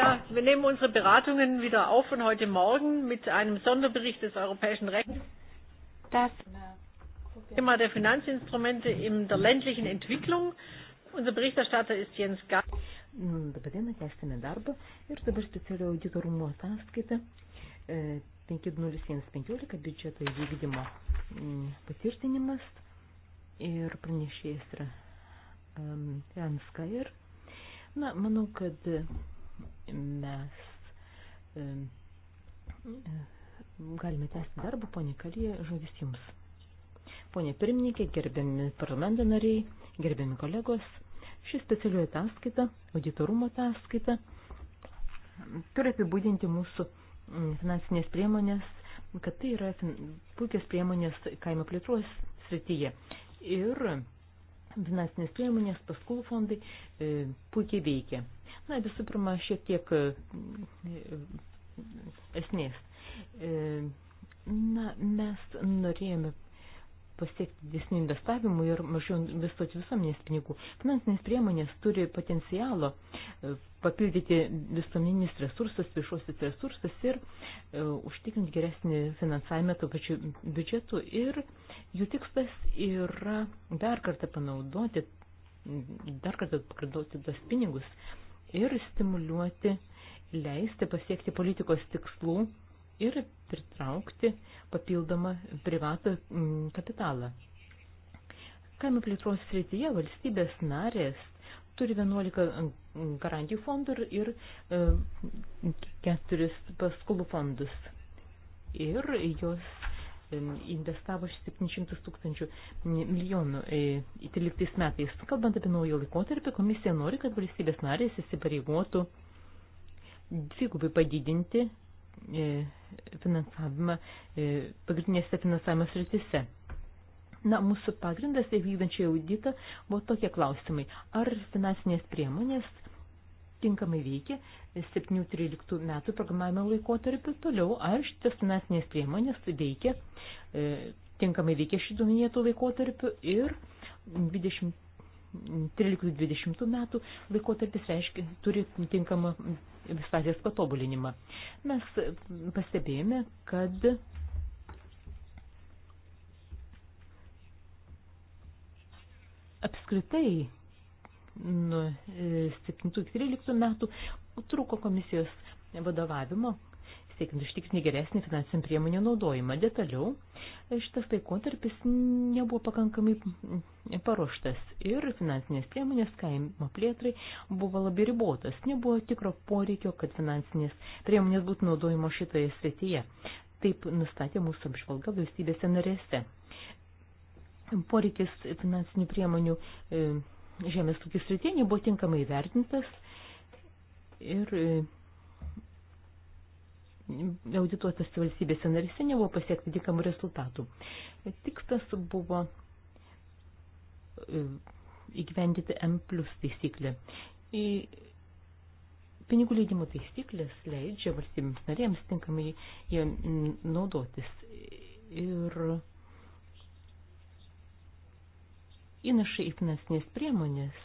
Ja, wir nehmen unsere Beratungen wieder auf von heute Morgen mit einem Sonderbericht des Europäischen Rechts. Das Thema der Finanzinstrumente in der ländlichen Entwicklung. Unser Berichterstatter ist Jens Gart. Dabar dieną tęsime darbą ir dabar specialio audito rūmų ataskaita 50115 e, biudžeto įvykdymo patvirtinimas ir pranešėjas yra um, Janskair. Na, manau, kad mes galime tęsti darbą, ponė Kalija, žodis jums. Ponė pirmininkė, gerbiami parlamento nariai, gerbiami kolegos, ši specialioji ataskaita, auditorumo ataskaita, turi apibūdinti mūsų finansinės priemonės, kad tai yra puikios priemonės kaimo plėtros srityje. Ir finansinės priemonės, paskolų fondai e, puikiai veikia. Na, visų pirma, šiek tiek e, esmės. E, na, mes norėjome pasiekti didesnių investavimų ir mažiau investuoti visuomenės pinigų. Finansinės priemonės turi potencialo e, papildyti visuomeninis resursas, viešuosis resursas ir e, užtikrinti geresnį finansavimą tų pačių biudžetų. Ir jų tikslas yra dar kartą panaudoti, dar kartą pakartoti tos pinigus ir stimuliuoti, leisti pasiekti politikos tikslų ir pritraukti papildomą privatų mm, kapitalą. Kaimo plėtros srityje valstybės narės turi 11 mm, garantijų fondų ir, ir 4 mm, paskolų fondus. Ir jos investavo 700 tūkstančių milijonų 13 e, metais. Kalbant apie naują laikotarpį, komisija nori, kad valstybės narės įsipareigotų dvigubai padidinti e, finansavimą e, pagrindinėse finansavimo srityse. Na, mūsų pagrindas įvykdančiai tai auditą buvo tokie klausimai. Ar finansinės priemonės tinkamai veikia 7-13 metų programavimo laikotarpiu. Toliau aš tas finansinės priemonės veikia, e, tinkamai veikia šitų minėtų laikotarpiu ir 13-20 metų laikotarpis reiškia, turi tinkamą visatės patobulinimą. Mes pastebėjome, kad apskritai nuo 7-13 e, metų trūko komisijos vadovavimo, siekiant užtikrinti geresnį finansinių priemonių naudojimą. Detaliau, šitas laikotarpis nebuvo pakankamai paruoštas ir finansinės priemonės kaimo plėtrai buvo labai ribotas. Nebuvo tikro poreikio, kad finansinės priemonės būtų naudojimo šitoje srityje. Taip nustatė mūsų apžvalga valstybėse narėse. Poreikis finansinių priemonių e, žemės ūkis srityje nebuvo tinkamai vertintas ir e, audituotas valstybėse narise nebuvo pasiekti tinkamų rezultatų. Tikslas buvo e, įgyvendyti M plus taisyklę. Į pinigų leidimo taisyklės leidžia valstybėms narėms tinkamai jie naudotis. Ir įnaša į finansinės priemonės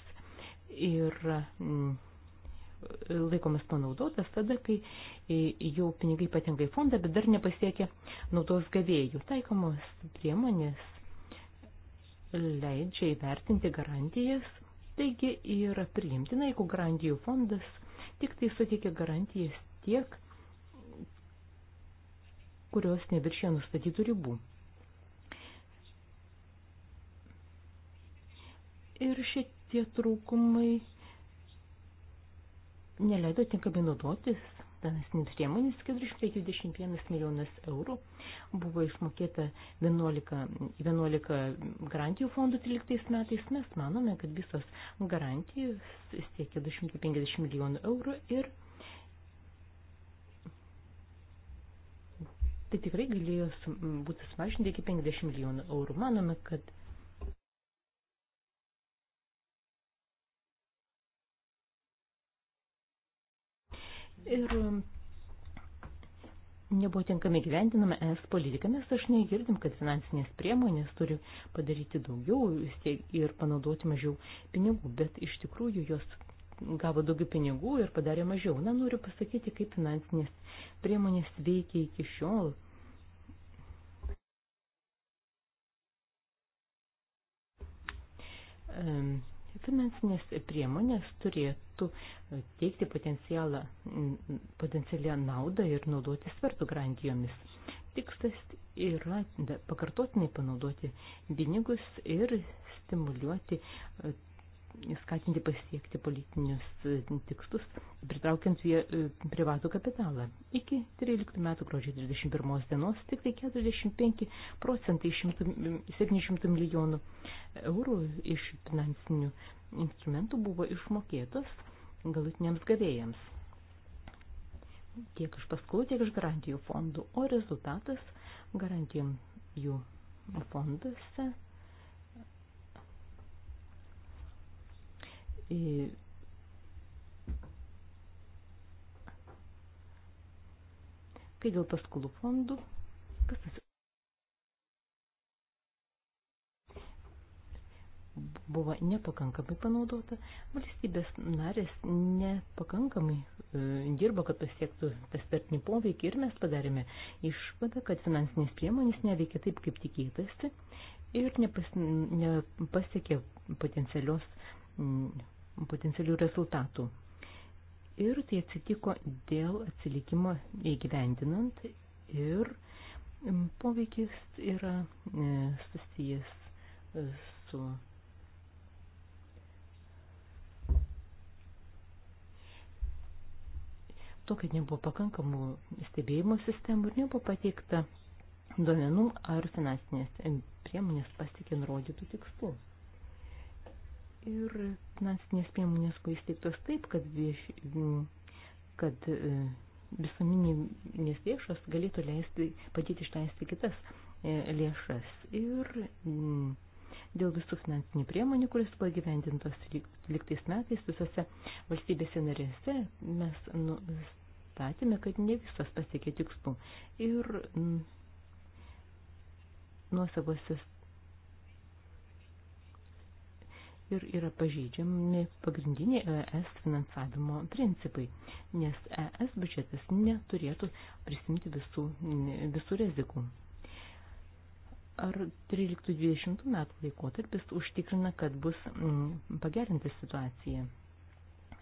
ir mm, laikomas panaudotas tada, kai e, jau pinigai patenka į fondą, bet dar nepasiekia naudos gavėjų. Taikomos priemonės leidžia įvertinti garantijas, taigi yra priimtina, jeigu garantijų fondas tik tai suteikia garantijas tiek, kurios neviršė nustatytų ribų. ir šitie trūkumai neleido tinkamai naudotis. Tenas priemonės 421 milijonas eurų buvo išmokėta 11, 11 garantijų fondų 13 metais. Mes manome, kad visos garantijos siekia 250 milijonų eurų ir tai tikrai galėjo būti sumažinti iki 50 milijonų eurų. Manome, kad ir um, nebuvo tinkami gyvendinama es politika. Mes dažnai girdim, kad finansinės priemonės turi padaryti daugiau ir panaudoti mažiau pinigų, bet iš tikrųjų jos gavo daugiau pinigų ir padarė mažiau. Na, noriu pasakyti, kaip finansinės priemonės veikia iki šiol. Um, finansinės priemonės turėtų teikti potencialą, potencialią naudą ir naudoti svertų garantijomis. Tikslas yra pakartotinai panaudoti pinigus ir stimuliuoti skatinti pasiekti politinius e, tikslus, pritraukiant e, privatų kapitalą. Iki 13 metų gruodžio 31 dienos tik tai 45 procentai 700 milijonų eurų iš finansinių instrumentų buvo išmokėtos galutiniams gavėjams. Tiek iš paskolų, tiek iš garantijų fondų, o rezultatas garantijų fonduose į kai dėl paskolų fondų, kas tas buvo nepakankamai panaudota, valstybės narės nepakankamai e, dirba, kad pasiektų tas tarpinį poveikį ir mes padarėme išvadą, kad finansinės priemonės neveikia taip, kaip tikėtasi ir nepas, nepasiekė potencialios m, potencialių rezultatų. Ir tai atsitiko dėl atsilikimo įgyvendinant ir mm, poveikis yra e, susijęs e, su to, kad nebuvo pakankamų stebėjimo sistemų ir nebuvo pateikta duomenų ar finansinės priemonės pasiekė nurodytų tikslų ir finansinės priemonės buvo įsteigtos taip, kad, vieš, kad e, visuomeninės lėšos galėtų leisti, padėti išleisti kitas e, lėšas. Ir dėl visų finansinių priemonių, kuris buvo gyvendintos liktais metais visose valstybėse narėse, mes nustatėme, kad ne visos pasiekė tikslų. Ir nuosavosios ir yra pažeidžiami pagrindiniai ES finansavimo principai, nes ES biudžetas neturėtų prisimti visų, visų rizikų. Ar 13-20 metų laikotarpis užtikrina, kad bus mm, pagerinta situacija?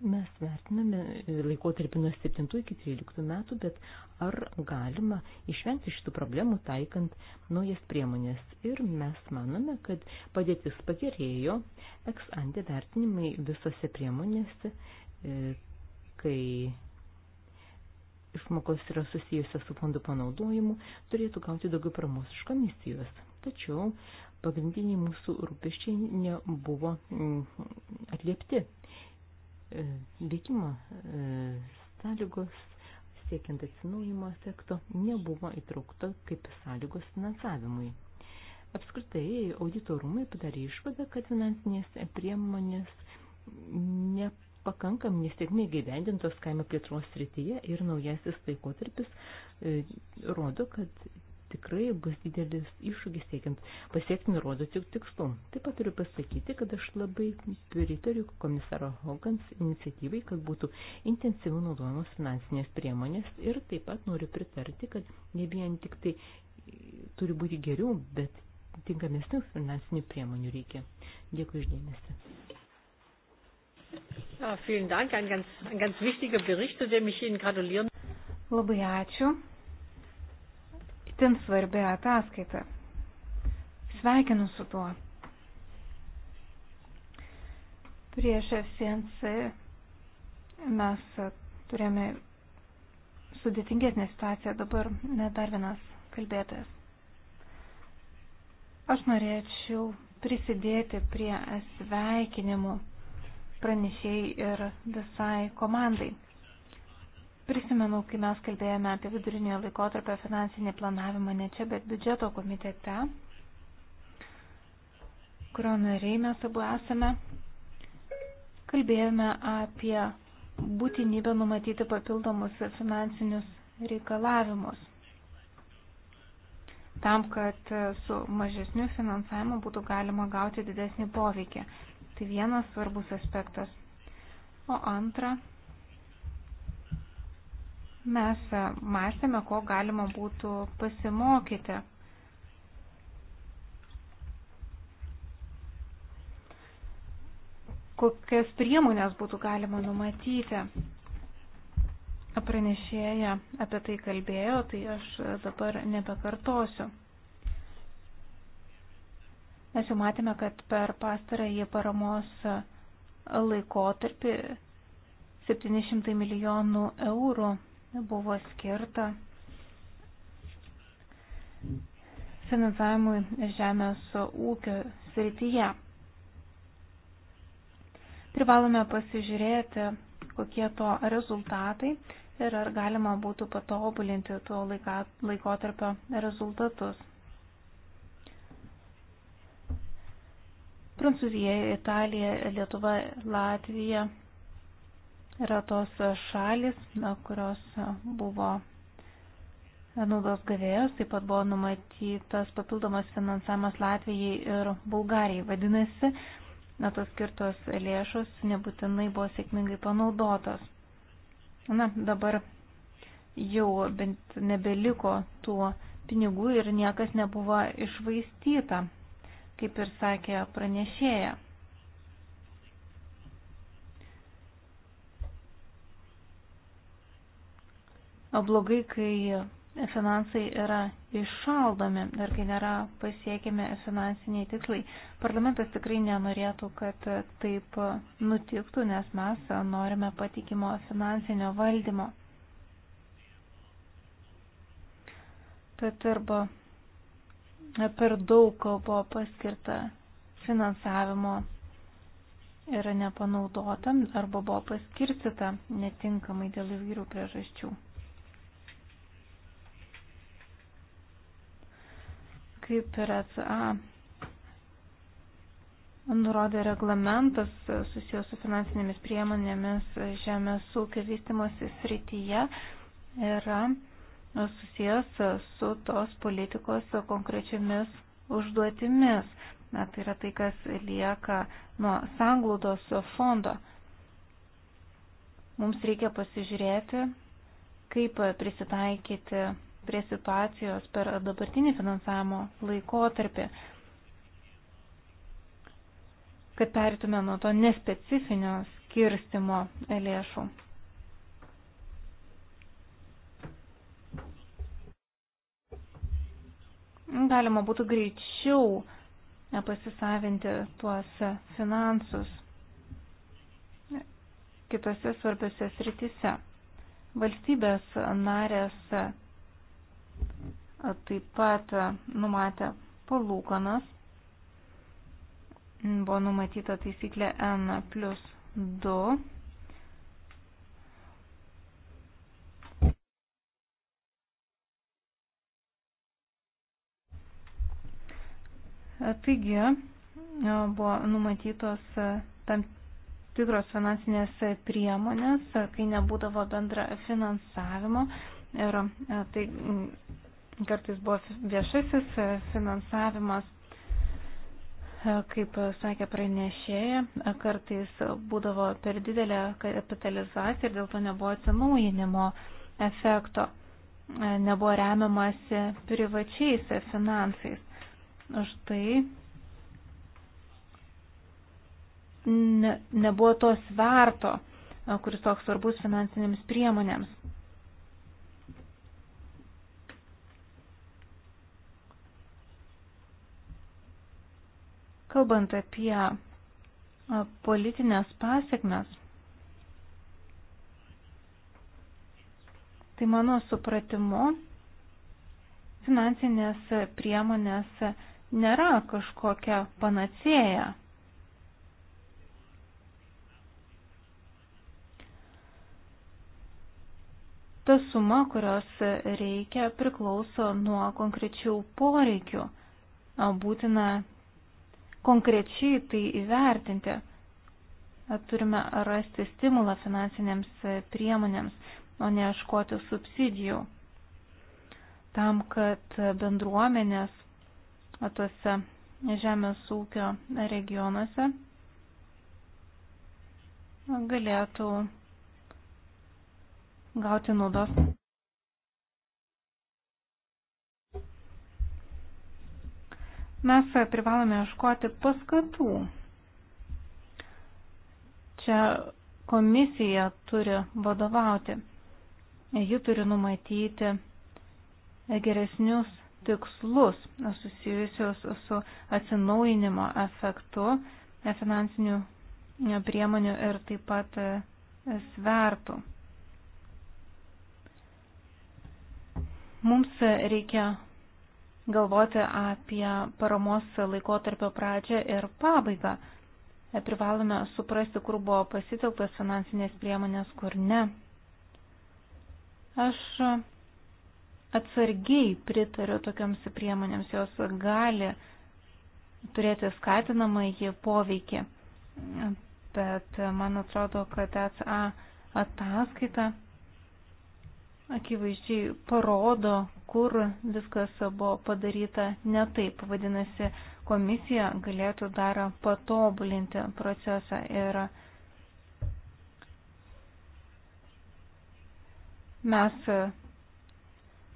Mes vertiname laikotarpį nuo 7 iki 13 metų, bet ar galima išvengti šitų problemų taikant naujas priemonės. Ir mes manome, kad padėtis pagerėjo, eks ante vertinimai visose priemonėse, e, kai išmokos yra susijusios su fondų panaudojimu, turėtų gauti daugiau paramos iš komisijos. Tačiau pagrindiniai mūsų rūpeščiai nebuvo mm, atliepti. E, veikimo e, sąlygos siekiant atsinaujimo efekto nebuvo įtraukta kaip sąlygos finansavimui. Apskritai, auditorumai padarė išvadą, kad finansinės priemonės nepakankam nesėkmė gyvendintos kaimo plėtros srityje ir naujasis laikotarpis e, rodo, kad tikrai bus didelis iššūkis siekiant pasiekti nurodytų tikslų. Taip pat turiu pasakyti, kad aš labai pritariu komisaro Hogans iniciatyvai, kad būtų intensyviau naudojamos finansinės priemonės ir taip pat noriu pritarti, kad ne vien tik tai turi būti geriau, bet tinkamesnių finansinių priemonių reikia. Dėkui uždėmesi. Ja, vielen Dank, ein ganz, ein ganz wichtiger Bericht, zu dem ich Ihnen gratulieren. Labai ačiū itin svarbi ataskaita. Sveikinu su tuo. Prieš FCNC mes turėjome sudėtingesnė situacija dabar net dar vienas kalbėtojas. Aš norėčiau prisidėti prie sveikinimų pranešėjai ir visai komandai. Prisimenu, kai mes kalbėjome apie vidurinio laikotarpio finansinį planavimą ne čia, bet biudžeto komitete, kurio nariai mes abu esame, kalbėjome apie būtinybę numatyti papildomus finansinius reikalavimus tam, kad su mažesniu finansavimu būtų galima gauti didesnį poveikį. Tai vienas svarbus aspektas. O antra, Mes e, mąstėme, ko galima būtų pasimokyti. Kokias priemonės būtų galima numatyti. Pranešėja apie tai kalbėjo, tai aš dabar nebekartosiu. Mes jau matėme, kad per pastarąjį paramos laikotarpį 700 milijonų eurų buvo skirta finansavimui žemės ūkio srityje. Privalome pasižiūrėti, kokie to rezultatai ir ar galima būtų patobulinti to laikotarpio rezultatus. Prancūzija, Italija, Lietuva, Latvija yra tos šalis, kurios buvo naudos gavėjos, taip pat buvo numatytas papildomas finansavimas Latvijai ir Bulgarijai. Vadinasi, na, tos skirtos lėšos nebūtinai buvo sėkmingai panaudotos. Na, dabar jau bent nebeliko tų pinigų ir niekas nebuvo išvaistyta, kaip ir sakė pranešėja. blogai, kai finansai yra iššaldomi ir kai nėra pasiekime finansiniai tikslai. Parlamentas tikrai nenorėtų, kad taip nutiktų, nes mes norime patikimo finansinio valdymo. Tad arba per daug buvo paskirta finansavimo yra nepanaudota arba buvo paskirstyta netinkamai dėl įvairių priežasčių. Kaip ir FA nurodė reglamentas susijęs su finansinėmis priemonėmis žemės ūkio vystimosi srityje, yra susijęs su tos politikos konkrečiamis užduotimis. Na, tai yra tai, kas lieka nuo sanglaudos fondo. Mums reikia pasižiūrėti, kaip prisitaikyti prie situacijos per dabartinį finansavimo laikotarpį, kad peritume nuo to nespecifinio skirstimo lėšų. Galima būtų greičiau pasisavinti tuos finansus kitose svarbiose sritise. Valstybės narės taip pat e, numatė palūkanas. Mm, buvo numatyta taisyklė N plus 2. E, taigi e, buvo numatytos tam tikros finansinės priemonės, kai nebūdavo bendra finansavimo Ir e, tai kartais buvo viešasis e, finansavimas, e, kaip sakė pranešėja, kartais būdavo per didelė kapitalizacija ir dėl to nebuvo atsinaujinimo efekto, nebuvo remiamasi privačiais finansais. Štai ne, nebuvo to sverto, kuris toks svarbus finansinėms priemonėms. Kalbant apie politinės pasiekmes, tai mano supratimu, finansinės priemonės nėra kažkokia panacėja. Ta suma, kurios reikia, priklauso nuo konkrečių poreikių. Būtina konkrečiai tai įvertinti. Turime rasti stimulą finansinėms e, priemonėms, o ne iškoti subsidijų tam, kad e, bendruomenės tose žemės ūkio regionuose galėtų gauti naudos. Mes privalome ieškoti paskatų. Čia komisija turi vadovauti. Ji turi numatyti geresnius tikslus susijusius su atsinaujinimo efektu, finansinių priemonių ir taip pat svertų. Mums reikia galvoti apie paramos laikotarpio pradžią ir pabaigą. E, privalome suprasti, kur buvo pasitelktas finansinės priemonės, kur ne. Aš atsargiai pritariu tokiams priemonėms, jos gali turėti skatinamą jį poveikį. E, bet man atrodo, kad ECA ataskaita akivaizdžiai parodo, kur viskas buvo padaryta ne taip. Vadinasi, komisija galėtų dar patobulinti procesą ir mes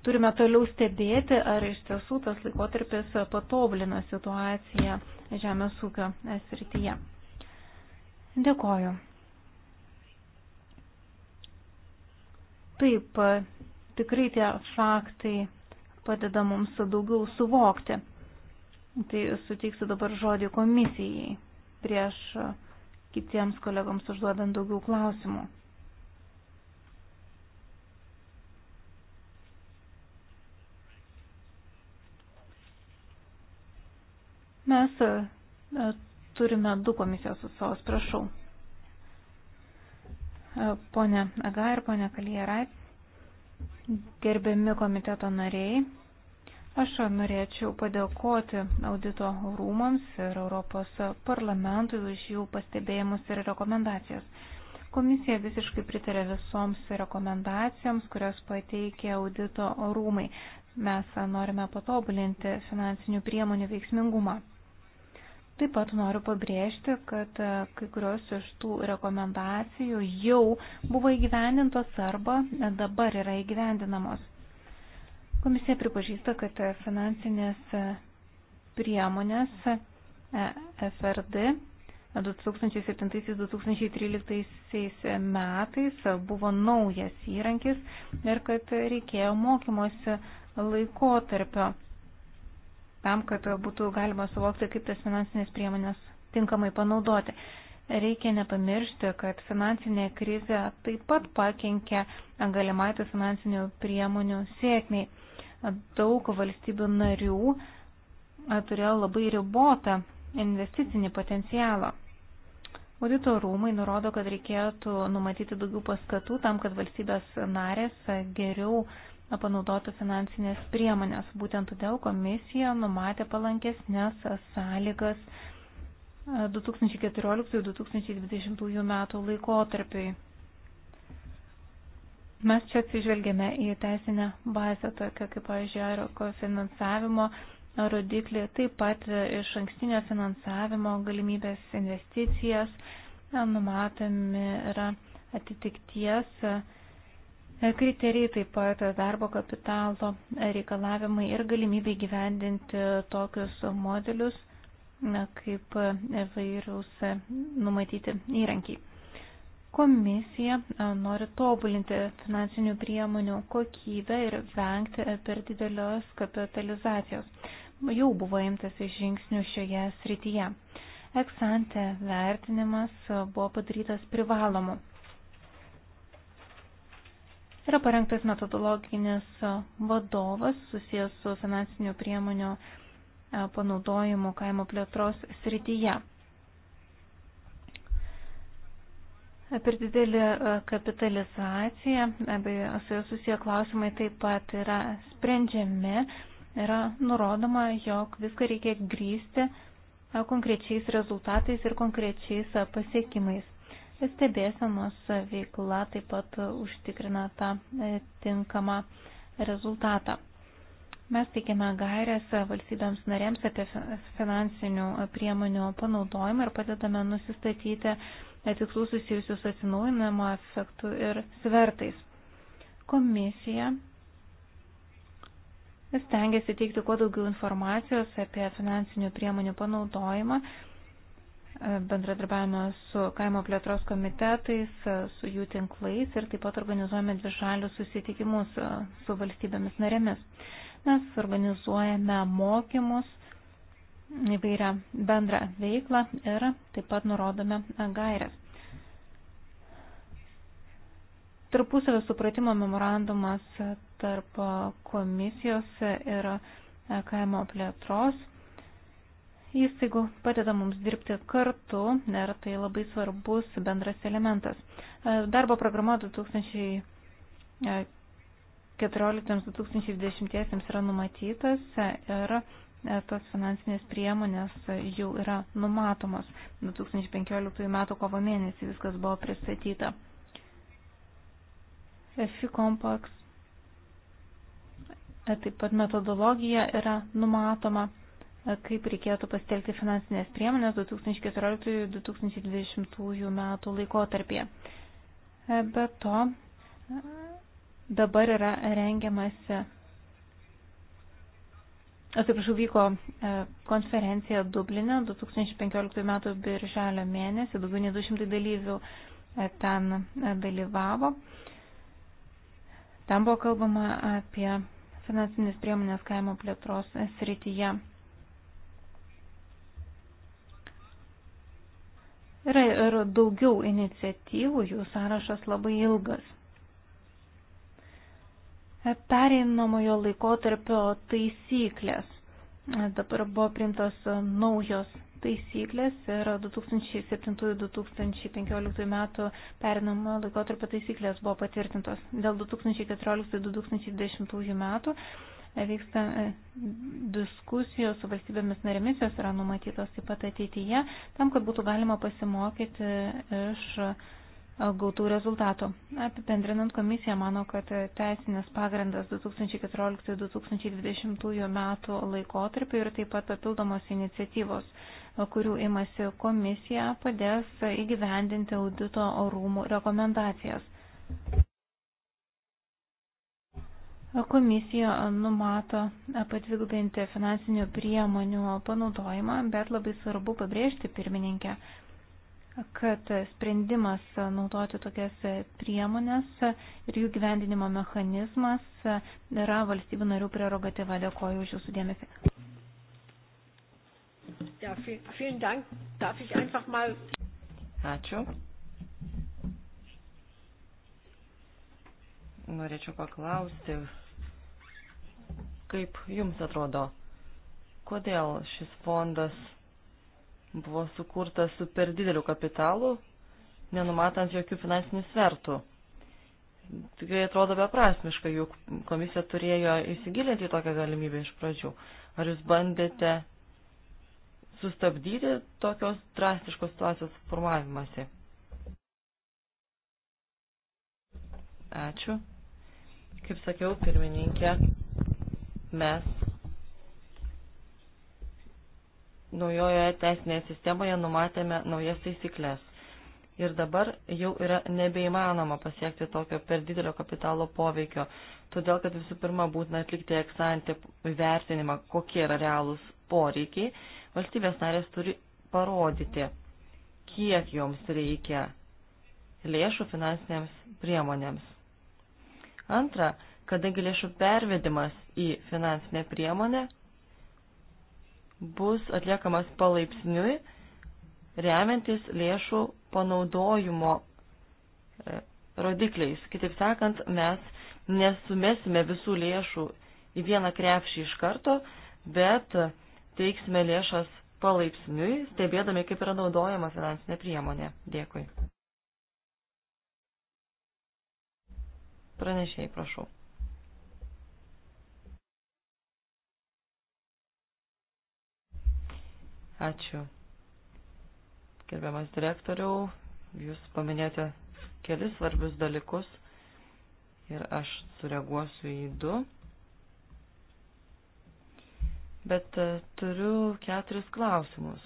turime toliau stebėti, ar iš tiesų tas laikotarpis patobulina situaciją žemės ūkio srityje. Dėkoju. Taip, tikrai tie faktai padeda mums daugiau suvokti. Tai suteiksiu dabar žodį komisijai prieš kitiems kolegams užduodant daugiau klausimų. Mes e, turime du komisijos atstovus, prašau. Pone Aga ir pone Kalierai, gerbiami komiteto nariai, aš norėčiau padėkoti audito rūmams ir Europos parlamentui už jų pastebėjimus ir rekomendacijas. Komisija visiškai pritarė visoms rekomendacijoms, kurios pateikė audito rūmai. Mes norime patobulinti finansinių priemonių veiksmingumą. Taip pat noriu pabrėžti, kad e, kai kurios iš tų rekomendacijų jau buvo įgyvendintos arba e, dabar yra įgyvendinamos. Komisija pripažįsta, kad e, finansinės priemonės FRD 2007-2013 metais buvo naujas įrankis ir kad reikėjo mokymosi laikotarpio tam, kad būtų galima suvokti, kaip tas finansinės priemonės tinkamai panaudoti. Reikia nepamiršti, kad finansinė krizė taip pat pakenkė galimai tų finansinių priemonių sėkmiai. Daug valstybių narių turėjo labai ribotą investicinį potencialą. Audito rūmai nurodo, kad reikėtų numatyti daugiau paskatų tam, kad valstybės narės geriau panaudotų finansinės priemonės. Būtent todėl komisija numatė palankesnės sąlygas 2014-2020 e, metų laikotarpiui. Mes čia atsižvelgėme į teisinę bazę, tokią kaip, pavyzdžiui, aeroko finansavimo rodiklį, taip pat iš ankstinio finansavimo galimybės investicijas e, numatami yra atitikties kriterijai, taip pat darbo kapitalo reikalavimai ir galimybė gyvendinti tokius modelius, kaip įvairiaus numatyti įrankiai. Komisija nori tobulinti finansinių priemonių kokybę ir vengti per didelios kapitalizacijos. Jau buvo imtas žingsnių šioje srityje. Eksante vertinimas buvo padarytas privalomu. Yra parengtas metodologinis vadovas susijęs su finansinių priemonių e, panaudojimu kaimo plėtros srityje. Per didelį e, kapitalizaciją, abejo, e, su jo susiję klausimai taip pat yra sprendžiami, yra nurodoma, jog viską reikia grįsti konkrečiais rezultatais ir konkrečiais pasiekimais. Stebėsenos veikla taip pat užtikrina tą e, tinkamą rezultatą. Mes teikiame gairias valstybėms narėms apie finansinių priemonių panaudojimą ir padedame nusistatyti e, tikslus susijusius atsinaujinimo efektu ir svertais. Komisija stengiasi teikti kuo daugiau informacijos apie finansinių priemonių panaudojimą bendradarbiavame su kaimo plėtros komitetais, su jų tinklais ir taip pat organizuojame dvišalius susitikimus e, su valstybėmis narėmis. Mes organizuojame mokymus, įvairią bendrą veiklą ir taip pat nurodome e, gairias. Tarpusavio supratimo memorandumas e, tarp komisijos ir kaimo plėtros įstaigų padeda mums dirbti kartu ir tai labai svarbus bendras elementas. E, darbo programa 2014-2020 yra numatytas ir e, tos finansinės priemonės jau yra numatomos. 2015 metų kovo mėnesį viskas buvo pristatyta. FI kompaks, e, taip pat metodologija yra numatoma kaip reikėtų pasitelkti finansinės priemonės 2014-2020 metų laikotarpėje. Be to, dabar yra rengiamasi, atsiprašau, vyko e, konferencija Dublinė 2015 metų birželio mėnesį, daugiau nei 200 dalyvių e, ten e, dalyvavo. Ten buvo kalbama apie finansinės priemonės kaimo plėtros srityje. Yra ir daugiau iniciatyvų, jų sąrašas labai ilgas. Pereinamojo laikotarpio taisyklės. Dabar buvo primtos naujos taisyklės ir 2007-2015 metų perinamojo laikotarpio taisyklės buvo patvirtintos. Dėl 2014-2020 metų vyksta e, diskusijos su valstybėmis narėmis, jos yra numatytos taip pat ateityje, tam, kad būtų galima pasimokyti iš gautų rezultatų. Apipendrinant komisiją, mano, kad teisinės pagrindas 2014-2020 metų laikotarpiu ir taip pat papildomos iniciatyvos, kurių imasi komisija, padės įgyvendinti audito rūmų rekomendacijas. Komisija numato padvigubinti finansinių priemonių panaudojimą, bet labai svarbu pabrėžti pirmininkę, kad sprendimas naudoti tokias priemonės ir jų gyvendinimo mechanizmas yra valstybių narių prerogatyva. Dėkoju už Jūsų dėmesį. Ačiū. norėčiau paklausti, Kaip jums atrodo, kodėl šis fondas buvo sukurtas su per dideliu kapitalu, nenumatant jokių finansinių svertų? Tikrai atrodo beprasmiška, juk komisija turėjo įsigilinti į tokią galimybę iš pradžių. Ar jūs bandėte sustabdyti tokios drastiškos situacijos formavimąsi? Ačiū. Kaip sakiau, pirmininkė, mes naujoje teisinėje sistemoje numatėme naujas taisyklės. Ir dabar jau yra nebeįmanoma pasiekti tokio per didelio kapitalo poveikio, todėl kad visų pirma būtina atlikti eksantį vertinimą, kokie yra realūs poreikiai. Valstybės narės turi parodyti, kiek joms reikia lėšų finansinėms priemonėms. Antra, kadangi lėšų pervedimas į finansinę priemonę bus atliekamas palaipsniui, remiantis lėšų panaudojimo e, rodikliais. Kitaip sakant, mes nesumesime visų lėšų į vieną krepšį iš karto, bet teiksime lėšas palaipsniui, stebėdami, kaip yra naudojama finansinė priemonė. Dėkui. Pranešėjai, prašau. Ačiū. Gerbiamas direktoriau, jūs paminėjote kelis svarbius dalykus ir aš sureaguosiu į du. Bet e, turiu keturis klausimus.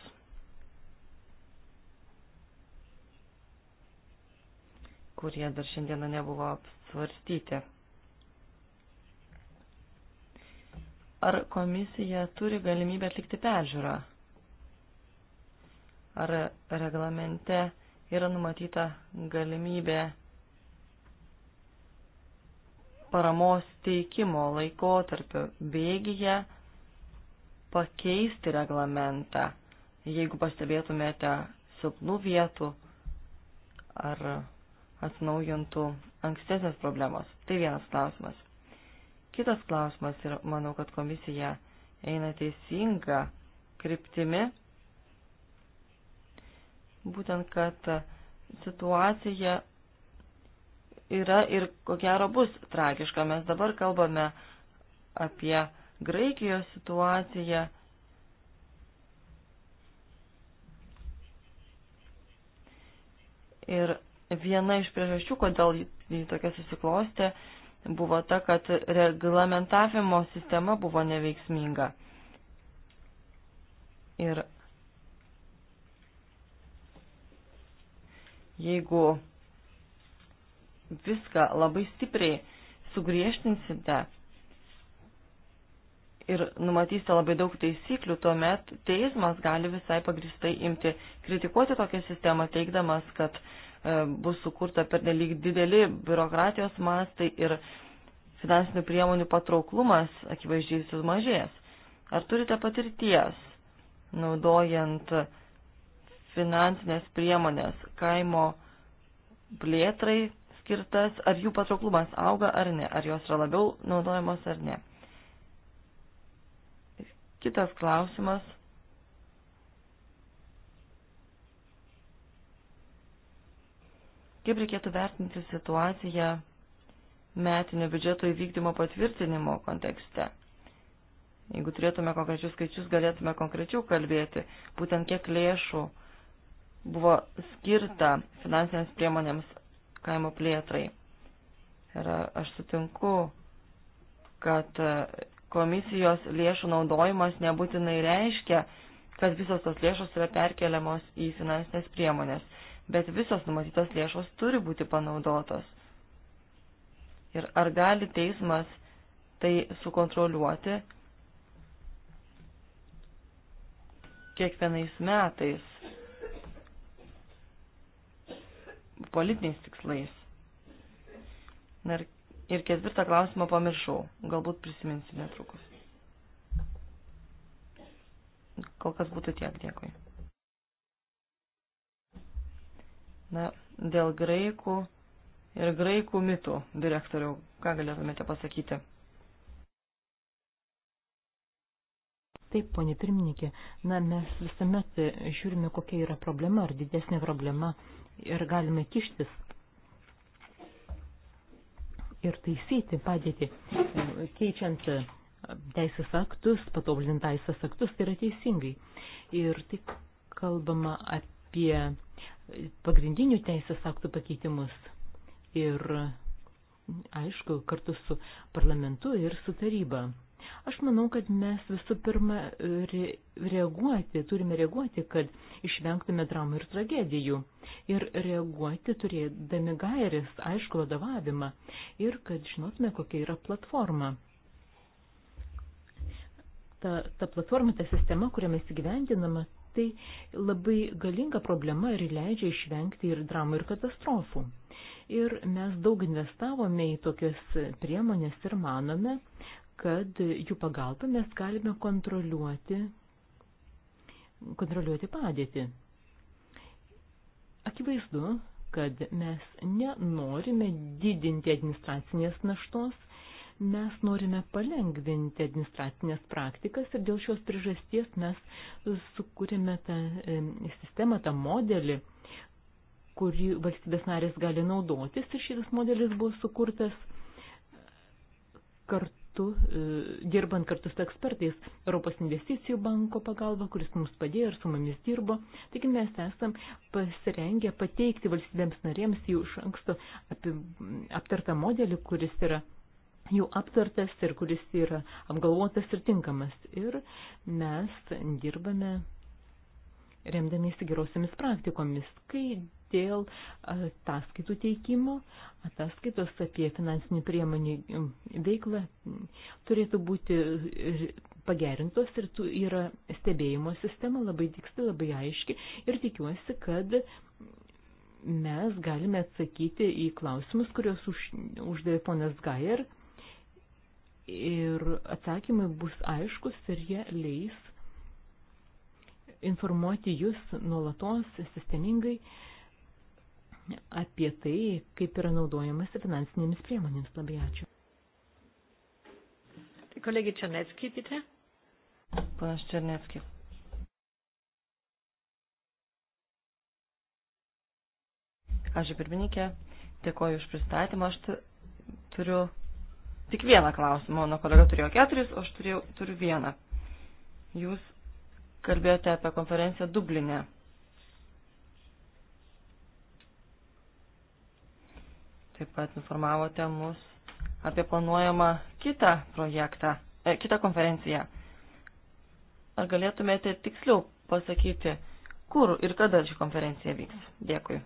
kurie dar šiandieną nebuvo apsvarstyti. Ar komisija turi galimybę atlikti peržiūrą? ar reglamente yra numatyta galimybė paramos teikimo laikotarpio bėgyje pakeisti reglamentą, jeigu pastebėtumėte silpnų vietų ar atnaujintų ankstesnės problemos. Tai vienas klausimas. Kitas klausimas ir manau, kad komisija eina teisinga kryptimi būtent, kad situacija yra ir ko gero bus tragiška. Mes dabar kalbame apie Graikijos situaciją. Ir viena iš priežasčių, kodėl jį tokia susiklostė, buvo ta, kad reglamentavimo sistema buvo neveiksminga. Ir Jeigu viską labai stipriai sugriežtinsite ir numatysite labai daug taisyklių, tuomet teismas gali visai pagristai imti kritikuoti tokią sistemą, teikdamas, kad e, bus sukurta per nelik dideli biurokratijos mastai ir finansinių priemonių patrauklumas akivaizdžiai sumažės. Ar turite patirties, naudojant finansinės priemonės kaimo plėtrai skirtas, ar jų patrauklumas auga ar ne, ar jos yra labiau naudojamos ar ne. Kitas klausimas. Kaip reikėtų vertinti situaciją metinio biudžeto įvykdymo patvirtinimo kontekste? Jeigu turėtume konkrečius skaičius, galėtume konkrečiau kalbėti, būtent kiek lėšų buvo skirta finansinėms priemonėms kaimo plėtrai. Ir aš sutinku, kad komisijos lėšų naudojimas nebūtinai reiškia, kad visos tos lėšos yra perkeliamos į finansinės priemonės, bet visos numatytos lėšos turi būti panaudotos. Ir ar gali teismas tai sukontroliuoti kiekvienais metais? politiniais tikslais. Na ir, ir ketvirtą klausimą pamiršau, galbūt prisiminsiu netrukus. Kol kas būtų tiek, dėkui. Na, dėl graikų ir graikų mitų, direktoriau, ką galėtumėte pasakyti? Taip, ponė pirmininkė, na, mes visuomet žiūrime, kokia yra problema, ar didesnė problema ir galime kištis ir taisyti padėtį, keičiant teisės aktus, patobulint teisės aktus, tai yra teisingai. Ir tai kalbama apie pagrindinių teisės aktų pakeitimus. Ir aišku, kartu su parlamentu ir su taryba. Aš manau, kad mes visų pirma re, reaguoti, turime reaguoti, kad išvengtume dramų ir tragedijų. Ir reaguoti turėdami gairis, aišku, vadovavimą. Ir kad žinotume, kokia yra platforma. Ta, ta platforma, ta sistema, kurią mes įgyvendiname, tai labai galinga problema ir leidžia išvengti ir dramų ir katastrofų ir mes daug investavome į tokias priemonės ir manome, kad jų pagalba mes galime kontroliuoti, kontroliuoti padėtį. Akivaizdu, kad mes nenorime didinti administracinės naštos, mes norime palengvinti administracinės praktikas ir dėl šios priežasties mes sukūrėme tą e, sistemą, tą modelį, kurį valstybės narės gali naudotis ir šitas modelis buvo sukurtas kartu kartu, e, dirbant kartu su ekspertais Europos investicijų banko pagalba, kuris mums padėjo ir su mumis dirbo. Taigi mes esam pasirengę pateikti valstybėms narėms jau iš anksto apie, aptartą modelį, kuris yra jau aptartas ir kuris yra apgalvotas ir tinkamas. Ir mes dirbame remdamiesi gerosiamis praktikomis, kai dėl ataskaitų teikimo, ataskaitos apie finansinių priemonių veiklą turėtų būti pagerintos ir tų yra stebėjimo sistema labai tiksli, labai aiški ir tikiuosi, kad mes galime atsakyti į klausimus, kuriuos už, uždavė ponas Gajer ir atsakymai bus aiškus ir jie leis informuoti jūs nuolatos sistemingai apie tai, kaip yra naudojamas finansinėmis priemonėms. Labai ačiū. Kolegė Černetski, pite. Panas Černetski. Ačiū pirmininkė, dėkoju už pristatymą. Aš turiu tik vieną klausimą, mano kolega turėjo keturis, o aš turėjau, turiu vieną. Jūs kalbėjote apie konferenciją Dublinė. E taip pat informavote mus apie planuojamą kitą projektą, e, kitą konferenciją. Ar galėtumėte tiksliau pasakyti, kur ir kada ši konferencija vyks? Dėkui.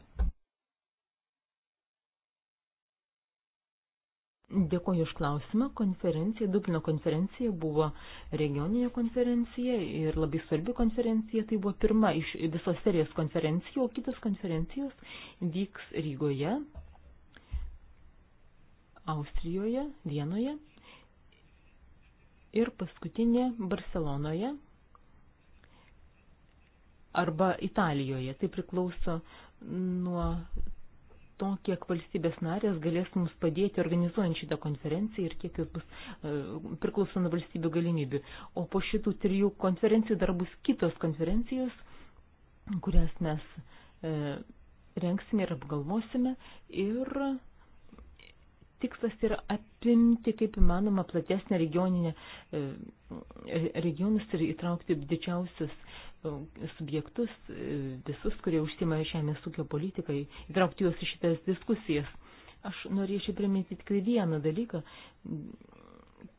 Dėkuoju už klausimą. Konferencija, Dublino konferencija buvo regioninė konferencija ir labai svarbi konferencija. Tai buvo pirma iš visos serijos konferencijų, o kitos konferencijos vyks Rygoje Austrijoje, Vienoje ir paskutinė Barcelonoje arba Italijoje. Tai priklauso nuo to, kiek valstybės narės galės mums padėti organizuojant šitą konferenciją ir kiek jis bus e, priklauso nuo valstybių galimybių. O po šitų trijų konferencijų dar bus kitos konferencijos, kurias mes e, rengsime ir apgalvosime ir tikslas yra apimti kaip įmanoma platesnę regioninę e, regionus ir įtraukti didžiausius e, subjektus, e, visus, kurie užsima žemės ūkio politiką, įtraukti juos į šitas diskusijas. Aš norėčiau priminti tik tai vieną dalyką,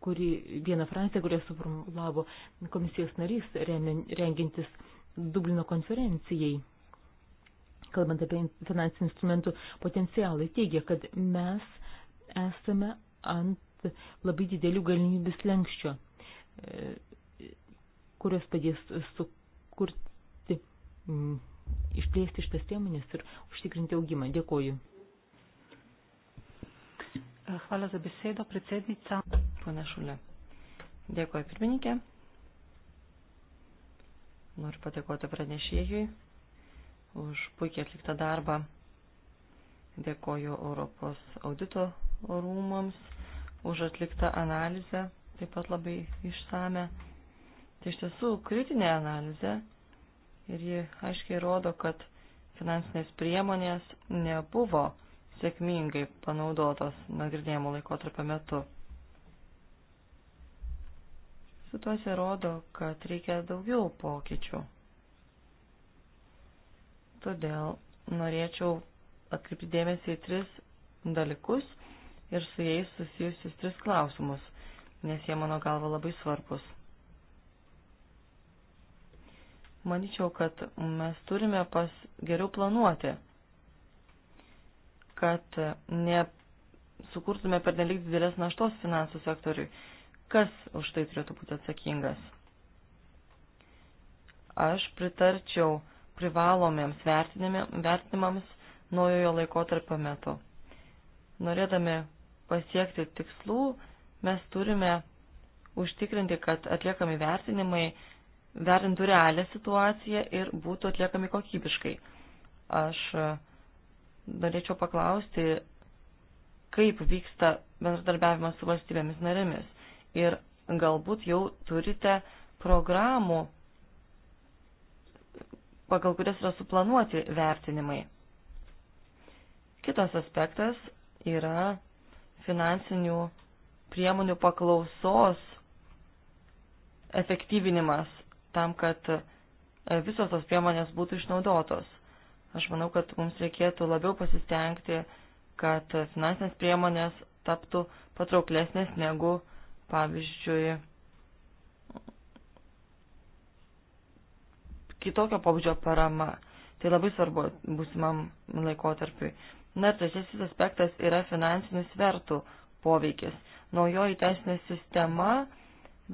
kuri, vieną frazę, kurią suformulavo komisijos narys, rengintis Dublino konferencijai kalbant apie finansinių instrumentų potencialą, teigia, kad mes esame ant labai didelių galimybių slengščio, e, kurios padės sukurti, išplėsti iš tas priemonės ir užtikrinti augimą. Dėkoju. Hvala za besedo, predsednica. Pana Šule. Dėkoju, pirmininkė. Noriu padėkoti pranešėjui už puikiai atliktą darbą. Dėkoju Europos audito rūmams už atliktą analizę, taip pat labai išsame. Tai iš tiesų kritinė analizė ir ji aiškiai rodo, kad finansinės priemonės nebuvo sėkmingai panaudotos nagrinėjimo laikotarpio metu. Situacija rodo, kad reikia daugiau pokyčių. Todėl norėčiau atkreipti dėmesį į tris dalykus, ir su jais susijusius tris klausimus, nes jie mano galva labai svarbus. Maničiau, kad mes turime pas geriau planuoti, kad nesukurtume per nelik didelės naštos finansų sektoriui. Kas už tai turėtų būti atsakingas? Aš pritarčiau privalomiems vertinimams naujojo laikotarpio metu norėdami pasiekti tikslų, mes turime užtikrinti, kad atliekami vertinimai vertintų realią situaciją ir būtų atliekami kokybiškai. Aš e, norėčiau paklausti, kaip vyksta bendradarbiavimas su valstybėmis narėmis ir galbūt jau turite programų, pagal kurias yra suplanuoti vertinimai. Kitas aspektas yra finansinių priemonių paklausos efektyvinimas tam, kad e, visos tos priemonės būtų išnaudotos. Aš manau, kad mums reikėtų labiau pasistengti, kad finansinės priemonės taptų patrauklesnės negu, pavyzdžiui, kitokio pobūdžio parama. Tai labai svarbu būsimam laikotarpiui. Na ir trečiasis aspektas yra finansinis svertų poveikis. Naujoji teisinė sistema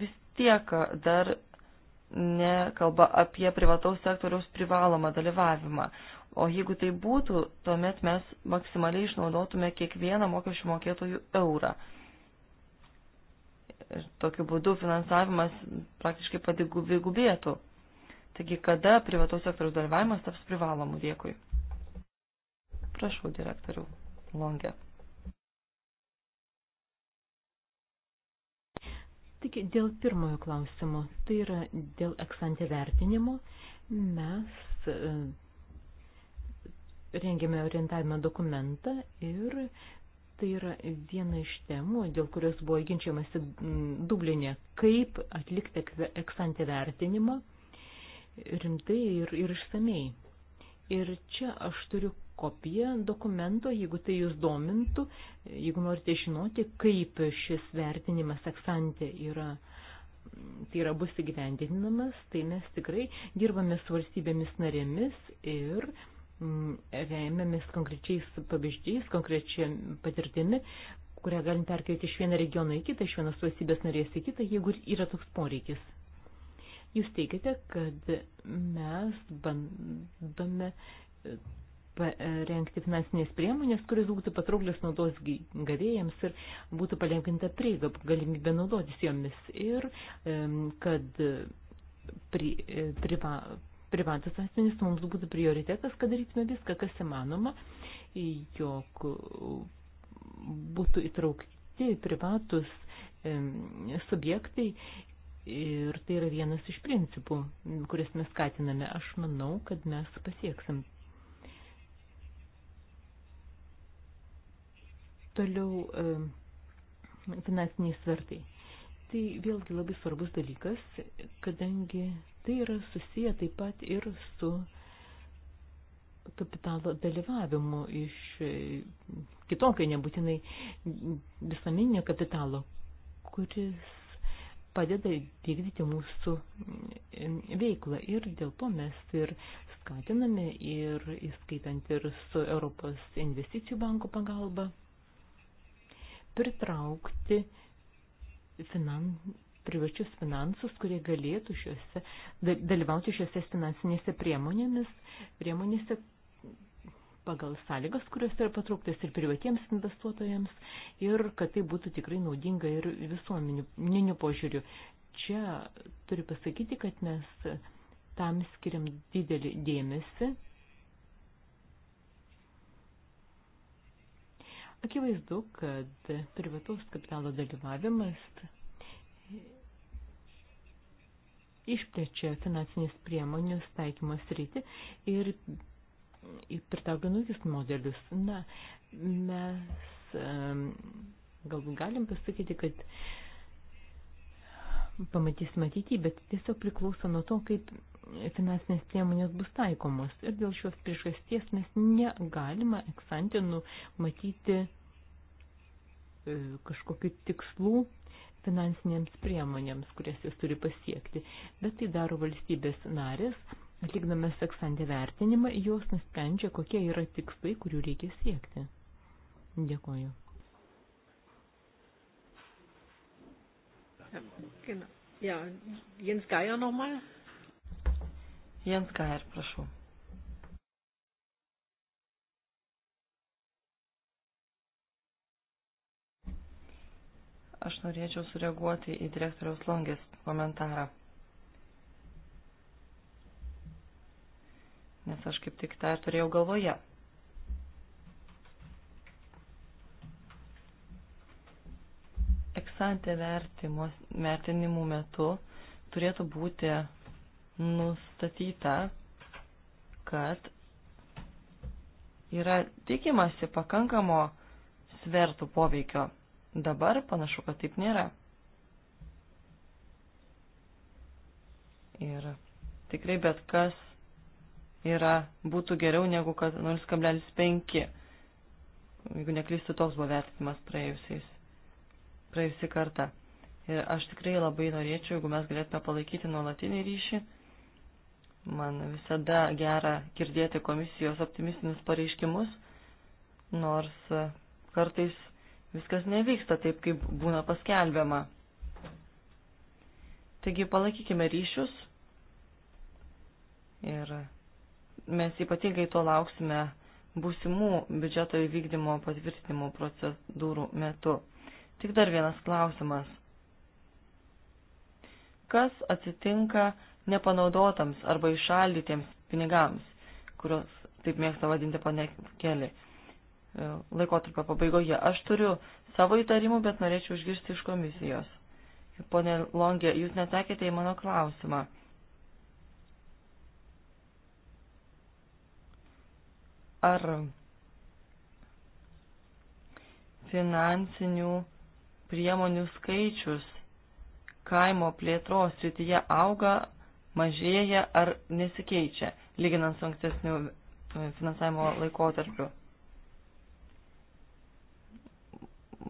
vis tiek dar nekalba apie privataus sektoriaus privalomą dalyvavimą. O jeigu tai būtų, tuomet mes maksimaliai išnaudotume kiekvieną mokesčių mokėtojų eurą. Ir tokiu būdu finansavimas praktiškai padigubėtų. Taigi, kada privataus sektoriaus dalyvavimas taps privalomu? Dėkui. Prašau, direktoriau Longė. Tik dėl pirmojo klausimo, tai yra dėl eksantė vertinimo, mes e, rengėme orientavimo dokumentą ir tai yra viena iš temų, dėl kurios buvo ginčiamasi Dublinė, kaip atlikti eksantį vertinimą rimtai ir, ir išsamei. Ir čia aš turiu kopiją dokumento, jeigu tai jūs domintų, jeigu norite žinoti, kaip šis vertinimas eksantė yra, tai yra bus įgyvendinamas, tai mes tikrai dirbame su valstybėmis narėmis ir mm, remiamės konkrečiais pavyzdžiais, konkrečia patirtimi, kurią galim perkelti iš vieno regiono į kitą, iš vienos valstybės narės į kitą, jeigu yra toks poreikis. Jūs teigiate, kad mes bandome E, rengti finansinės priemonės, kuris būtų patrauklios naudos gavėjams ir būtų palengvinta prieiga, galimybė naudotis jomis ir kad e, pri, e, priva, privatus asmenys tai mums būtų prioritetas, kad darytume viską, kas įmanoma, jog būtų įtraukti privatus subjektai ir tai yra vienas iš principų, kuris mes skatiname. Aš manau, kad mes pasieksim Toliau e, finansiniai svertai. Tai vėlgi labai svarbus dalykas, kadangi tai yra susiję taip pat ir su kapitalo dalyvavimu iš e, kitokio nebūtinai visuomeninio kapitalo, kuris padeda vykdyti mūsų veiklą. Ir dėl to mes ir skatiname, ir įskaitant ir su Europos investicijų banko pagalba, pritraukti finan, privačius finansus, kurie galėtų šiuose, dalyvauti šiuose finansinėse priemonėmis, priemonėse pagal sąlygas, kurios yra patrauktas ir privatiems investuotojams, ir kad tai būtų tikrai naudinga ir visuomeniniu požiūriu. Čia turiu pasakyti, kad mes tam skiriam didelį dėmesį Akivaizdu, kad privataus kapitalo dalyvavimas išplečia finansinės priemonės taikymos rytį ir pritraukia naujus modelius. Na, mes galbūt galim pasakyti, kad pamatysime ateityje, bet tiesiog priklauso nuo to, kaip finansinės priemonės bus taikomos. Ir dėl šios priežasties mes negalime eksantį numatyti e, kažkokiu tikslu finansinėms priemonėms, kurias jis turi pasiekti. Bet tai daro valstybės narės, atlikdamas eksantį vertinimą, jos nusprendžia, kokie yra tikslai, kurių reikia siekti. Dėkoju. Genau. Ja, Jens Geier nochmal. Jens Gair, prašau. Aš norėčiau sureaguoti į direktoriaus Longės komentarą. Nes aš kaip tik tą ir turėjau galvoje. Eksantė vertinimų metu turėtų būti nustatyta, kad yra tikimasi pakankamo svertų poveikio. Dabar panašu, kad taip nėra. Ir tikrai bet kas yra, būtų geriau negu kad 0,5. Jeigu neklystu, toks buvo vertinimas praėjusiais, praėjusį kartą. Ir aš tikrai labai norėčiau, jeigu mes galėtume palaikyti nuolatinį ryšį Man visada gera girdėti komisijos optimistinius pareiškimus, nors e, kartais viskas nevyksta taip, kaip būna paskelbiama. Taigi palaikykime ryšius ir mes ypatingai to lauksime būsimų biudžeto įvykdymo patvirtinimo procedūrų metu. Tik dar vienas klausimas. Kas atsitinka, nepanaudotams arba išaldytiems pinigams, kurios taip mėgsta vadinti ponė Keli. E, laikotarpio pabaigoje aš turiu savo įtarimų, bet norėčiau išgirsti iš komisijos. Pone Longė, jūs neatsakėte į mano klausimą. Ar finansinių priemonių skaičius kaimo plėtros srityje auga mažėja ar nesikeičia, lyginant su ankstesniu e, finansavimo laikotarpiu.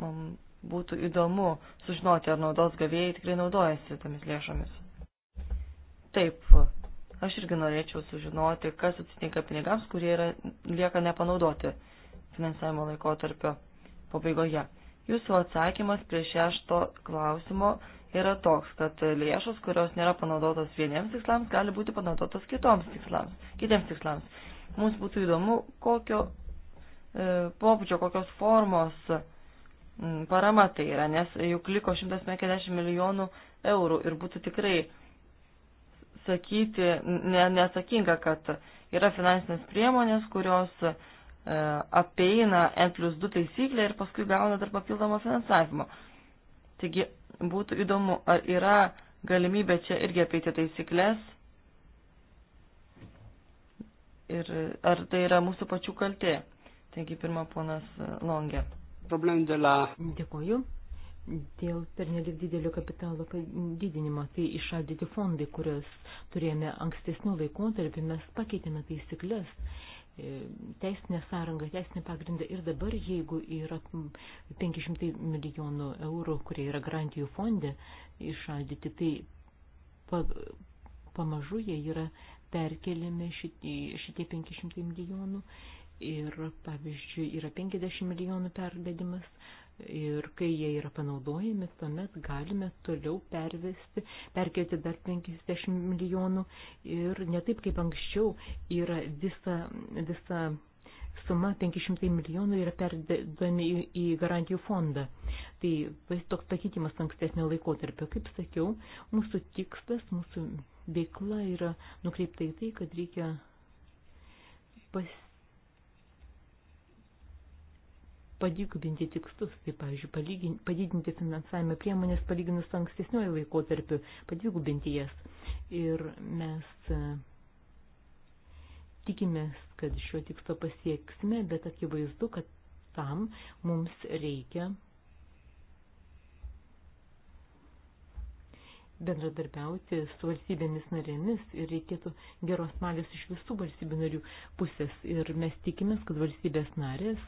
Man būtų įdomu sužinoti, ar naudos gavėjai tikrai naudojasi tomis lėšomis. Taip, aš irgi norėčiau sužinoti, kas atsitinka pinigams, kurie yra, lieka nepanaudoti finansavimo laikotarpio pabaigoje. Jūsų atsakymas prie šešto klausimo yra toks, kad lėšos, kurios nėra panaudotos vieniems tikslams, gali būti panaudotos kitoms tikslams, kitiems tikslams. Mums būtų įdomu, kokio e, pobūdžio, kokios formos m, parama tai yra, nes juk liko 150 milijonų eurų ir būtų tikrai sakyti ne, nesakinga, kad yra finansinės priemonės, kurios e, apeina N plus 2 taisyklę ir paskui gauna dar papildomą finansavimą. Taigi būtų įdomu, ar yra galimybė čia irgi apeiti taisyklės. Ir ar tai yra mūsų pačių kaltė? Taigi pirma ponas Longė. La... Dėkuoju. Dėl pernelik didelio kapitalo padidinimo, tai išaldyti fondai, kurios turėjome ankstesnių laikotarpį, mes pakeitėme taisyklės E, teisinę sąrangą, teisinį pagrindą ir dabar, jeigu yra 500 milijonų eurų, kurie yra garantijų fonde išaldyti, tai pa, pamažu jie yra perkeliami šitie, šitie 500 milijonų ir, pavyzdžiui, yra 50 milijonų pervedimas ir kai jie yra panaudojami, tuomet galime toliau pervesti, perkelti dar 50 milijonų ir ne taip kaip anksčiau yra visa, visa suma 500 milijonų yra perdami į garantijų fondą. Tai toks pakeitimas ankstesnio laikotarpio. Kaip sakiau, mūsų tikslas, mūsų veikla yra nukreipta į tai, kad reikia pas padygubinti tikslus, tai, pavyzdžiui, padidinti finansavimo priemonės palyginus su ankstesniuoju laikotarpiu, padygubinti jas. Ir mes e, tikimės, kad šio tikslo pasieksime, bet akivaizdu, kad tam mums reikia bendradarbiauti su valstybėmis narėmis ir reikėtų geros malės iš visų valstybių narių pusės. Ir mes tikimės, kad valstybės narės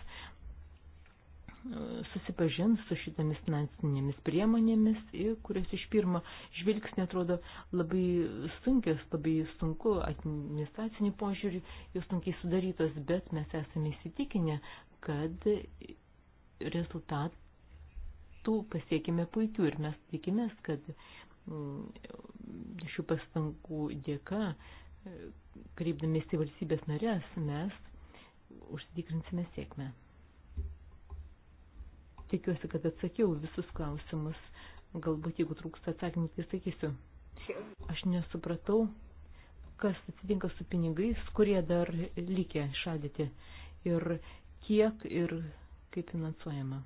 susipažins su šitomis finansinėmis priemonėmis, kurios iš pirmo žvilgsnio atrodo labai sunkios, labai sunku administracinį požiūrį, jos sunkiai sudarytos, bet mes esame įsitikinę, kad rezultatų pasiekime puikių ir mes tikimės, kad mm, šių pastangų dėka, kreipdamės į valstybės narės, mes užsitikrinsime sėkmę. Tikiuosi, kad atsakiau visus klausimus. Galbūt, jeigu trūksta atsakymų, tai sakysiu. Aš nesupratau, kas atsitinka su pinigais, kurie dar likę šaldyti ir kiek ir kaip finansuojama.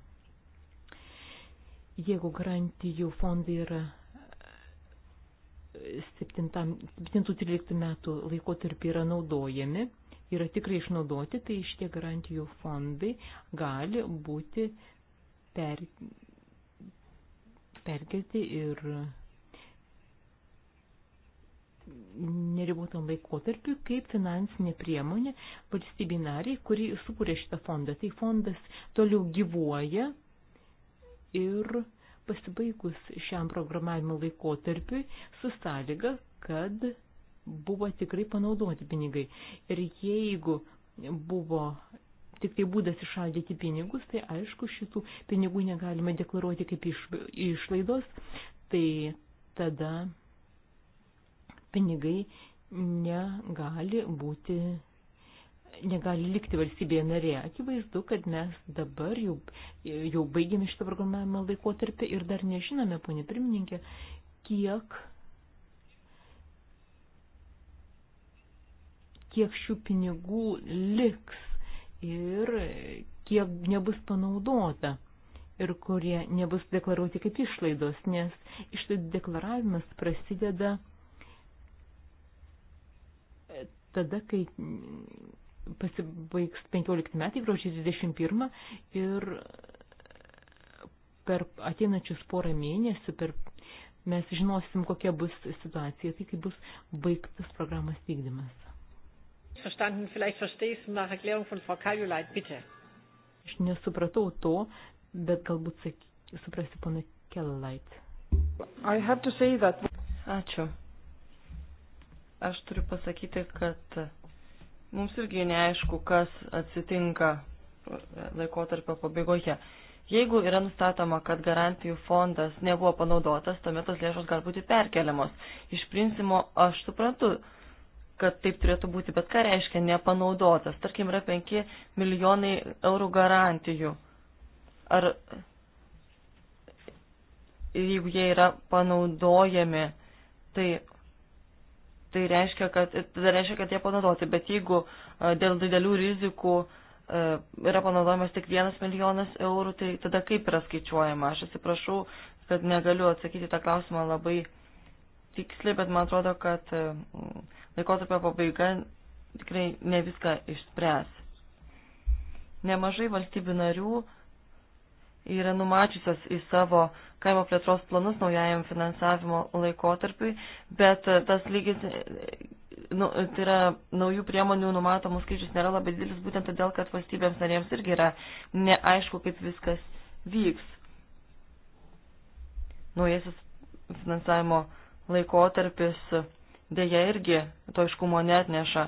Jeigu garantijų fondai yra 7-13 metų laikotarpį yra naudojami, yra tikrai išnaudoti, tai šitie garantijų fondai gali būti per, perkelti ir neribotam laikotarpiu kaip finansinė priemonė valstybė nariai, kuri sukūrė šitą fondą. Tai fondas toliau gyvuoja ir pasibaigus šiam programavimo laikotarpiui su sąlyga, kad buvo tikrai panaudoti pinigai. Ir jeigu buvo tik tai būdas išaldyti pinigus, tai aišku, šitų pinigų negalima deklaruoti kaip iš, išlaidos, tai tada pinigai negali būti negali likti valstybėje narė. Akivaizdu, kad mes dabar jau, jau baigėme šitą programavimo laikotarpį ir dar nežinome, ponė pirmininkė, kiek, kiek šių pinigų liks ir kiek nebus panaudota ir kurie nebus deklaruoti kaip išlaidos, nes išlaidų deklaravimas prasideda e, tada, kai pasibaigs 15 metai, gruodžio 21 ir e, per ateinačius porą mėnesių per, mes žinosim, kokia bus situacija, tai kai bus baigtas programos vykdymas. Verstanden, vielleicht verstehe ich es nach Erklärung von Frau Kaljuleit, bitte. Aš nesupratau to, bet galbūt suprasti pana Kellait. I have to say that. Ačiū. Aš turiu pasakyti, kad mums irgi neaišku, kas atsitinka laikotarpio pabaigoje. Jeigu yra nustatoma, kad garantijų fondas nebuvo panaudotas, tuomet tos lėšos gali būti perkeliamos. Iš principo, aš suprantu, kad taip turėtų būti, bet ką reiškia nepanaudotas? Tarkim, yra 5 milijonai eurų garantijų. Ar jeigu jie yra panaudojami, tai, tai reiškia, kad, tai reiškia, kad jie panaudoti, bet jeigu dėl didelių rizikų yra panaudojamas tik vienas milijonas eurų, tai tada kaip yra skaičiuojama? Aš atsiprašau, kad negaliu atsakyti tą klausimą labai tiksliai, bet man atrodo, kad mm, laikotarpio pabaiga tikrai ne viską išspręs. Nemažai valstybių narių yra numačiusios į savo kaimo plėtros planus naujajam finansavimo laikotarpiui, bet e, tas lygis, e, nu, tai yra naujų priemonių numatomų skaičius nėra labai didelis, būtent todėl, kad valstybėms narėms irgi yra neaišku, kaip viskas vyks. Naujasis finansavimo laikotarpis laikotarpis dėja irgi to iškumo netneša,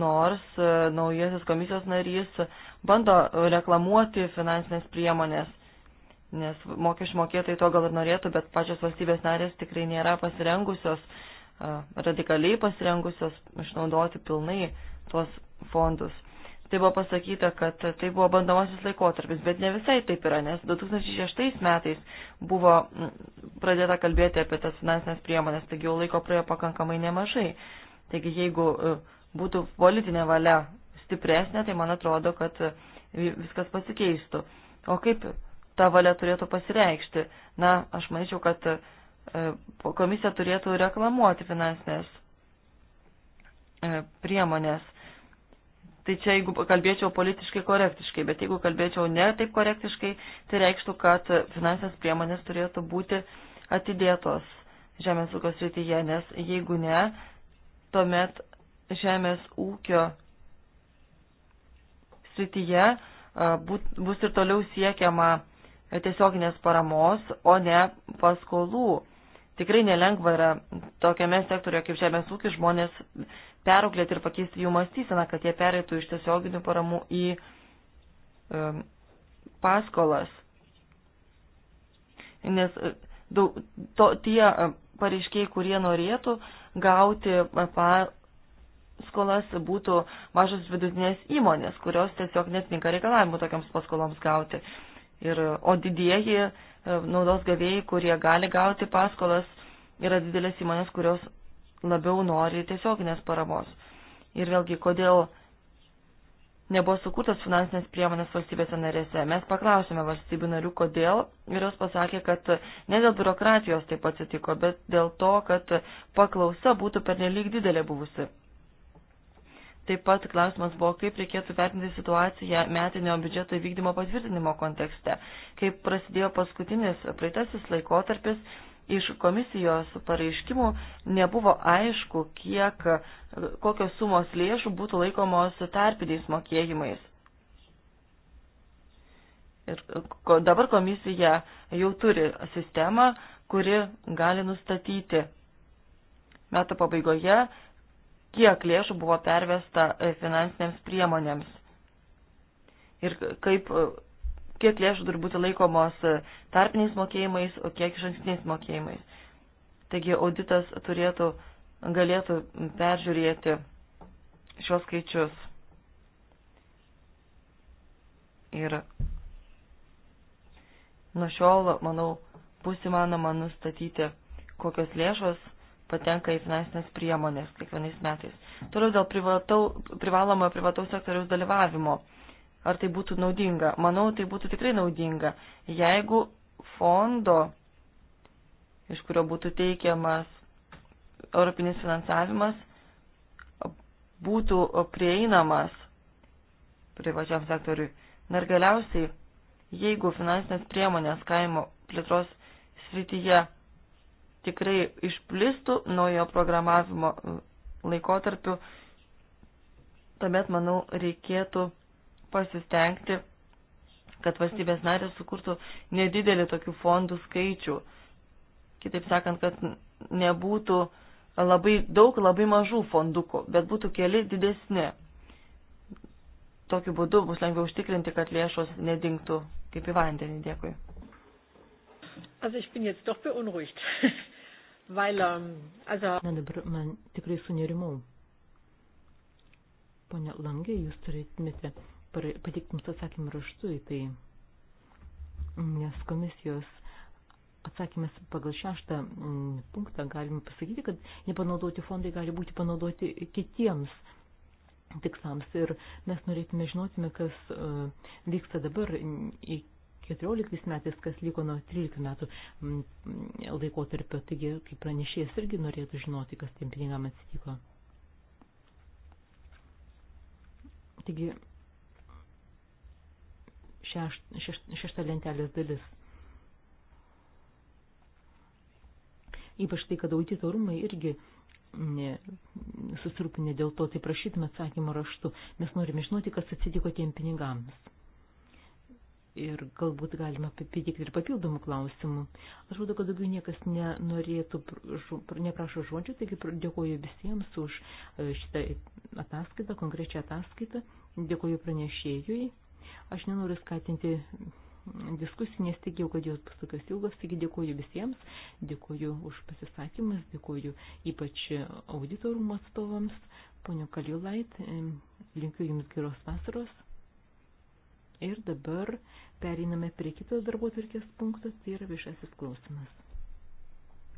nors e, naujasis komisijos narys bando reklamuoti finansinės priemonės, nes mokesčių mokėtai to gal ir norėtų, bet pačios valstybės narės tikrai nėra pasirengusios, e, radikaliai pasirengusios išnaudoti pilnai tuos fondus tai buvo pasakyta, kad tai buvo bandomasis laikotarpis, bet ne visai taip yra, nes 2006 metais buvo pradėta kalbėti apie tas finansinės priemonės, taigi jau laiko praėjo pakankamai nemažai. Taigi jeigu e, būtų politinė valia stipresnė, tai man atrodo, kad e, viskas pasikeistų. O kaip ta valia turėtų pasireikšti? Na, aš manyčiau, kad e, komisija turėtų reklamuoti finansinės priemonės Tai čia jeigu kalbėčiau politiškai korektiškai, bet jeigu kalbėčiau ne taip korektiškai, tai reikštų, kad finansinės priemonės turėtų būti atidėtos žemės ūkio srityje, nes jeigu ne, tuomet žemės ūkio srityje bus ir toliau siekiama tiesioginės paramos, o ne paskolų. Tikrai nelengva yra tokiame sektorioje kaip žemės ūkis žmonės perauklėti ir pakeisti jų mąstyseną, kad jie pereitų iš tiesioginių paramų į um, paskolas. Nes e, daug, to, tie e, pareiškiai, kurie norėtų gauti e, paskolas, būtų mažos vidutinės įmonės, kurios tiesiog netinka reikalavimų tokiams paskoloms gauti. Ir, o didieji naudos gavėjai, kurie gali gauti paskolas, yra didelės įmonės, kurios labiau nori tiesioginės paramos. Ir vėlgi, kodėl nebuvo sukurtos finansinės priemonės valstybėse narėse. Mes paklausėme valstybių narių, kodėl, ir jos pasakė, kad ne dėl biurokratijos taip atsitiko, bet dėl to, kad paklausa būtų pernelyg didelė buvusi. Taip pat klausimas buvo, kaip reikėtų vertinti situaciją metinio biudžeto įvykdymo patvirtinimo kontekste. Kaip prasidėjo paskutinis praeitasis laikotarpis, iš komisijos pareiškimų nebuvo aišku, kiek, kokios sumos lėšų būtų laikomos tarpiniais mokėjimais. Ir dabar komisija jau turi sistemą, kuri gali nustatyti metų pabaigoje, kiek lėšų buvo pervesta finansinėms priemonėms ir kaip kiek lėšų turi būti laikomos e, tarpiniais mokėjimais, o kiek išankstiniais mokėjimais. Taigi auditas turėtų, galėtų peržiūrėti šios skaičius. Ir nuo šiol, manau, bus įmanoma nustatyti, kokios lėšos patenka į finansinės priemonės kiekvienais metais. Toliau dėl privatau, privalomojo privataus sektoriaus dalyvavimo. Ar tai būtų naudinga? Manau, tai būtų tikrai naudinga, jeigu fondo, iš kurio būtų teikiamas europinis finansavimas, būtų prieinamas privačiam sektoriui. Ir galiausiai, jeigu finansinės priemonės kaimo plėtros srityje tikrai išplistų naujo programavimo laikotarpiu, tuomet, manau, reikėtų pasistengti, kad valstybės narės sukurtų nedidelį tokių fondų skaičių. Kitaip sakant, kad nebūtų labai daug labai mažų fondukų, bet būtų keli didesni. Tokiu būdu bus lengviau užtikrinti, kad lėšos nedingtų kaip į vandenį. Dėkui. Also ich bin jetzt doch beunruhigt, weil, ähm, also... Na dabar man tikrai sunerimau. Pone Langė, jūs turėtumėte pateikti mums atsakymą raštu į tai, nes komisijos atsakymas pagal šeštą mm, punktą galima pasakyti, kad nepanaudoti fondai gali būti panaudoti kitiems tikslams ir mes norėtume žinotume, kas e, vyksta dabar 14 metais, kas liko nuo 13 metų mm, laikotarpio, taigi kaip pranešėjas irgi norėtų žinoti, kas tiem pinigam atsitiko. Taigi šeš, šeš, šešta lentelės dalis. Ypač tai, kad auditorumai irgi susirūpinę dėl to, tai prašytume atsakymą raštu. Mes norime žinoti, kas atsitiko tiem pinigams. Ir galbūt galima patikti ir papildomų klausimų. Aš rodo, kad daugiau niekas nenorėtų, neprašo žodžių, taigi dėkoju visiems už e, šitą ataskaitą, konkrečią ataskaitą. Dėkoju pranešėjui. Aš nenoriu skatinti diskusijų, nes tikėjau, kad jos bus tokios ilgos, taigi dėkoju visiems, dėkoju už pasisakymus, dėkoju ypač auditorumo atstovams, ponio Kaliulait, e, linkiu Jums geros vasaros. Ir dabar pereiname prie kitos darbo tvarkės punktas, tai yra viešasis klausimas.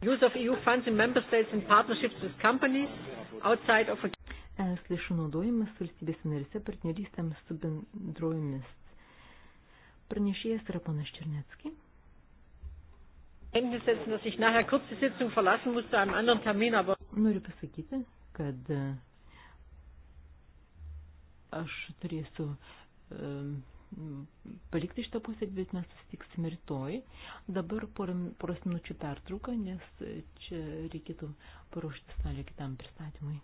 Use of EU funds in member states in partnerships with companies outside of a es lėšų naudojimas valstybės narise partnerystėms su bendrojomis. Pranešėjas yra panas Černecki. Noriu pasakyti, kad e, aš turėsiu e, palikti šitą posėdį, bet mes susitiksime rytoj. Dabar poros minučių pertrauką, nes čia reikėtų paruošti salę kitam pristatymui.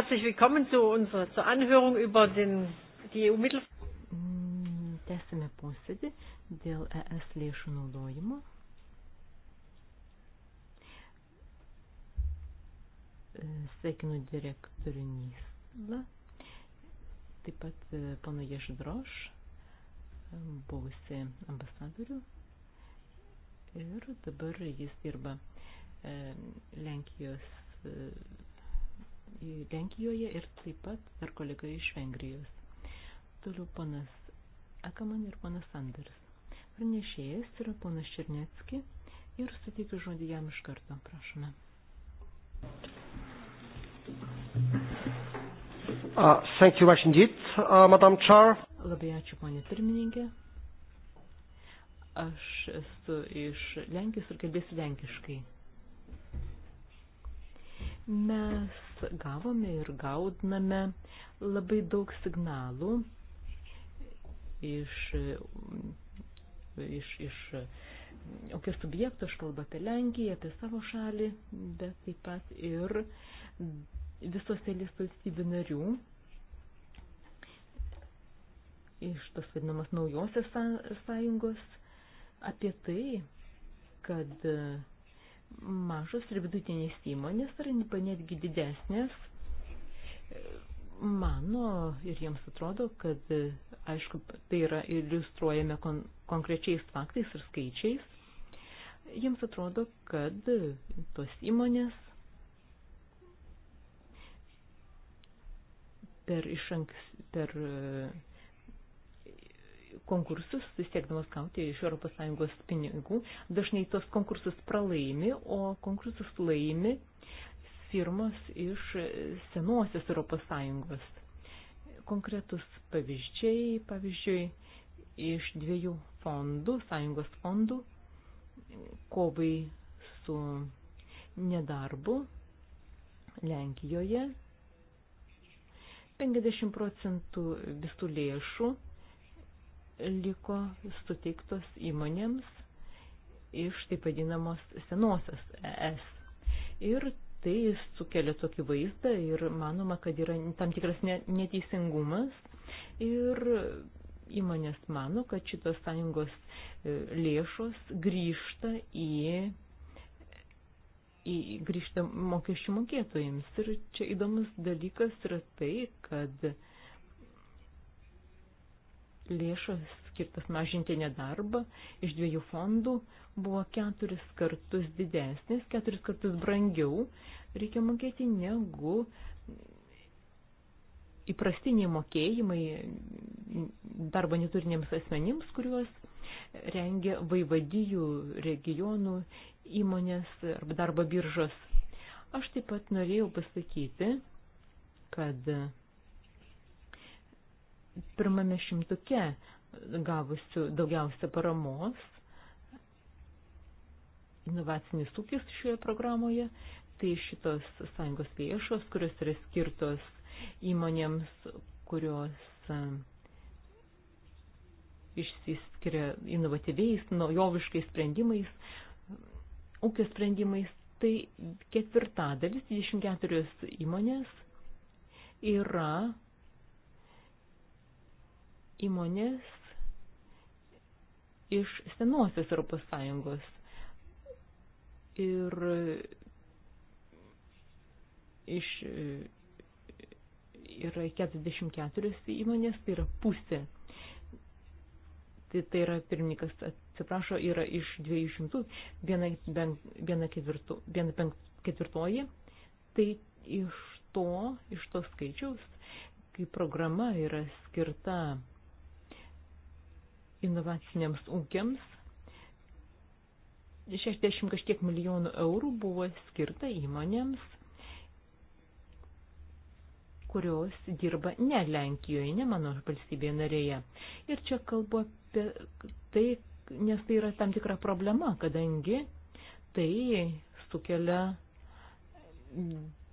Herzlich willkommen zu unserer zur Anhörung über den, die EU-Mittel. Mm, tęsime posėdį dėl ES lėšų naudojimo. E, sveikinu direktorių Nyslą, taip pat e, pana Ježdroš, e, buvusi ambasadorių ir dabar jis dirba Lenkijos Lenkijoje ir taip pat dar kolega iš Vengrijos. Toliau ponas Akaman ir ponas Sanders. Pranešėjas yra ponas Černecki ir suteikiu žodį jam iš karto, prašome. Uh, thank you much indeed, uh, Madam Char. Labai ačiū, ponė pirmininkė. Aš esu iš Lenkijos ir kalbėsiu lenkiškai. Mes gavome ir gaudname labai daug signalų iš, iš, iš apie subjektų, aš kalbu apie Lenkiją, apie savo šalį, bet taip pat ir visos eilės valstybių narių iš tos vadinamas naujosios sąjungos apie tai, kad mažos ir vidutinės įmonės, ar netgi didesnės, mano ir jiems atrodo, kad, aišku, tai yra iliustruojame kon konkrečiais faktais ir skaičiais, jiems atrodo, kad tos įmonės per, iš anks, per konkursus, siekdamas gauti iš ES pinigų, dažnai tos konkursus pralaimi, o konkursus laimi firmos iš senosios ES. Konkretus pavyzdžiai, pavyzdžiui, iš dviejų fondų, sąjungos fondų, kovai su nedarbu Lenkijoje 50 procentų visų lėšų liko suteiktos įmonėms iš taip vadinamos senosios ES. Ir tai sukelia tokį vaizdą ir manoma, kad yra tam tikras neteisingumas ir įmonės mano, kad šitos sąjungos e, lėšos grįžta į, į grįžta mokesčių mokėtojams. Ir čia įdomus dalykas yra tai, kad lėšos skirtas mažinti nedarbą iš dviejų fondų buvo keturis kartus didesnis, keturis kartus brangiau reikia mokėti negu įprastiniai mokėjimai darbo neturinėms asmenims, kuriuos rengia vaivadijų regionų įmonės arba darbo biržos. Aš taip pat norėjau pasakyti, kad pirmame šimtuke gavusių daugiausia paramos inovacinis ūkis šioje programoje, tai šitos sąjungos lėšos, kurios yra skirtos įmonėms, kurios e, išsiskiria inovatyviais, naujoviškais sprendimais, ūkio sprendimais, tai ketvirtadalis, 24 įmonės yra įmonės iš senosios Europos Sąjungos. Ir iš yra 44 įmonės, tai yra pusė. Tai, tai yra pirmininkas, atsiprašo, yra iš 200, viena, viena, ketvirtu, viena penk, ketvirtoji. Tai iš to, iš to skaičiaus, kai programa yra skirta inovaciniams ūkiams. 60 kažkiek milijonų eurų buvo skirta įmonėms, kurios dirba ne Lenkijoje, ne mano valstybėje narėje. Ir čia kalbu apie tai, nes tai yra tam tikra problema, kadangi tai sukelia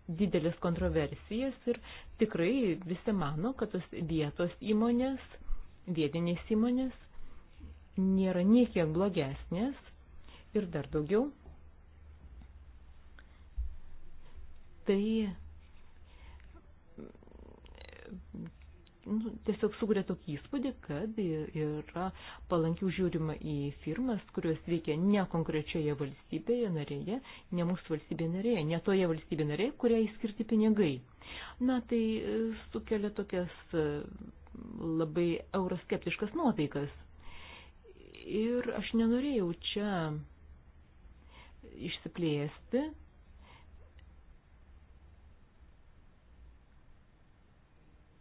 didelės kontroversijas ir tikrai visi mano, kad tos vietos įmonės, vietinės įmonės nėra niekiek blogesnės ir dar daugiau. Tai nu, tiesiog sukuria tokį įspūdį, kad yra palankiau žiūrima į firmas, kurios veikia ne konkrečioje valstybėje narėje, ne mūsų valstybėje narėje, ne toje valstybėje narėje, kuriai skirti pinigai. Na, tai sukelia tokias e, labai euroskeptiškas nuotaikas. Ir aš nenorėjau čia išsiplėsti.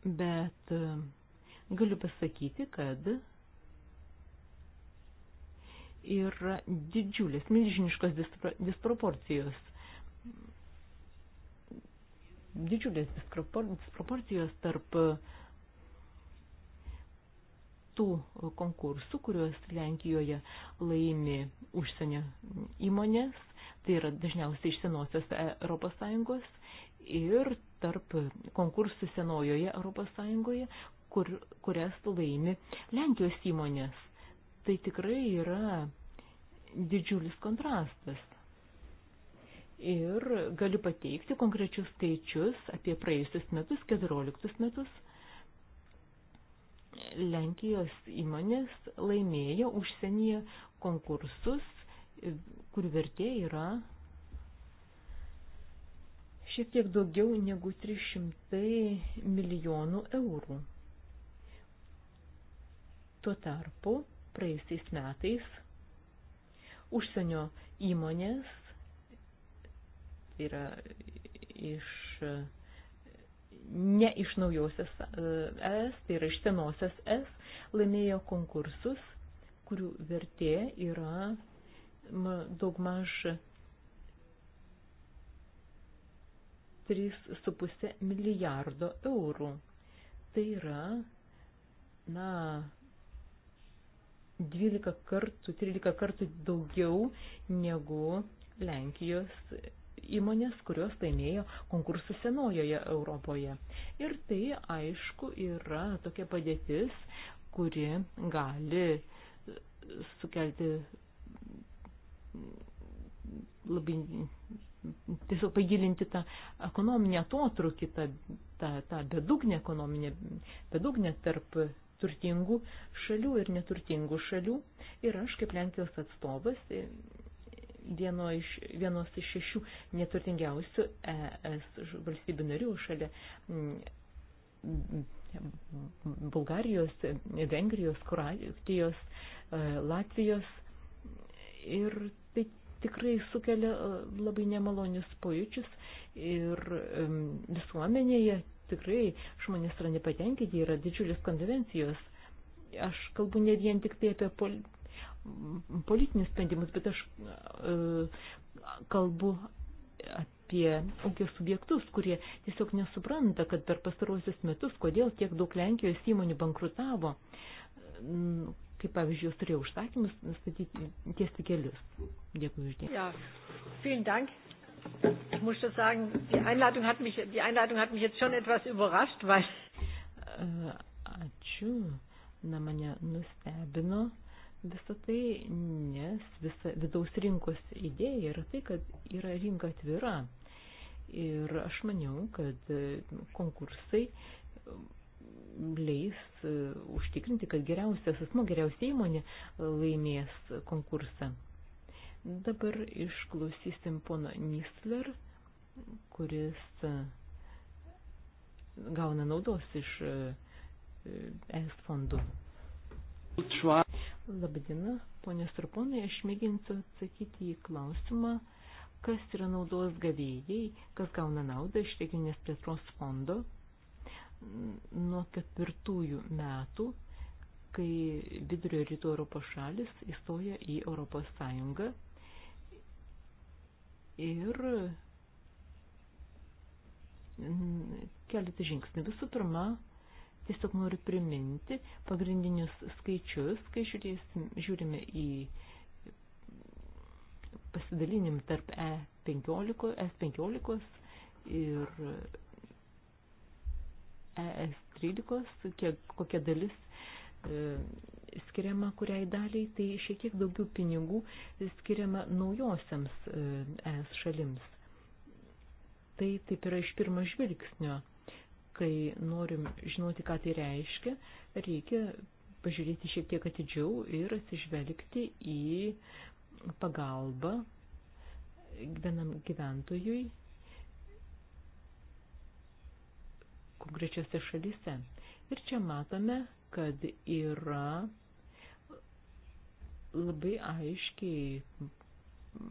Bet e, galiu pasakyti, kad yra didžiulės, milžiniškos dispro, disproporcijos. Didžiulės dispropor, disproporcijos tarp uh, tų konkursų, kuriuos Lenkijoje laimi užsienio įmonės, tai yra dažniausiai iš senosios Europos Sąjungos ir tarp konkursų senojoje Europos Sąjungoje, kur, kurias laimi Lenkijos įmonės. Tai tikrai yra didžiulis kontrastas. Ir galiu pateikti konkrečius skaičius apie praėjusius metus, 14 metus Lenkijos įmonės laimėjo užsienyje konkursus, kurių vertė yra šiek tiek daugiau negu 300 milijonų eurų. Tuo tarpu praeisiais metais užsienio įmonės, tai yra iš ne iš naujosios e, S, tai yra iš senosios S, laimėjo konkursus, kurių vertė yra daugmaž 3,5 milijardo eurų. Tai yra, na, 12 kartų, 13 kartų daugiau negu Lenkijos įmonės, kurios laimėjo konkursą senojoje Europoje. Ir tai, aišku, yra tokia padėtis, kuri gali sukelti labai tiesiog pagilinti tą ekonominę atotrukį, tą, tą, tą bedugnę ekonominę, bedugnę tarp turtingų šalių ir neturtingų šalių. Ir aš kaip Lenkijos atstovas vieno iš, vienos iš šešių neturtingiausių ES valstybių narių šalia mm, mm, Bulgarijos, Vengrijos, Kroatijos, e, Latvijos. Ir tai tikrai sukelia e, labai nemalonius pojūčius ir visuomenėje tikrai žmonės yra nepatenkinti, yra didžiulis konvencijos. Aš kalbu ne vien tik tai apie politinius sprendimus, bet aš e, kalbu apie ūkio subjektus, kurie tiesiog nesupranta, kad per pastarosius metus, kodėl tiek daug Lenkijos įmonių bankrutavo, kaip pavyzdžiui, jūs turėjo užsakymus statyti tiesti kelius. Dėkui uždėmesi. Ja, vielen Dank. Ich muss schon sagen, die Einladung hat mich, die Einladung hat mich jetzt schon etwas überrascht, weil. Äh, ačiū. Na, mane nustebino Visą tai, nes visa vidaus rinkos idėja yra tai, kad yra rinka atvira. Ir aš maniau, kad e, konkursai leis e, užtikrinti, kad geriausias asmo, geriausia įmonė e, laimės konkursą. Dabar išklausysim pono Nisler, kuris gauna naudos iš ES fondų. Labadiena, ponės ir ponai, aš mėginsiu atsakyti į klausimą, kas yra naudos gavėjai, kas gauna naudą iš regioninės plėtros fondo nuo ketvirtųjų metų, kai vidurio rytų Europos šalis įstoja į Europos Sąjungą ir keletą žingsnių. Visų pirma, Tiesiog noriu priminti pagrindinius skaičius, kai žiūrėsim, žiūrime į pasidalinim tarp E15, S15 ir ES13, kiek, kokia dalis e, skiriama kuriai daliai, tai šiek tiek daugiau pinigų skiriama naujosiams e, ES šalims. Tai taip yra iš pirmo žvilgsnio kai norim žinoti, ką tai reiškia, reikia pažiūrėti šiek tiek atidžiau ir atsižvelgti į pagalbą vienam gyventojui konkrečiose šalyse. Ir čia matome, kad yra labai aiškiai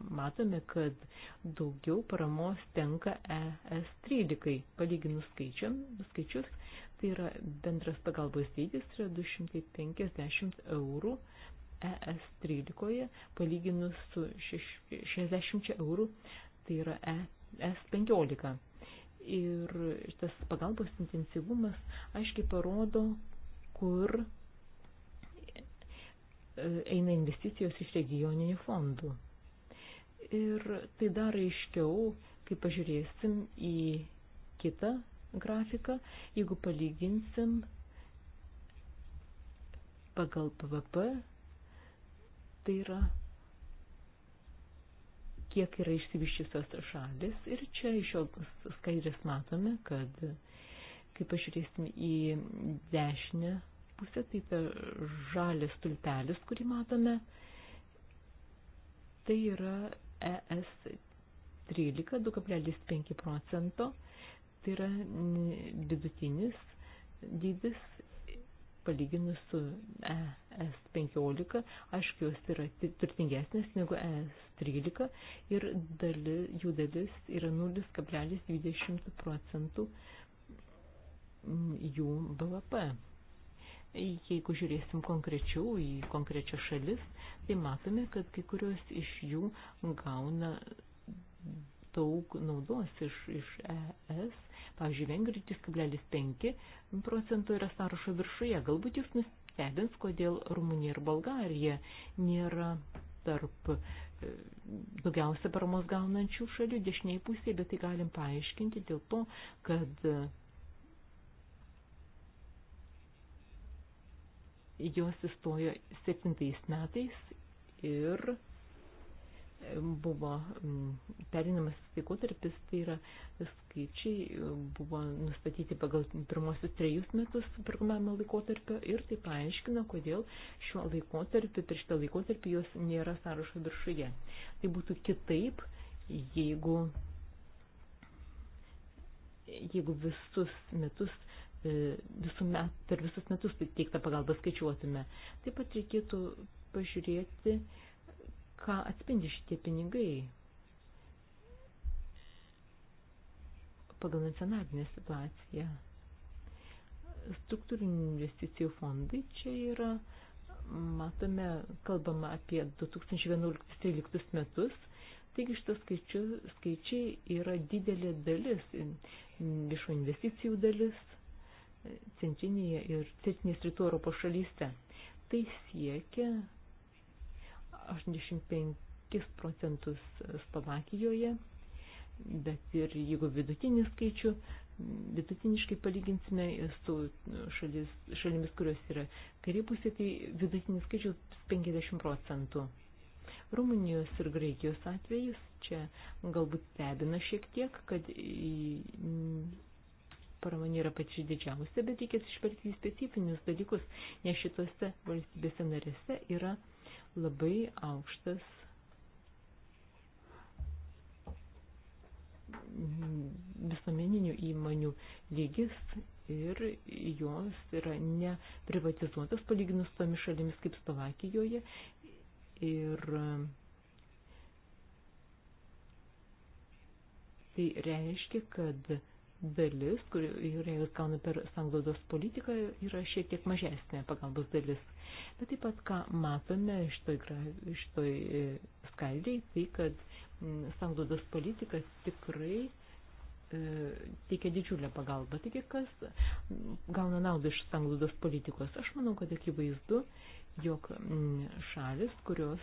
matome, kad daugiau paramos tenka ES13, palyginus skaičiam, skaičius, tai yra bendras pagalbos dydis yra 250 eurų ES13, palyginus su 60 eurų, tai yra ES15. Ir tas pagalbos intensyvumas aiškiai parodo, kur eina investicijos iš regioninių fondų. Ir tai dar aiškiau, kai pažiūrėsim į kitą grafiką, jeigu palyginsim pagal PVP, tai yra kiek yra išsivyščiusios šalis ir čia iš šios skaidrės matome, kad kai pažiūrėsim į dešinę pusę, tai ta žalės tulpelis, kurį matome, tai yra ES 13, 2,5 procento, tai yra vidutinis dydis palyginus su ES 15, aišku, jos yra turtingesnės negu ES 13 ir dali, jų dalis yra 0,20 procentų jų BVP. Jeigu žiūrėsim konkrečiau į konkrečią šalis, tai matome, kad kai kurios iš jų gauna daug naudos iš, iš ES. Pavyzdžiui, Vengrija 3,5 procento yra sąrašo viršuje. Galbūt jūs nustebins, kodėl Rumunija ir Bulgarija nėra tarp e, daugiausia paramos gaunančių šalių dešiniai pusėje, bet tai galim paaiškinti dėl to, kad jos įstojo 7 metais ir e, buvo perinamas laikotarpis, tai yra skaičiai e, buvo nustatyti pagal pirmosius trejus metus programavimo laikotarpio ir tai paaiškina, kodėl šiuo laikotarpiu, per šitą laikotarpį jos nėra sąrašo viršuje. Tai būtų kitaip, jeigu, jeigu visus metus E, visų met, per visus metus tai teiktą pagalbą skaičiuotume. Taip pat reikėtų pažiūrėti, ką atspindi šitie pinigai pagal nacionalinę situaciją. Struktūrinių investicijų fondai čia yra, matome, kalbama apie 2011-2013 metus, Taigi šitas skaičių, skaičiai yra didelė dalis, viešų investicijų dalis centrinėje ir centrinės rytų Europos šalyse. Tai siekia 85 procentus Slovakijoje, bet ir jeigu vidutinį skaičių, vidutiniškai palyginsime su šalis, šalimis, kurios yra karibusi, tai vidutinis skaičius 50 procentų. Rumunijos ir Graikijos atvejus čia galbūt stebina šiek tiek, kad parama nėra pačiai didžiausia, bet reikia atsižvelgti į specifinius dalykus, nes šitose valstybėse narėse yra labai aukštas visuomeninių įmonių lygis ir jos yra neprivatizuotas palyginus tomis šalimis kaip Slovakijoje ir tai reiškia, kad dalis, kurią jūs gauna per sanglaudos politiką, yra šiek tiek mažesnė pagalbos dalis. Bet taip pat, ką matome šitoj, šitoj e, skaidriai, tai kad sanglaudos politika tikrai e, teikia didžiulę pagalbą. Taigi, kas gauna naudą iš sanglaudos politikos? Aš manau, kad akivaizdu, jog šalis, kurios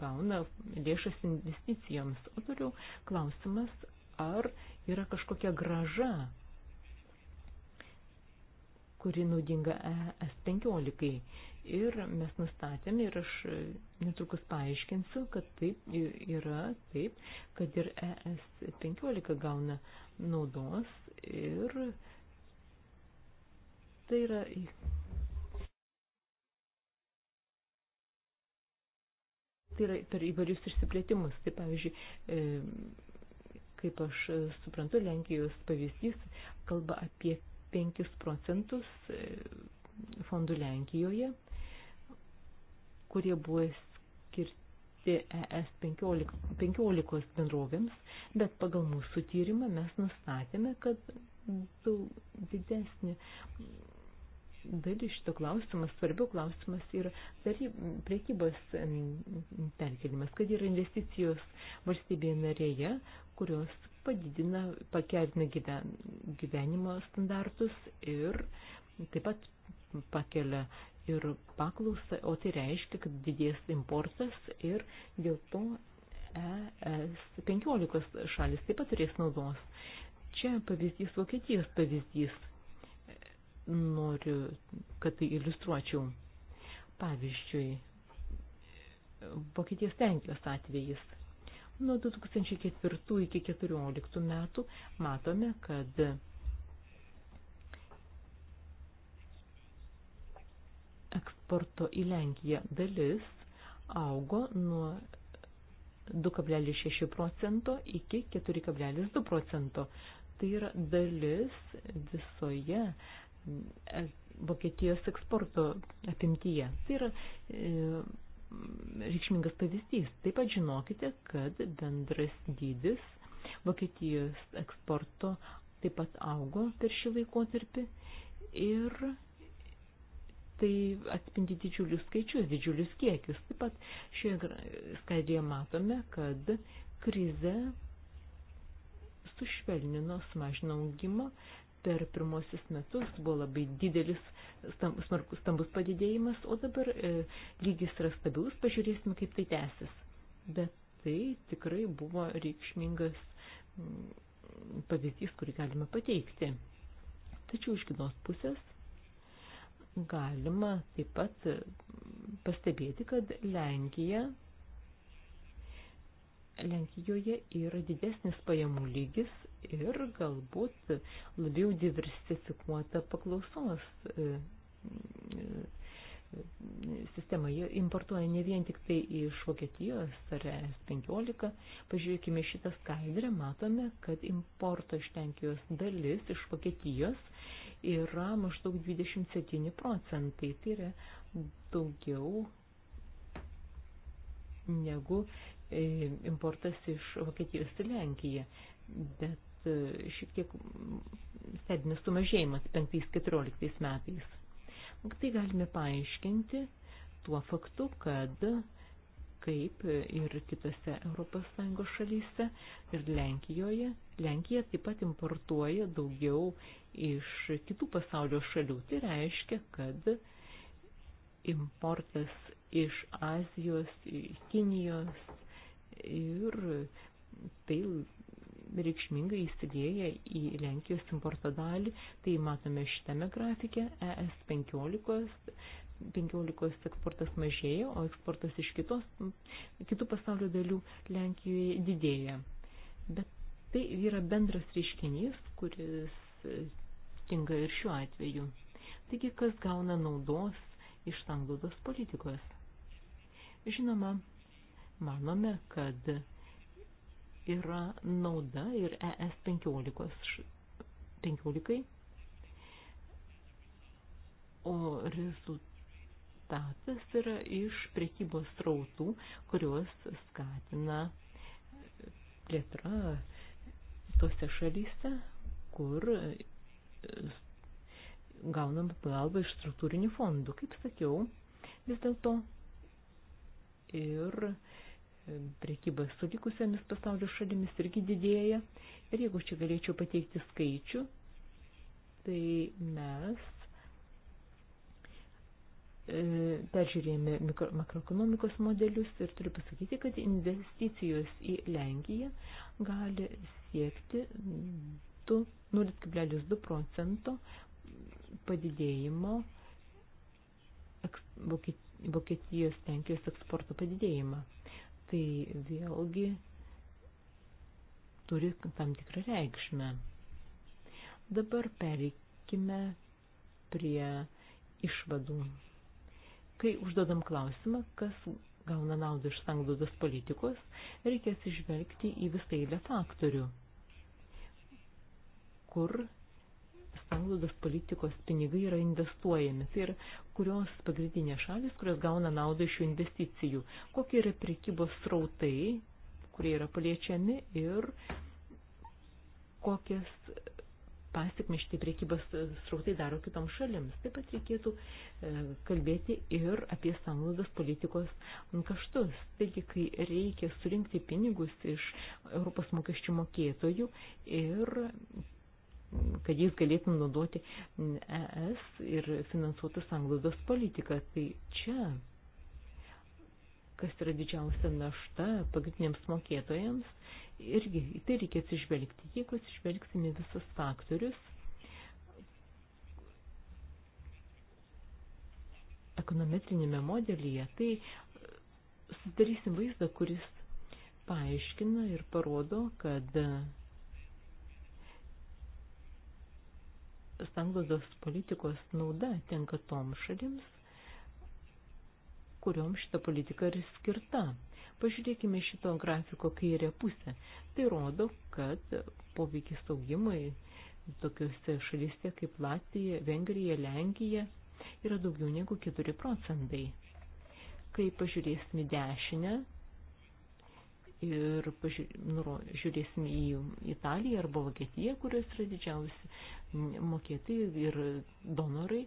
gauna lėšas investicijoms. O toliau klausimas, ar yra kažkokia graža, kuri naudinga ES15. Ir mes nustatėme, ir aš netrukus paaiškinsiu, kad taip yra, taip, kad ir ES15 gauna naudos ir tai yra tai yra per įvairius išsiplėtimus. Tai pavyzdžiui, Kaip aš suprantu, Lenkijos pavyzdys kalba apie 5 procentus e, fondų Lenkijoje, kurie buvo skirti ES 15, 15 bendrovėms, bet pagal mūsų tyrimą mes nustatėme, kad daug didesnė dalis šito klausimas, svarbiau klausimas yra priekybos perkelimas, kad yra investicijos valstybėje narėje, kurios padidina, pakerina gyven, gyvenimo standartus ir taip pat pakelia ir paklausą, o tai reiškia, kad didės importas ir dėl to ES 15 šalis taip pat turės naudos. Čia pavyzdys Vokietijos pavyzdys noriu, kad tai iliustruočiau. Pavyzdžiui, Vokietijos Lenkijos atvejis. Nuo 2004 iki 2014 metų matome, kad eksporto į Lenkiją dalis augo nuo 2,6 procento iki 4,2 procento. Tai yra dalis visoje uh, Vokietijos eksporto apimtyje. Tai yra e, reikšmingas pavyzdys. Taip pat žinokite, kad bendras dydis Vokietijos eksporto taip pat augo per šį laikotarpį ir tai atspindi didžiulius skaičius, didžiulius kiekius. Taip pat šioje skaidrėje matome, kad krize sušvelnino, sumažino augimą, per pirmosius metus buvo labai didelis smarkus, stambus padidėjimas, o dabar e, lygis yra stabilus, pažiūrėsim, kaip tai tęsis. Bet tai tikrai buvo reikšmingas mm, pavyzdys, kurį galima pateikti. Tačiau iš kitos pusės galima taip pat e, pastebėti, kad Lenkija, Lenkijoje yra didesnis pajamų lygis ir galbūt labiau diversifikuota paklausos e, e, sistema. Jie importuoja ne vien tik tai iš Vokietijos ar S15. Pažiūrėkime šitą skaidrę, matome, kad importo iš Lenkijos dalis iš Vokietijos yra maždaug 27 procentai. Tai yra daugiau negu e, importas iš Vokietijos į Lenkiją. Bet E, šiek tiek stebinis sumažėjimas 5-14 metais. Tai galime paaiškinti tuo faktu, kad kaip ir kitose ES šalyse ir Lenkijoje. Lenkija taip pat importuoja daugiau iš kitų pasaulio šalių. Tai reiškia, kad importas iš Azijos, Kinijos ir tai reikšmingai įsidėję į Lenkijos importo dalį, tai matome šitame grafike ES 15, 15 eksportas mažėja, o eksportas iš kitos, kitų pasaulio dalių Lenkijoje didėja. Bet tai yra bendras reiškinys, kuris tinka ir šiuo atveju. Taigi, kas gauna naudos iš sanglaudos politikos? Žinoma, manome, kad yra nauda ir ES 15, 15 o rezultatas yra iš prekybos srautų, kurios skatina plėtra tose šalyse, kur e, gaunam pagalbą iš struktūrinių fondų, kaip sakiau, vis dėlto ir e, prekyba su likusiamis pasaulio šalimis irgi didėja. Ir jeigu čia galėčiau pateikti skaičių, tai mes e, peržiūrėjome makroekonomikos modelius ir turiu pasakyti, kad investicijos į Lenkiją gali siekti 0,2 procento padidėjimo Vokietijos Lenkijos eksporto padidėjimą tai vėlgi turi tam tikrą reikšmę. Dabar pereikime prie išvadų. Kai užduodam klausimą, kas gauna naudą iš sanglaudos politikos, reikia atsižvelgti į visą eilę faktorių, kur sanglaudos politikos pinigai yra investuojami. Tai yra kurios pagrindinės šalis, kurios gauna naudą iš šių investicijų. Kokie yra prekybos srautai, kurie yra paliečiami ir kokias pasiekmes šitie priekybos srautai daro kitoms šalims. Taip pat reikėtų e, kalbėti ir apie sanglaudos politikos kaštus. Taigi, kai reikia surinkti pinigus iš Europos mokesčių mokėtojų ir kad jis galėtų naudoti ES ir finansuotų sanglaudos politiką. Tai čia, kas yra didžiausia našta pagrindiniams mokėtojams, irgi į tai reikia atsižvelgti. Jeigu atsižvelgsime visus faktorius, ekonometrinėme modelyje, tai sudarysim vaizdą, kuris paaiškina ir parodo, kad sanglaudos politikos nauda tenka tom šalims, kuriuom šita politika ir skirta. Pažiūrėkime šito grafiko kairę pusę. Tai rodo, kad poveikis augimui tokiuose šalyse kaip Latvija, Vengrija, Lenkija yra daugiau negu 4 procentai. Kai pažiūrėsime dešinę, ir žiūrėsim į Italiją arba Vokietiją, kurios yra didžiausi mokėtojai ir donorai,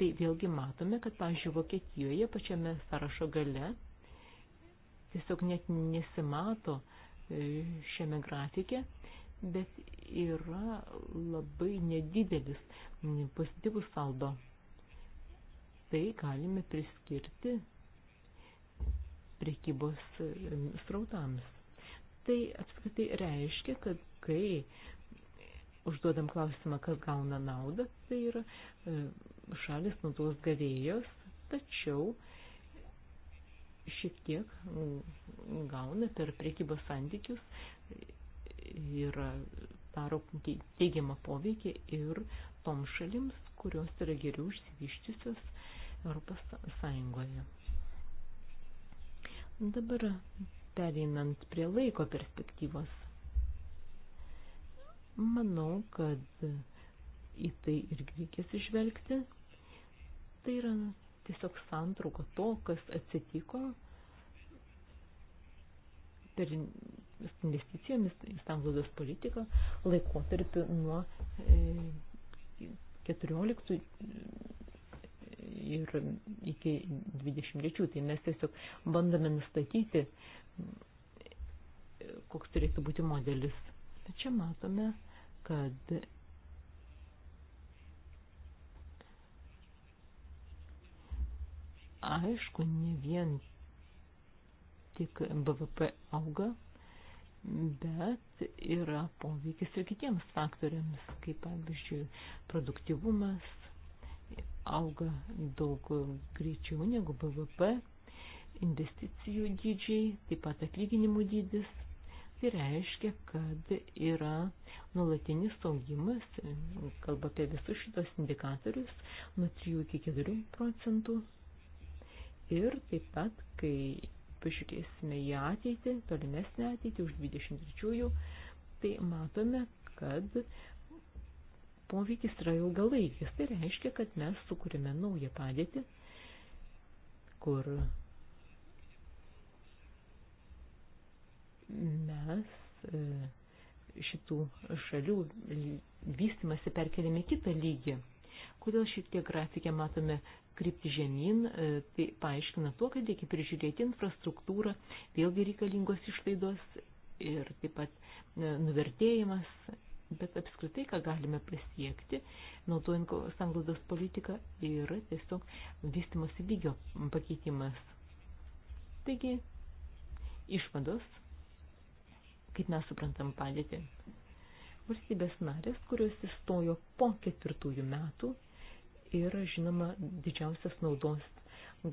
tai vėlgi matome, kad, pavyzdžiui, Vokietijoje pačiame sąrašo gale tiesiog net nesimato e, šiame grafike, bet yra labai nedidelis pozityvus saldo. Tai galime priskirti prekybos e, srautams. Tai apskritai reiškia, kad kai užduodam klausimą, kas gauna naudą, tai yra e, šalis naudos gavėjos, tačiau šiek tiek mm, gauna per priekybos santykius ir daro teigiamą poveikį ir tom šalims, kurios yra geriau išsivyščiusios Europos Sąjungoje. Dabar pereinant prie laiko perspektyvos. Manau, kad į tai irgi reikės išvelgti. Tai yra tiesiog santrauka to, kas atsitiko per investicijomis į sanglaudos politiką laikotarpį nuo 14 e, ir iki 23. Tai mes tiesiog bandome nustatyti, koks turėtų būti modelis. Čia matome, kad aišku, ne vien tik BVP auga, bet yra poveikis ir kitiems faktoriams, kaip pavyzdžiui, produktivumas auga daug greičiau negu BVP investicijų dydžiai, taip pat atlyginimų dydis. Tai reiškia, kad yra nuolatinis augimas, kalba apie visus šitos indikatorius, nuo 3 iki 4 procentų. Ir taip pat, kai pažiūrėsime į ateitį, tolimesnę ateitį už 23-ųjų, tai matome, kad poveikis yra ilgalaikis. Tai reiškia, kad mes sukūrėme naują padėtį, kur mes e, šitų šalių vystimasi perkeliame kitą lygį. Kodėl šitie grafikė matome krypti žemyn, e, tai paaiškina tuo, kad reikia prižiūrėti infrastruktūrą, vėlgi reikalingos išlaidos ir taip pat e, nuvertėjimas, bet apskritai, ką galime pasiekti, naudojant sanglaudos politiką, yra tiesiog vystimosi lygio pakeitimas. Taigi, išvados kaip mes suprantam padėtį. Valstybės narės, kurios įstojo po ketvirtųjų metų, yra, žinoma, didžiausias naudos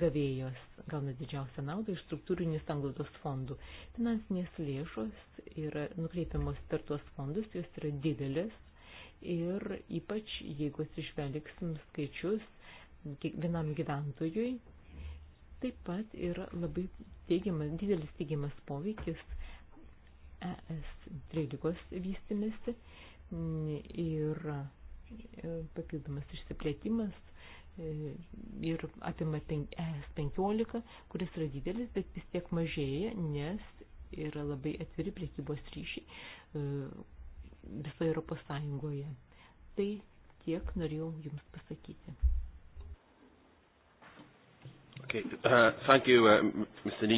gavėjos, gauna didžiausią naudą iš struktūrinių sanglaudos fondų. Finansinės lėšos yra nukreipiamos per tuos fondus, jos yra didelės ir ypač jeigu atsižvelgsim skaičius vienam gyventojui, taip pat yra labai teigiamas, didelis teigiamas poveikis ES dreigos vystimėsi ir e, papildomas išsiplėtimas e, ir apima ES e 15, kuris yra didelis, bet vis tiek mažėja, nes yra labai atviri priekybos ryšiai visoje Europos Sąjungoje. Tai tiek norėjau Jums pasakyti. Okay. Uh, thank you, uh, Mr.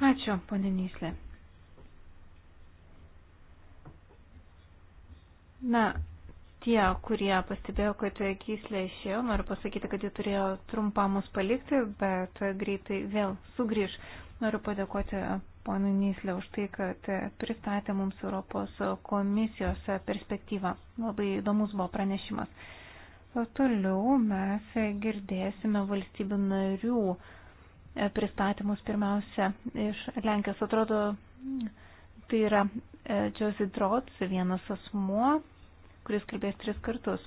Ačiū, ponė Nyslė. Na, tie, kurie pastebėjo, kad kyslė išėjo, noriu pasakyti, kad ji turėjo trumpą mus palikti, bet greitai vėl sugrįž. Noriu padėkoti ponui Nyslė už tai, kad pristatė mums Europos komisijos perspektyvą. Labai įdomus buvo pranešimas. O toliau mes girdėsime valstybių narių pristatymus pirmiausia iš Lenkijos. Atrodo, tai yra E, Josie Drots, vienas asmuo, kuris kalbės tris kartus.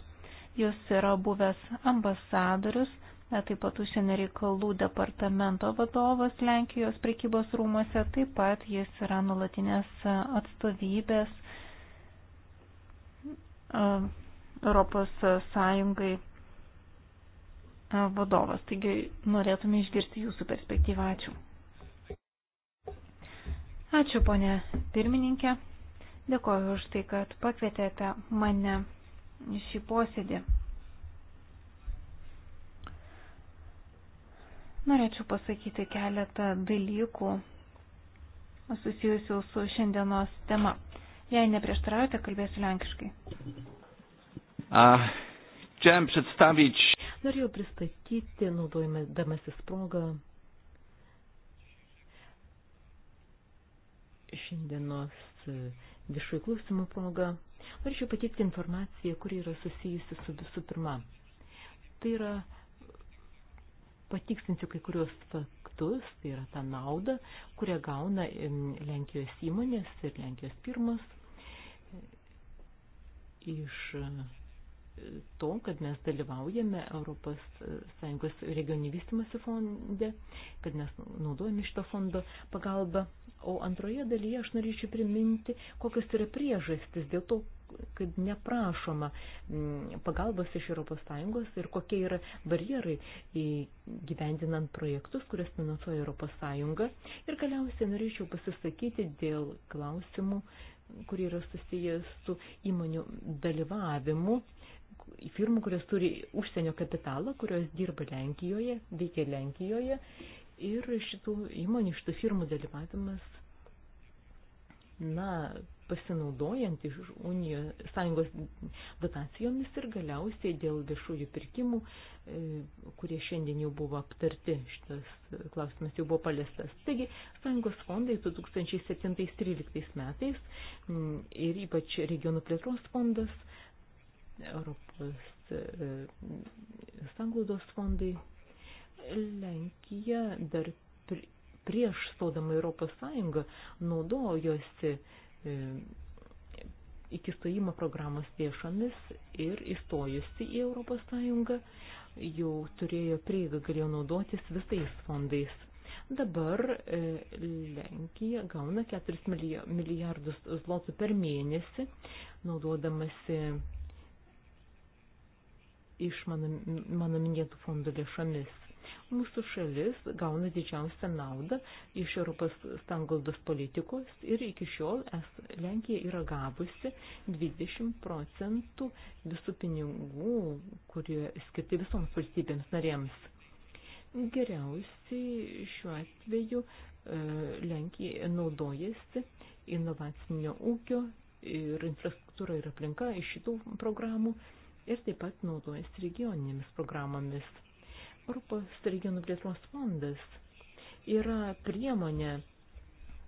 Jis yra buvęs ambasadorius, e, taip pat užsienio reikalų departamento vadovas Lenkijos prekybos rūmose, taip pat jis yra nulatinės atstovybės e, Europos Sąjungai vadovas. Taigi norėtume išgirsti jūsų perspektyvą. Ačiū. Ačiū, ponė pirmininkė. Dėkoju už tai, kad pakvietėte mane į šį posėdį. Norėčiau pasakyti keletą dalykų susijusių su šiandienos tema. Jei neprieštaraujate, kalbėsiu lenkiškai. Chciałem przedstawić. Norėjau pristatyti, naudojame damasis progą, šiandienos e, viešųjų klausimų proga, norėčiau pateikti informaciją, kuri yra susijusi su visų pirma. Tai yra patiksinsiu kai kurios faktus, tai yra ta nauda, kurią gauna Lenkijos įmonės ir Lenkijos pirmas e, iš to, kad mes dalyvaujame Europos Sąjungos regionį vystimasi fonde, kad mes naudojame šito fondo pagalbą. O antroje dalyje aš norėčiau priminti, kokios yra priežastis dėl to, kad neprašoma mm, pagalbos iš Europos Sąjungos ir kokie yra barjerai gyvendinant projektus, kurias finansuoja Europos Sąjunga. Ir galiausiai norėčiau pasisakyti dėl klausimų, kurie yra susijęs su įmonių dalyvavimu firmų, kurios turi užsienio kapitalą, kurios dirba Lenkijoje, veikia Lenkijoje ir šitų įmonių, šitų firmų dalyvavimas, na, pasinaudojant iš Unijos sąjungos dotacijomis ir galiausiai dėl viešųjų pirkimų, e, kurie šiandien jau buvo aptarti, šitas klausimas jau buvo paliestas. Taigi, sąjungos fondai 2017-2013 metais ir ypač regionų plėtros fondas Europos e, sanglaudos fondai. Lenkija dar prieš stodama Europos Sąjungą naudojosi iki e, stojimo programos lėšomis ir įstojusi į Europos Sąjungą jau turėjo prieigą, galėjo naudotis visais fondais. Dabar e, Lenkija gauna 4 milijardus zlotų per mėnesį, naudodamasi iš mano, mano minėtų fondų lėšomis. Mūsų šalis gauna didžiausią naudą iš Europos stangaldos politikos ir iki šiol es, Lenkija yra gavusi 20 procentų visų pinigų, kurie skirti visoms valstybėms narėms. Geriausiai šiuo atveju e, Lenkija naudojasi inovacinio ūkio ir infrastruktūra ir aplinka iš šitų programų ir taip pat naudojasi regioninėmis programomis. Europos regionų plėtros fondas yra priemonė,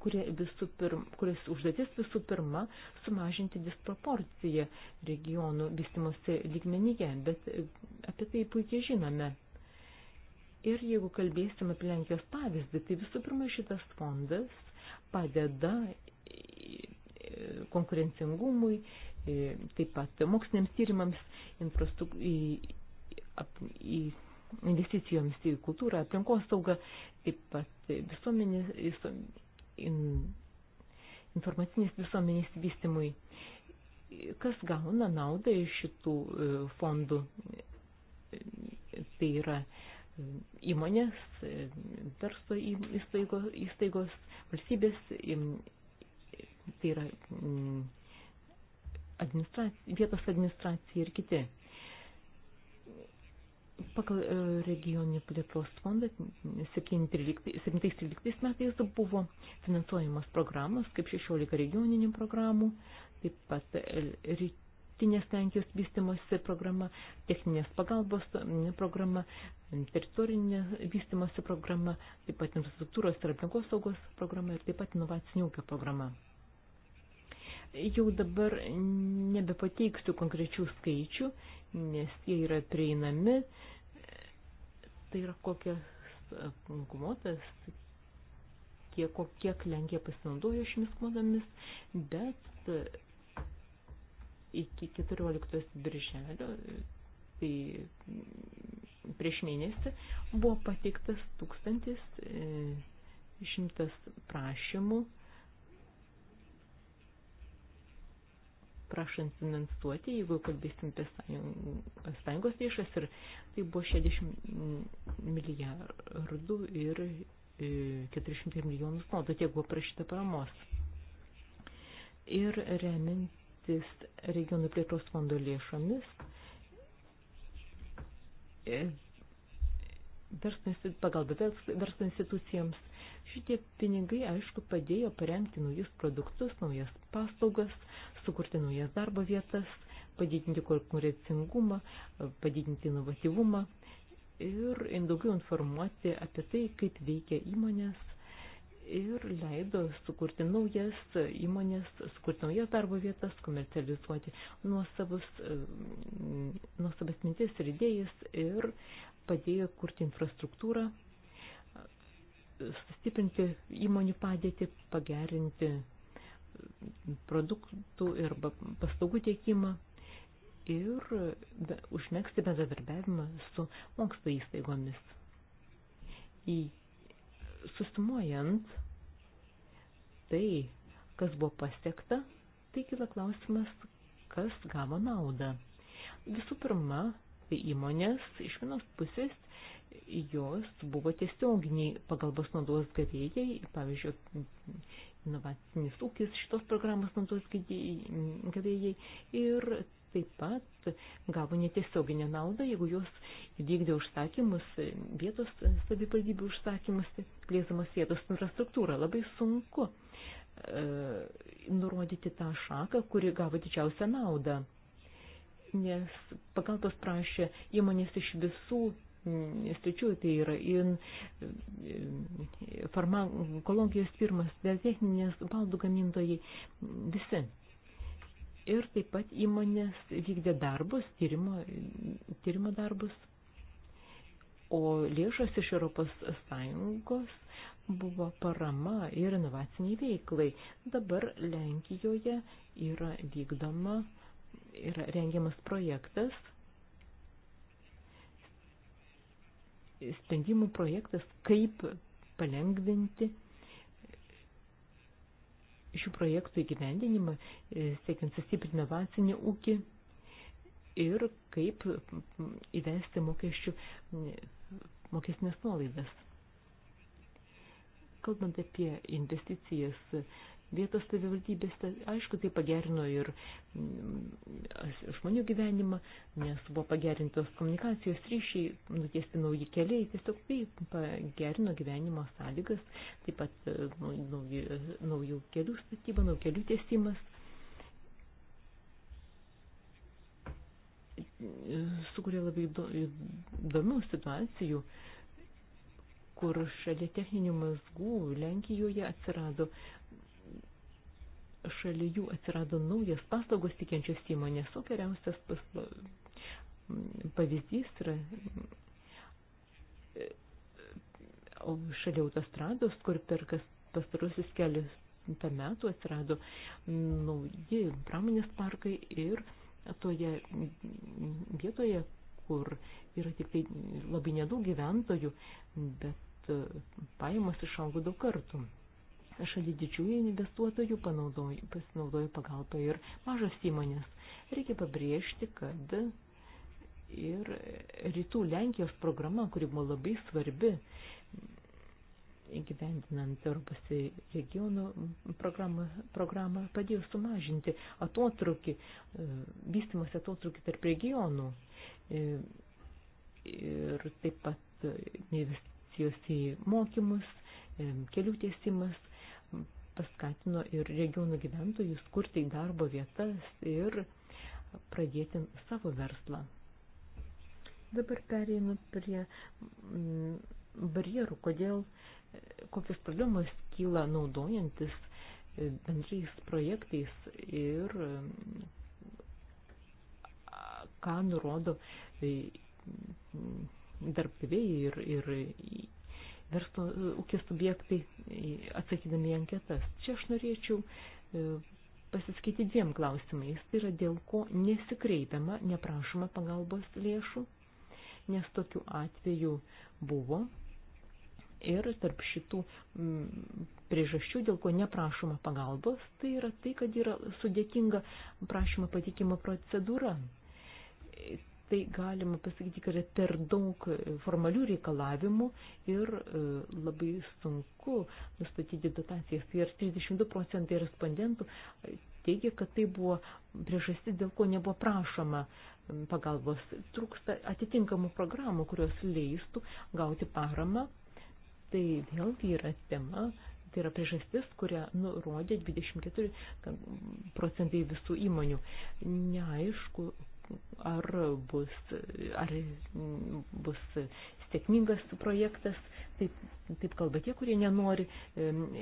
kuria visų pirma, kuris užduotis visų pirma sumažinti disproporciją regionų vystimosi lygmenyje, bet e, apie tai puikiai žinome. Ir jeigu kalbėsime apie Lenkijos pavyzdį, tai visų pirma šitas fondas padeda e, e, konkurencingumui E, taip pat moksliniams tyrimams, investicijoms į kultūrą, aplinkos saugą, taip pat visuomenės, in, informacinės visuomenės vystimui. Kas gauna naudą iš šitų e, fondų? Tai yra e, įmonės, verslo įstaigos, įstaigos valstybės, tai yra administracija, vietos administracija ir kiti. Pagal e, regioninį plėtros fondą 17-13 metais buvo finansuojamas programos, kaip 16 regioninių programų, taip pat e, rytinės Lenkijos vystimosi programa, techninės pagalbos programa, teritorinė vystimosi programa, taip pat infrastruktūros ir aplinkosaugos programa ir taip pat inovacinių ūkio programa. Jau dabar nebepateiksiu konkrečių skaičių, nes jie yra prieinami. Tai yra kokias kvotas, kiek, kiek Lenkija pasinaudojo šiomis kvotomis, bet iki 14 birželio, tai prieš mėnesį, buvo pateiktas 1100 e, prašymų prašant finansuoti, jeigu kalbėsim apie sąjungos lėšas, ir tai buvo 60 milijardų ir 400 e, milijonų fondų, tiek buvo prašyta paramos. Ir remintis regionų plėtros fondo lėšomis, e, verslo, pagalba verslo institucijams. Šitie pinigai, aišku, padėjo parengti naujus produktus, naujas paslaugas, sukurti naujas darbo vietas, padidinti konkurencingumą, padidinti inovatyvumą ir daugiau informuoti apie tai, kaip veikia įmonės ir leido sukurti naujas įmonės, sukurti naujas darbo vietas, komercializuoti nuosavus, nuosavas mintis ir idėjas ir padėjo kurti infrastruktūrą, sustiprinti įmonių padėtį, pagerinti produktų ir paslaugų tiekimą ir užmėgsti bendradarbiavimą su mokslo įstaigomis. Į susumuojant tai, kas buvo pasiekta, tai kila klausimas, kas gavo naudą. Visų pirma, įmonės iš vienos pusės jos buvo tiesioginiai pagalbos naudos gavėjai, pavyzdžiui, inovacinis ūkis šitos programos naudos gavėjai ir taip pat gavo netiesioginę naudą, jeigu jos vykdė užsakymus, vietos savivaldybių užsakymus, plėsamas vietos infrastruktūrą. Labai sunku e, nurodyti tą šaką, kuri gavo didžiausią naudą nes pagalbos prašė įmonės iš visų sričių, tai yra in, farmakologijos firmas, techninės baldų gamintojai, visi. Ir taip pat įmonės vykdė darbus, tyrimo, tyrimo darbus, o lėšas iš Europos Sąjungos buvo parama ir inovaciniai veiklai. Dabar Lenkijoje yra vykdoma yra rengiamas projektas, sprendimų projektas, kaip palengvinti šių projektų įgyvendinimą, e, siekiant sustiprinti inovacinį ūkį ir kaip įvesti mokesčių, mokestinės nuolaidas. Kalbant apie investicijas vietos savivaldybės. Tai aišku, tai pagerino ir mm, žmonių gyvenimą, nes buvo pagerintos komunikacijos ryšiai, nutiesti nauji keliai, tiesiog tai pagerino gyvenimo sąlygas, taip pat e, naujų, naujų kelių statyba, naujų kelių tiesimas. sukuria labai įdomių situacijų, kur šalia techninių mazgų Lenkijoje atsirado šalia jų atsirado naujas paslaugos tikiančios įmonės, o geriausias pasla... pavyzdys yra o šalia autostrados, kur per kas pastarusis kelias tą metų atsirado nauji pramonės parkai ir toje vietoje, kur yra tik tai labai nedaug gyventojų, bet pajamos išaugo daug kartų šalia didžiųjų investuotojų pasinaudojo pagalbą ir mažos įmonės. Reikia pabrėžti, kad ir rytų Lenkijos programa, kuri buvo labai svarbi įgyvendinant Europos regionų programą, programą padėjo sumažinti atotrukį, vystimas atotrukį tarp regionų ir taip pat investicijos į mokymus, kelių tiesimas, paskatino ir regionų gyventojus kurti darbo vietas ir pradėti savo verslą. Dabar pereinu prie mm, barjerų, kodėl, kokios problemos kyla naudojantis e, bendrais projektais ir mm, ką nurodo e, mm, darbdaviai ir, ir verslo e, ūkio subjektai atsakydami į anketas. Čia aš norėčiau e, pasiskaityti dviem klausimais. Tai yra dėl ko nesikreipiama, neprašoma pagalbos lėšų, nes tokių atvejų buvo. Ir tarp šitų priežasčių, dėl ko neprašoma pagalbos, tai yra tai, kad yra sudėtinga prašymo patikimo procedūra tai galima pasakyti, kad yra per daug formalių reikalavimų ir e, labai sunku nustatyti dotacijas. Ir tai 32 procentai respondentų e, teigia, kad tai buvo priežastis, dėl ko nebuvo prašoma pagalbos. Trūksta atitinkamų programų, kurios leistų gauti paramą. Tai vėlgi yra tema, tai yra priežastis, kurią nurodė 24 procentai visų įmonių. Neaišku, ar bus, ar bus sėkmingas projektas, taip, taip kalba tie, kurie nenori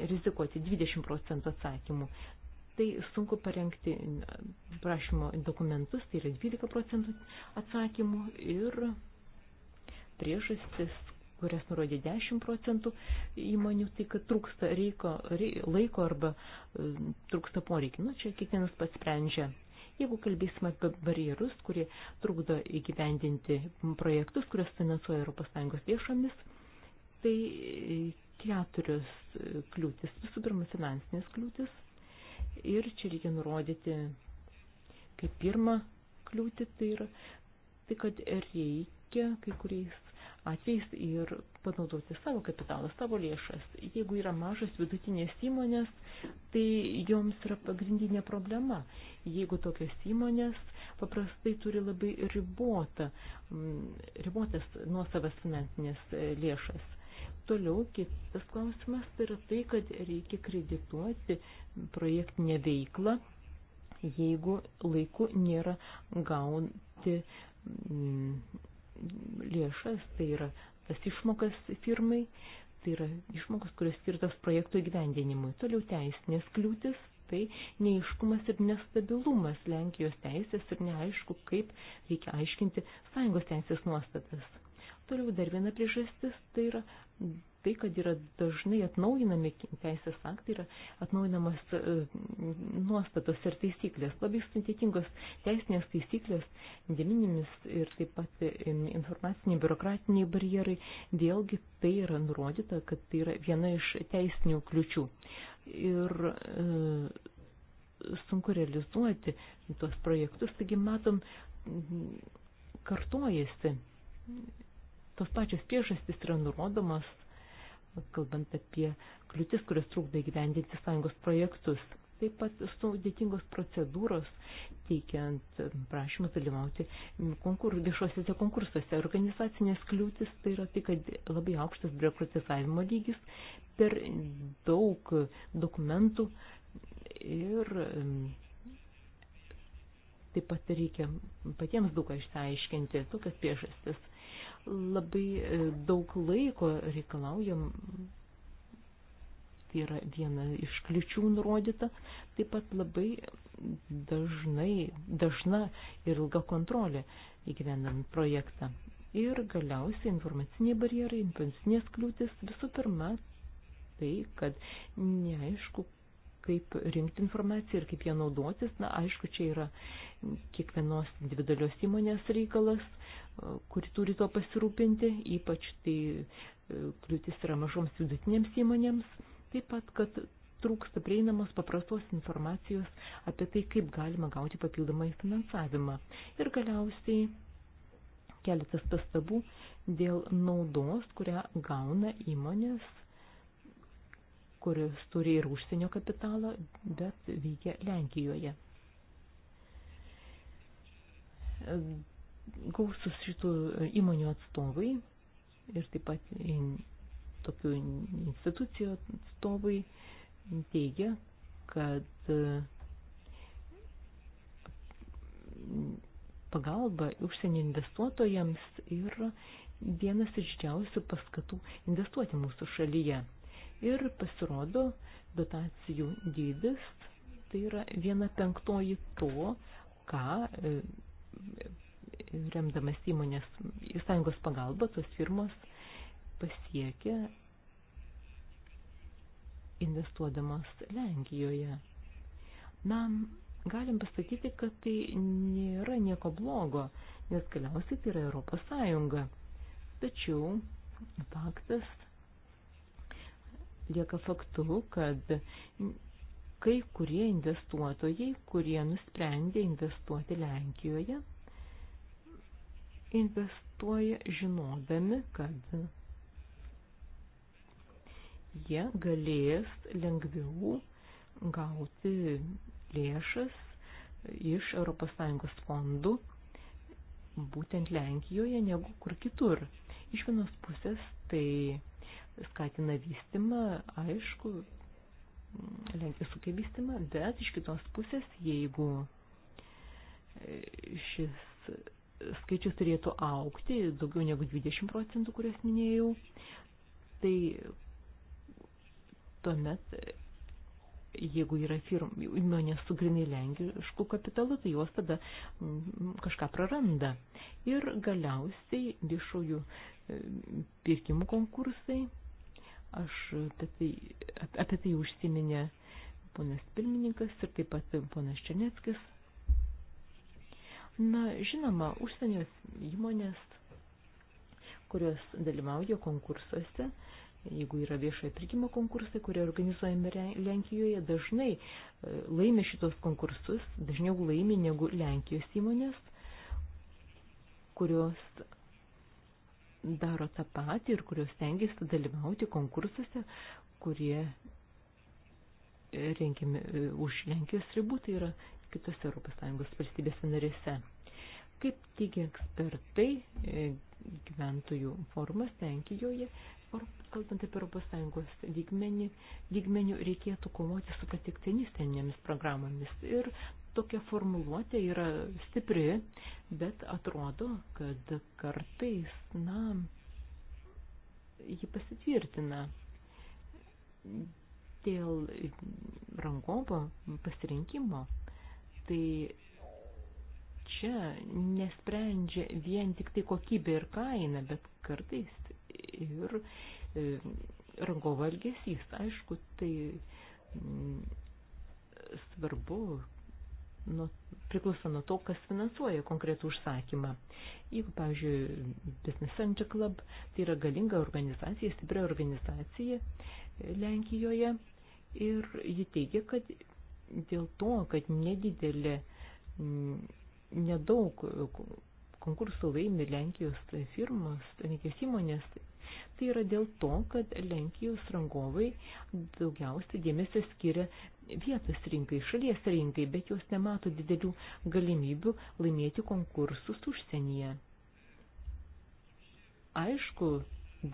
rizikuoti 20 procentų atsakymų. Tai sunku parengti prašymo dokumentus, tai yra 12 procentų atsakymų ir priežastis, kurias nurodė 10 procentų įmonių, tai kad trūksta reiko, reiko, laiko arba trūksta poreikį. Nu, čia kiekvienas pats sprendžia Jeigu kalbėsime apie barjerus, kurie trukdo įgyvendinti projektus, kurios finansuoja ES lėšomis, tai keturios kliūtis. Visų pirma, finansinės kliūtis. Ir čia reikia nurodyti, kaip pirmą kliūtį tai yra, tai kad reikia kai kuriais atvejais ir panaudoti savo kapitalą, savo lėšas. Jeigu yra mažos vidutinės įmonės, tai joms yra pagrindinė problema. Jeigu tokios įmonės paprastai turi labai ribotą, ribotas nuosavas finansinės e, lėšas. Toliau kitas klausimas tai yra tai, kad reikia kredituoti projektinę veiklą, jeigu laiku nėra gauti lėšas, tai yra tas išmokas firmai, tai yra išmokas, kurios skirtos projekto įgyvendinimui. Toliau teisinės kliūtis, tai neiškumas ir nestabilumas Lenkijos teisės ir neaišku, kaip reikia aiškinti sąjungos teisės nuostatas. Toliau dar viena priežastis, tai yra tai, kad yra dažnai atnaujinami teisės aktai, yra atnaujinamas e, nuostatos ir taisyklės, labai sudėtingos teisinės taisyklės, dėminimis ir taip pat e, informaciniai, biurokratiniai barjerai, vėlgi tai yra nurodyta, kad tai yra viena iš teisinių kliučių. Ir e, sunku realizuoti tuos projektus, taigi matom, kartojasi tos pačios priežastys yra nurodomas kalbant apie kliūtis, kurios trukdo įgyvendinti sąjungos projektus. Taip pat sudėtingos procedūros, teikiant prašymus dalyvauti konkur, viešuosiuose konkursuose. Organizacinės kliūtis tai yra tai, kad labai aukštas biurokratizavimo lygis, per daug dokumentų ir taip pat reikia patiems daug ką išsiaiškinti, tokias priežastis labai e, daug laiko reikalaujam. Tai yra viena iš kliučių nurodyta. Taip pat labai dažnai, dažna ir ilga kontrolė įgyvendant projektą. Ir galiausiai informaciniai barjerai, informacinės kliūtis visų pirma tai, kad neaišku, kaip rinkti informaciją ir kaip ją naudotis. Na, aišku, čia yra kiekvienos individualios įmonės reikalas, kuri turi to pasirūpinti, ypač tai e, kliūtis yra mažoms vidutinėms įmonėms, taip pat, kad trūksta prieinamos paprastos informacijos apie tai, kaip galima gauti papildomą finansavimą. Ir galiausiai keletas pastabų dėl naudos, kurią gauna įmonės kuris turi ir užsienio kapitalą, bet veikia Lenkijoje gausus šitų įmonių atstovai ir taip pat tokių institucijų atstovai teigia, kad e, pagalba užsienio investuotojams yra vienas iš didžiausių paskatų investuoti mūsų šalyje. Ir pasirodo, dotacijų dydis tai yra viena penktoji to, ką e, remdamas įmonės sąjungos pagalba, tos firmos pasiekė investuodamas Lenkijoje. Na, galim pasakyti, kad tai nėra nieko blogo, nes galiausiai tai yra Europos Sąjunga. Tačiau faktas lieka faktu, kad kai kurie investuotojai, kurie nusprendė investuoti Lenkijoje, investuoja žinodami, kad jie galės lengviau gauti lėšas iš ES fondų būtent Lenkijoje negu kur kitur. Iš vienos pusės tai skatina vystimą, aišku, Lenkijos ūkio vystimą, bet iš kitos pusės, jeigu šis skaičius turėtų aukti, daugiau negu 20 procentų, kurias minėjau, tai tuomet, jeigu yra firma, įmonė su grinai lenkišku kapitalu, tai juos tada mm, kažką praranda. Ir galiausiai viešųjų e, pirkimų konkursai, aš apie tai, apie tai užsiminė ponas pirmininkas ir taip pat ponas Černeckis Na, žinoma, užsienio įmonės, kurios dalyvauja konkursuose, jeigu yra viešojo pirkimo konkursai, kurie organizuojami Lenkijoje, dažnai e, laimi šitos konkursus, dažniau laimi negu Lenkijos įmonės, kurios daro tą patį ir kurios tengiasi dalyvauti konkursuose, kurie e, rengiami e, už Lenkijos ribų, tai yra kitose ES valstybėse narėse. Kaip teigia ekspertai, e, gyventojų forumas Lenkijoje, kalbant apie ES lygmenį, lygmenių reikėtų kovoti su patiktinistinėmis programomis. Ir tokia formuluotė yra stipri, bet atrodo, kad kartais, na, ji pasitvirtina dėl rangovo pasirinkimo tai čia nesprendžia vien tik tai kokybė ir kaina, bet kartais ir e, rangovo elgesys. Aišku, tai mm, svarbu, nu, priklauso nuo to, kas finansuoja konkretų užsakymą. Jeigu, pavyzdžiui, Business Center Club, tai yra galinga organizacija, stipri organizacija e, Lenkijoje ir ji teigia, kad dėl to, kad nedidelė, mm, nedaug konkursų laimi Lenkijos firmos, Lenkijos įmonės. Tai yra dėl to, kad Lenkijos rangovai daugiausia dėmesio skiria vietos rinkai, šalies rinkai, bet jos nemato didelių galimybių laimėti konkursus užsienyje. Aišku,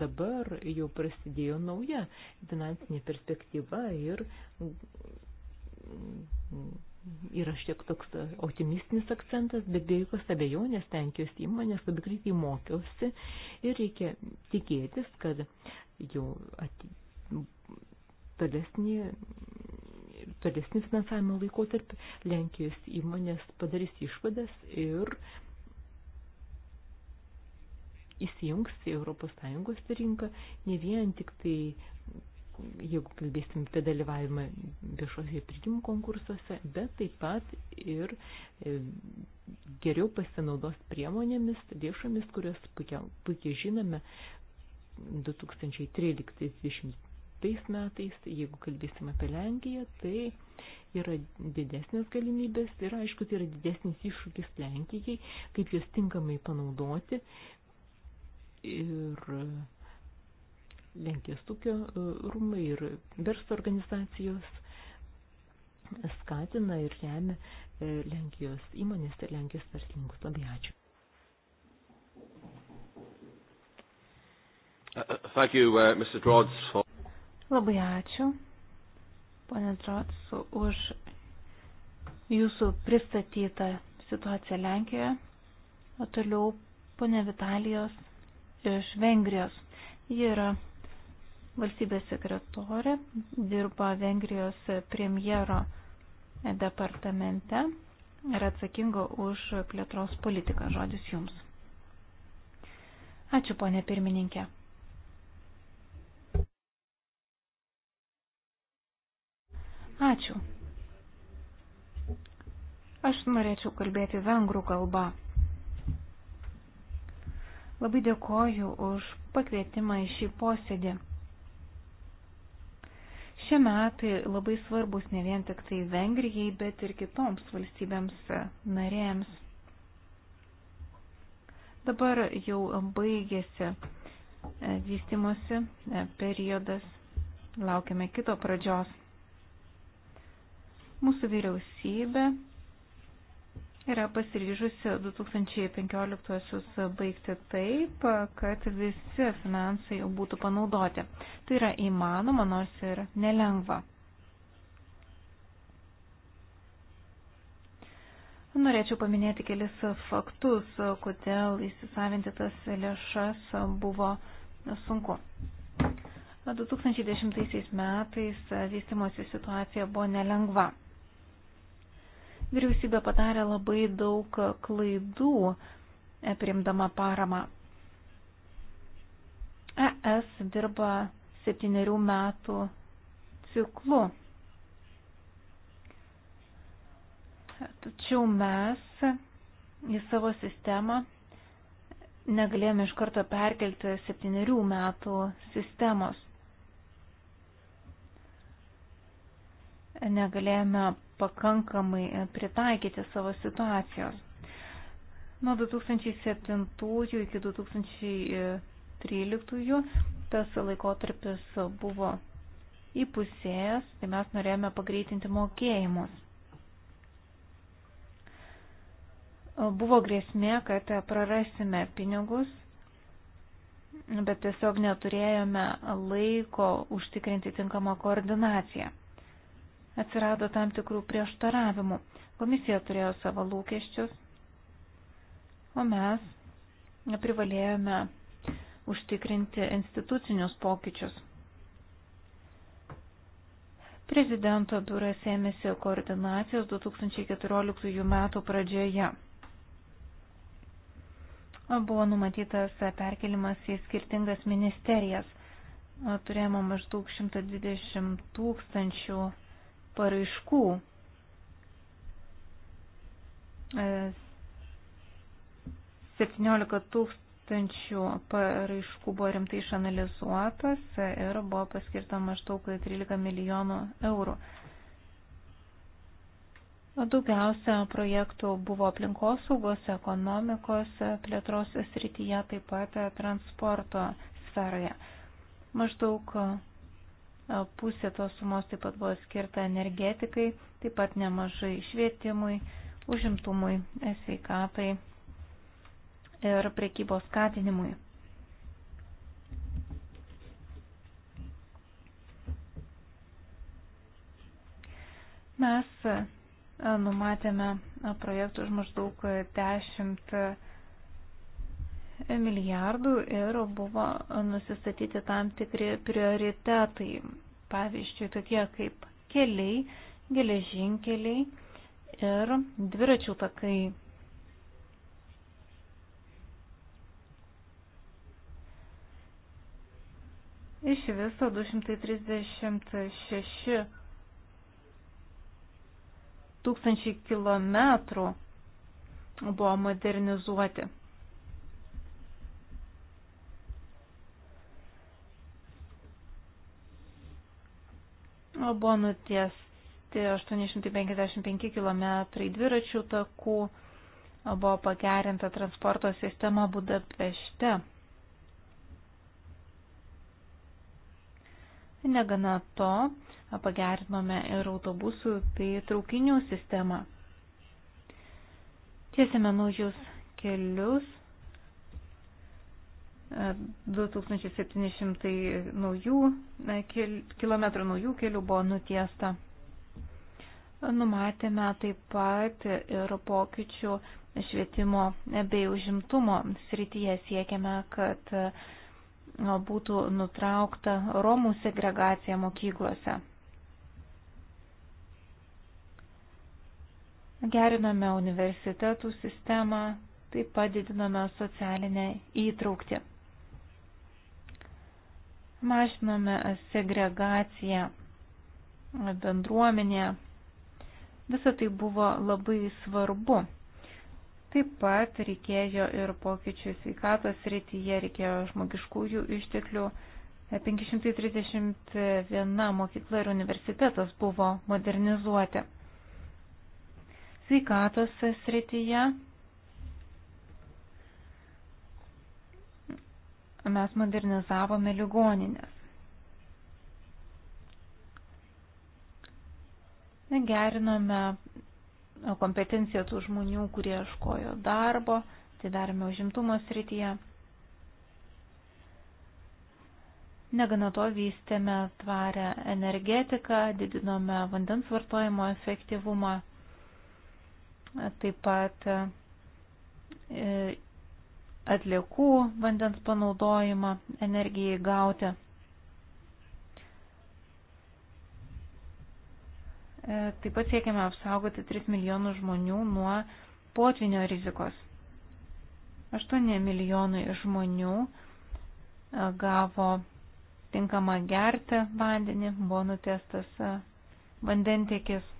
dabar jau prasidėjo nauja finansinė perspektyva ir yra šiek toks e, optimistinis akcentas, bet be jokios abejonės tenkios įmonės labai greitai mokiausi ir reikia tikėtis, kad jau tolesnį tolesnį finansavimo laikotarpį Lenkijos įmonės padarys išvadas ir įsijungs į Europos Sąjungos rinką ne vien tik tai jeigu kalbėsim apie dalyvavimą viešose pirkimų konkursuose, bet taip pat ir e, geriau pasinaudos priemonėmis, lėšomis, kurias puikia, puikiai žinome 2013-2020 metais, jeigu kalbėsim apie Lenkiją, tai yra didesnės galimybės ir aišku, tai yra didesnis iššūkis Lenkijai, kaip juos tinkamai panaudoti. Ir Lenkijos ūkio e, rūmai ir verslo organizacijos skatina ir remia e, Lenkijos įmonės ir Lenkijos verslininkus. Labai ačiū. Uh, uh, thank you, uh, Mr. Drodz. For... Labai ačiū, ponė Drodz, už jūsų pristatytą situaciją Lenkijoje. O toliau ponė Vitalijos iš Vengrijos. Ji yra Valstybės sekretorė dirba Vengrijos premjero departamente ir atsakingo už plėtros politiką. Žodis jums. Ačiū, ponė pirmininkė. Ačiū. Aš norėčiau kalbėti vengrų kalbą. Labai dėkoju už pakvietimą į šį posėdį. Šie metai labai svarbus ne vien tik tai Vengrijai, bet ir kitoms valstybėms e, narėms. Dabar jau baigėsi e, vystimosi e, periodas, laukiame kito pradžios. Mūsų vyriausybė yra pasiryžusi 2015 baigti taip, kad visi finansai būtų panaudoti. Tai yra įmanoma, nors ir nelengva. Norėčiau paminėti kelis faktus, kodėl įsisavinti tas lėšas buvo sunku. 2010 metais vystimosi situacija buvo nelengva. Vyriausybė padarė labai daug klaidų e, priimdama paramą. ES dirba septyniarių metų ciklu. Tačiau mes į savo sistemą negalėjome iš karto perkelti septyniarių metų sistemos. Negalėjome pakankamai e, pritaikyti savo situacijos. Nuo 2007 iki 2013 tas laikotarpis buvo įpusėjęs, tai mes norėjome pagreitinti mokėjimus. Buvo grėsmė, kad prarasime pinigus, bet tiesiog neturėjome laiko užtikrinti tinkamą koordinaciją atsirado tam tikrų prieštaravimų. Komisija turėjo savo lūkesčius, o mes privalėjome užtikrinti institucinius pokyčius. Prezidento biuras ėmėsi koordinacijos 2014 m. pradžioje. Buvo numatytas perkelimas į skirtingas ministerijas. Turėjome maždaug 120 tūkstančių paraiškų. E, 17 tūkstančių paraiškų buvo rimtai išanalizuotas e, ir buvo paskirta maždaug 13 milijonų eurų. Daugiausia projektų buvo aplinkosaugos, ekonomikos e, plėtros srityje, taip pat e, transporto sferoje. Maždaug pusė tos sumos taip pat buvo skirta energetikai, taip pat nemažai švietimui, užimtumui, e, sveikatai ir prekybos skatinimui. Mes numatėme projektų už maždaug 10 milijardų ir buvo nusistatyti tam tikri prioritetai, pavyzdžiui, tokie kaip keliai, geležinkeliai ir dviračių takai. Iš viso 236 tūkstančiai kilometrų buvo modernizuoti. kanalų buvo nutiesti 855 km dviračių takų, buvo pagerinta transporto sistema Budapešte. Negana to, pagerinome ir autobusų bei traukinių sistemą. Tiesime naujus kelius 2700 naujų e, kilometrų naujų kelių buvo nutiesta. Numatėme taip pat ir pokyčių švietimo bei užimtumo srityje siekiame, kad e, būtų nutraukta Romų segregacija mokyklose. Geriname universitetų sistemą, taip pat didiname socialinę įtraukti. Mažiname segregaciją bendruomenėje. Visą tai buvo labai svarbu. Taip pat reikėjo ir pokyčių sveikatos rytyje, reikėjo žmogiškųjų išteklių. 531 mokykla ir universitetas buvo modernizuoti. Sveikatos srityje mes modernizavome ligoninės. Gerinome kompetenciją tų žmonių, kurie iškojo darbo, tai darėme užimtumo srityje. Negana to vystėme tvarę energetiką, didinome vandens vartojimo efektyvumą, taip pat e, atliekų vandens panaudojimą energijai gauti. E, taip pat siekiame apsaugoti 3 milijonų žmonių nuo potvinio rizikos. 8 milijonai žmonių e, gavo tinkamą gerti vandenį, buvo nutestas e, vandentiekis.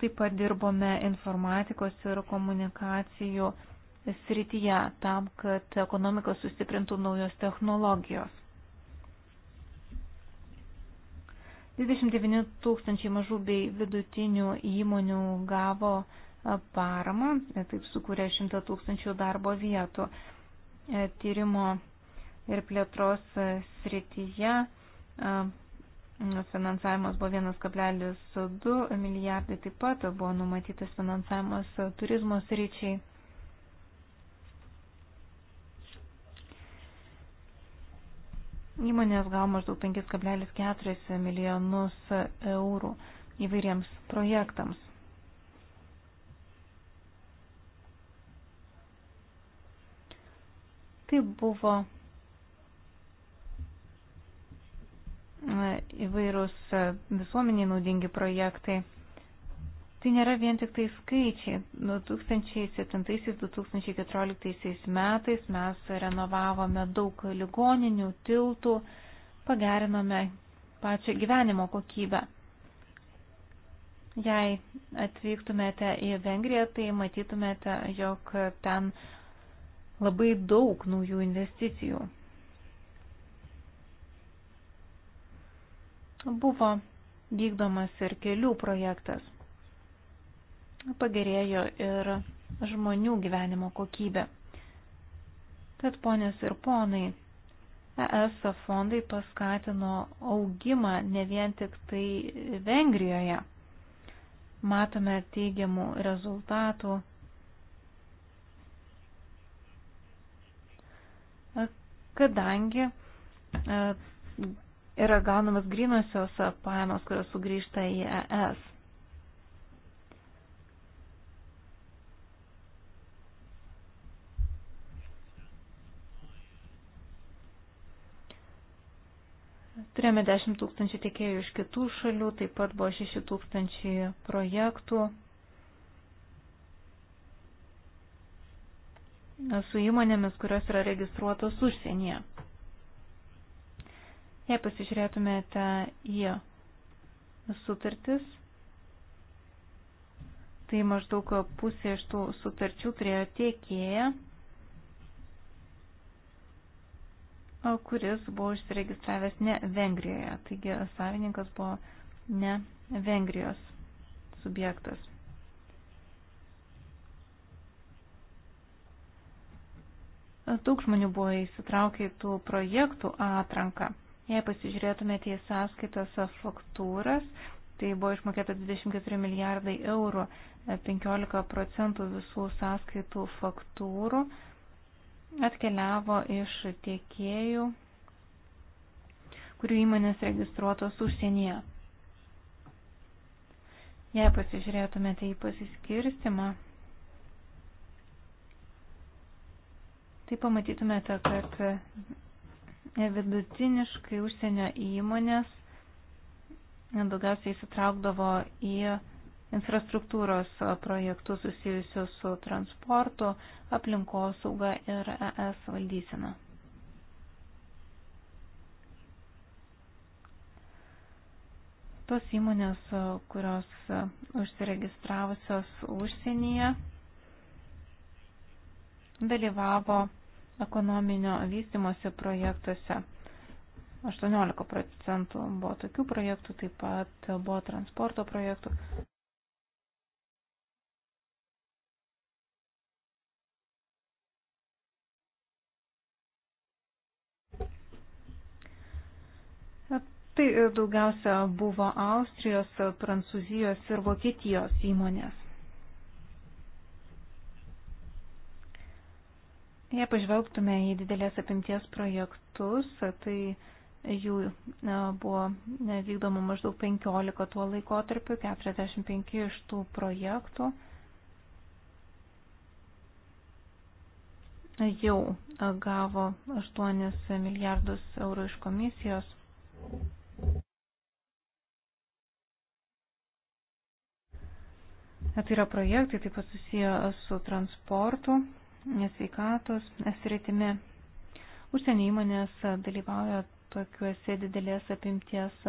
Taip pat dirbome informatikos ir komunikacijų srityje tam, kad ekonomika sustiprintų naujos technologijos. 29 tūkstančiai mažų bei vidutinių įmonių gavo paramą, e, taip sukūrė 100 tūkstančių darbo vietų. E, tyrimo ir plėtros e, srityje finansavimas buvo 1,2 milijardai, taip pat buvo numatytas finansavimas turizmo sričiai. Įmonės gavo maždaug 5,4 milijonus eurų įvairiems projektams. Tai buvo įvairūs e, visuomeniai naudingi projektai. Tai nėra vien tik tai skaičiai. 2007-2014 metais mes renovavome daug ligoninių, tiltų, pagerinome pačią gyvenimo kokybę. Jei atvyktumėte į Vengriją, tai matytumėte, jog ten labai daug naujų investicijų. Buvo vykdomas ir kelių projektas. Pagerėjo ir žmonių gyvenimo kokybė. Tad ponės ir ponai, ES fondai paskatino augimą ne vien tik tai Vengrijoje. Matome teigiamų rezultatų. Kadangi e, yra gaunamas grinosios pajamos, kurios sugrįžta į ES. Turėjome 10 tūkstančių tiekėjų iš kitų šalių, taip pat buvo 6 tūkstančiai projektų. su įmonėmis, kurios yra registruotos užsienyje. Jei pasižiūrėtumėte į sutartis, tai maždaug pusė iš tų sutarčių turėjo tiekėją, kuris buvo užsiregistravęs ne Vengrijoje. Taigi savininkas buvo ne Vengrijos subjektas. Daug žmonių buvo įsitraukę į tų projektų atranką. Jei pasižiūrėtumėte į sąskaitos faktūras, tai buvo išmokėta 24 milijardai eurų, 15 procentų visų sąskaitų faktūrų atkeliavo iš tiekėjų, kurių įmonės registruotos užsienyje. Jei pasižiūrėtumėte į pasiskirstimą, tai pamatytumėte, kad vidutiniškai užsienio įmonės daugiausiai įsitraukdavo į infrastruktūros projektus susijusius su transportu, aplinkosauga ir ES valdysena. Tos įmonės, kurios užsiregistravusios užsienyje, dalyvavo ekonominio vystimosi projektuose. 18 procentų buvo tokių projektų, taip pat buvo transporto projektų. Tai daugiausia buvo Austrijos, Prancūzijos ir Vokietijos įmonės. Jei pažvelgtume į didelės apimties projektus, tai jų buvo vykdoma maždaug 15 tuo laikotarpiu, 45 iš tų projektų jau gavo 8 milijardus eurų iš komisijos. Tai yra projektai taip pat susiję su transportu sveikatos sritimi. Užsienio įmonės dalyvauja tokiuose didelės apimties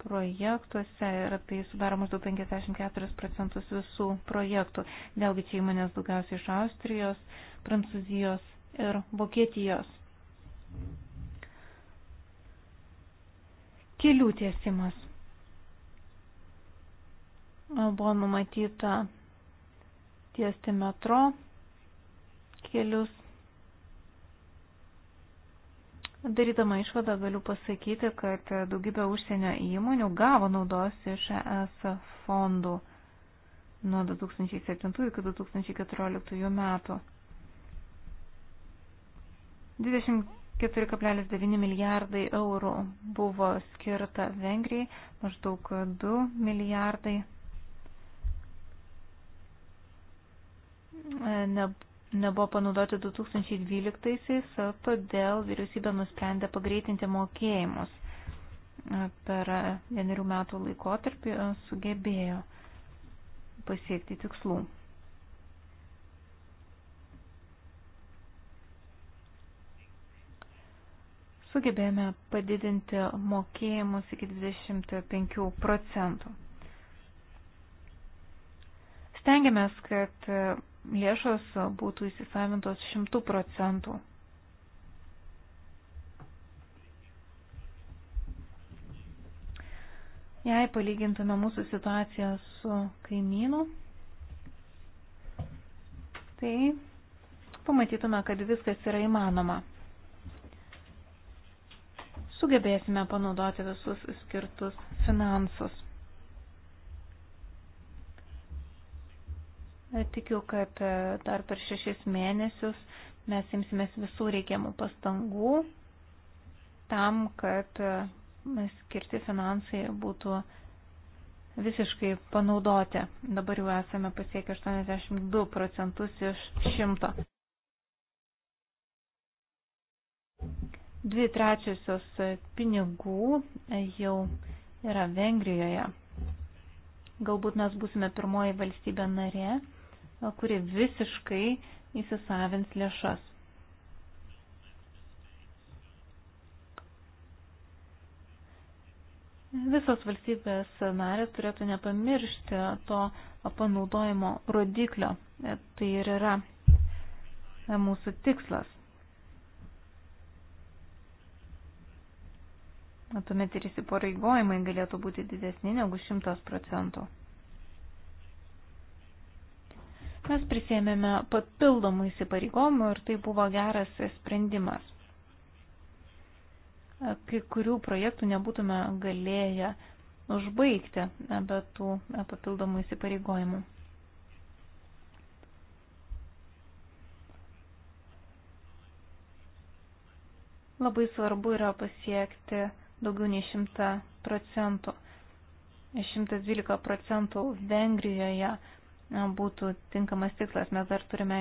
projektuose ir tai sudaro maždaug 54 procentus visų projektų. Vėlgi čia įmonės daugiausiai iš Austrijos, Prancūzijos ir Vokietijos. Kelių tiesimas. Buvo numatyta tiesti metro kelius. Darydama išvadą galiu pasakyti, kad daugybė užsienio įmonių gavo naudos iš ES fondų nuo 2007 iki 2014 metų. 24,9 milijardai eurų buvo skirta Vengrijai, maždaug 2 milijardai. Ne, nebuvo panaudoti 2012-aisiais, todėl vyriausybė nusprendė pagreitinti mokėjimus per vienerių metų laikotarpį sugebėjo pasiekti tikslų. Sugebėjome padidinti mokėjimus iki 25 procentų. Stengiamės, kad lėšos būtų įsisavintos šimtų procentų. Jei palygintume mūsų situaciją su kaimynu, tai pamatytume, kad viskas yra įmanoma. Sugebėsime panaudoti visus skirtus finansus. Tikiu, kad e, dar per šešis mėnesius mes imsimės visų reikiamų pastangų tam, kad e, skirti finansai būtų visiškai panaudoti. Dabar jau esame pasiekę 82 procentus iš 100. Dvi trečiosios pinigų jau yra Vengrijoje. Galbūt mes būsime pirmoji valstybė narė kuri visiškai įsisavins lėšas. Visos valstybės narės turėtų nepamiršti to panaudojimo rodiklio. Tai ir yra mūsų tikslas. Tuomet ir įsipareigojimai galėtų būti didesni negu 100 procentų. Mes prisėmėme papildomų įsipareigomų ir tai buvo geras sprendimas. Kai kurių projektų nebūtume galėję užbaigti be tų papildomų įsipareigojimų. Labai svarbu yra pasiekti daugiau nei 100 procentų. 112 procentų Vengrijoje būtų tinkamas tikslas. Mes dar turime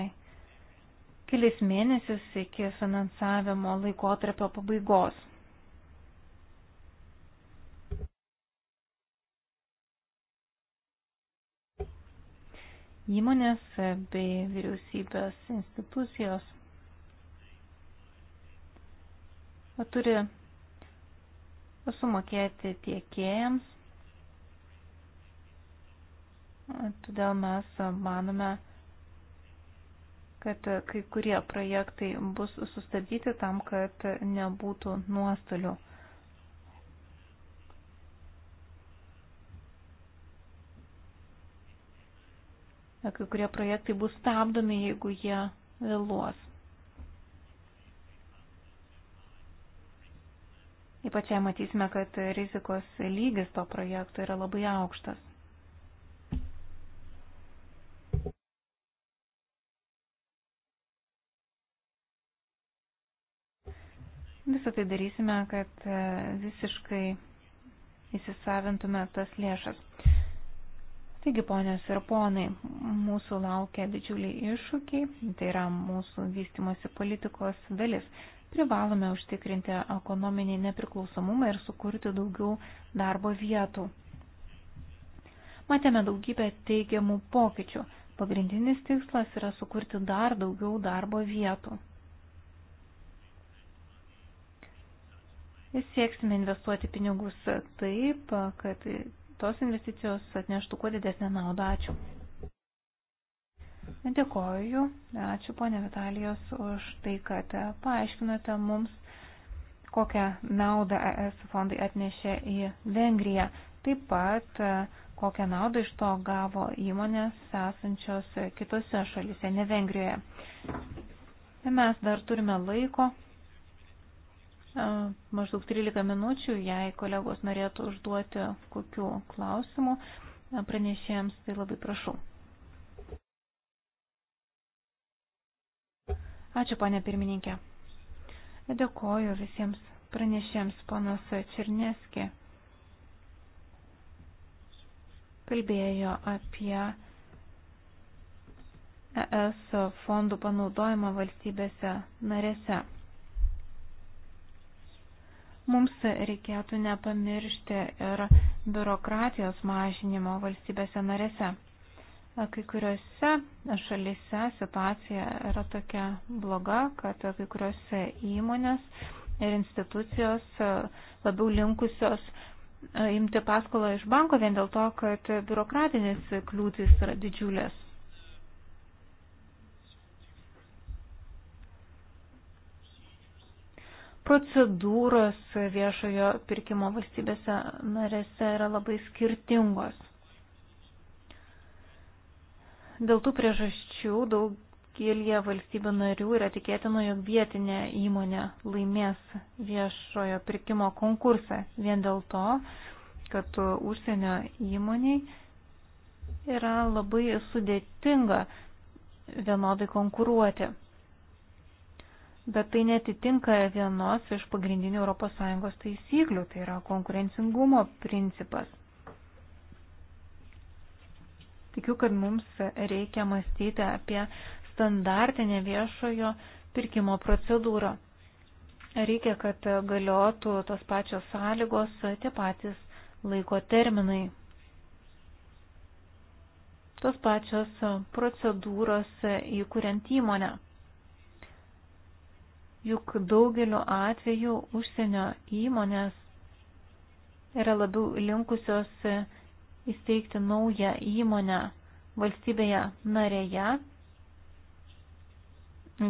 kelis mėnesius iki finansavimo laikotarpio pabaigos. Įmonės bei vyriausybės institucijos turi sumokėti tiekėjams Todėl mes manome, kad kai kurie projektai bus sustabdyti tam, kad nebūtų nuostolių. Kai kurie projektai bus stabdomi, jeigu jie vėluos. Ypač jei matysime, kad rizikos lygis to projekto yra labai aukštas. Visą tai darysime, kad e, visiškai įsisavintume tas lėšas. Taigi, ponios ir ponai, mūsų laukia didžiuliai iššūkiai, tai yra mūsų vystimosi politikos dalis. Privalome užtikrinti ekonominį nepriklausomumą ir sukurti daugiau darbo vietų. Matėme daugybę teigiamų pokyčių. Pagrindinis tikslas yra sukurti dar daugiau darbo vietų. sieksime investuoti pinigus taip, kad tos investicijos atneštų kuo didesnę naudą. Ačiū. Dėkoju. Ačiū ponė Vitalijos už tai, kad paaiškinote mums, kokią naudą ES fondai atnešė į Vengriją. Taip pat, kokią naudą iš to gavo įmonės esančios kitose šalise, ne Vengrijoje. Mes dar turime laiko maždaug 13 minučių, jei kolegos norėtų užduoti kokių klausimų pranešėjams, tai labai prašau. Ačiū, ponė pirmininkė. Dėkoju visiems pranešėjams, ponas Černieski. Kalbėjo apie ES fondų panaudojimą valstybėse narėse. Mums reikėtų nepamiršti ir biurokratijos mažinimo valstybėse narėse. Kai kuriuose šalise situacija yra tokia bloga, kad kai kuriuose įmonės ir institucijos labiau linkusios imti paskolą iš banko vien dėl to, kad biurokratinės kliūtis yra didžiulės. procedūros viešojo pirkimo valstybėse narėse yra labai skirtingos. Dėl tų priežasčių daugelie valstybių narių yra tikėtina, jog vietinė įmonė laimės viešojo pirkimo konkursą vien dėl to, kad užsienio įmoniai yra labai sudėtinga vienodai konkuruoti bet tai netitinka vienos iš pagrindinių ES taisyklių, tai yra konkurencingumo principas. Tikiu, kad mums reikia mąstyti apie standartinę viešojo pirkimo procedūrą. Reikia, kad galiotų tos pačios sąlygos, tie patys laiko terminai. Tos pačios procedūros įkuriant įmonę. Juk daugeliu atveju užsienio įmonės yra labiau linkusios įsteigti naują įmonę valstybėje narėje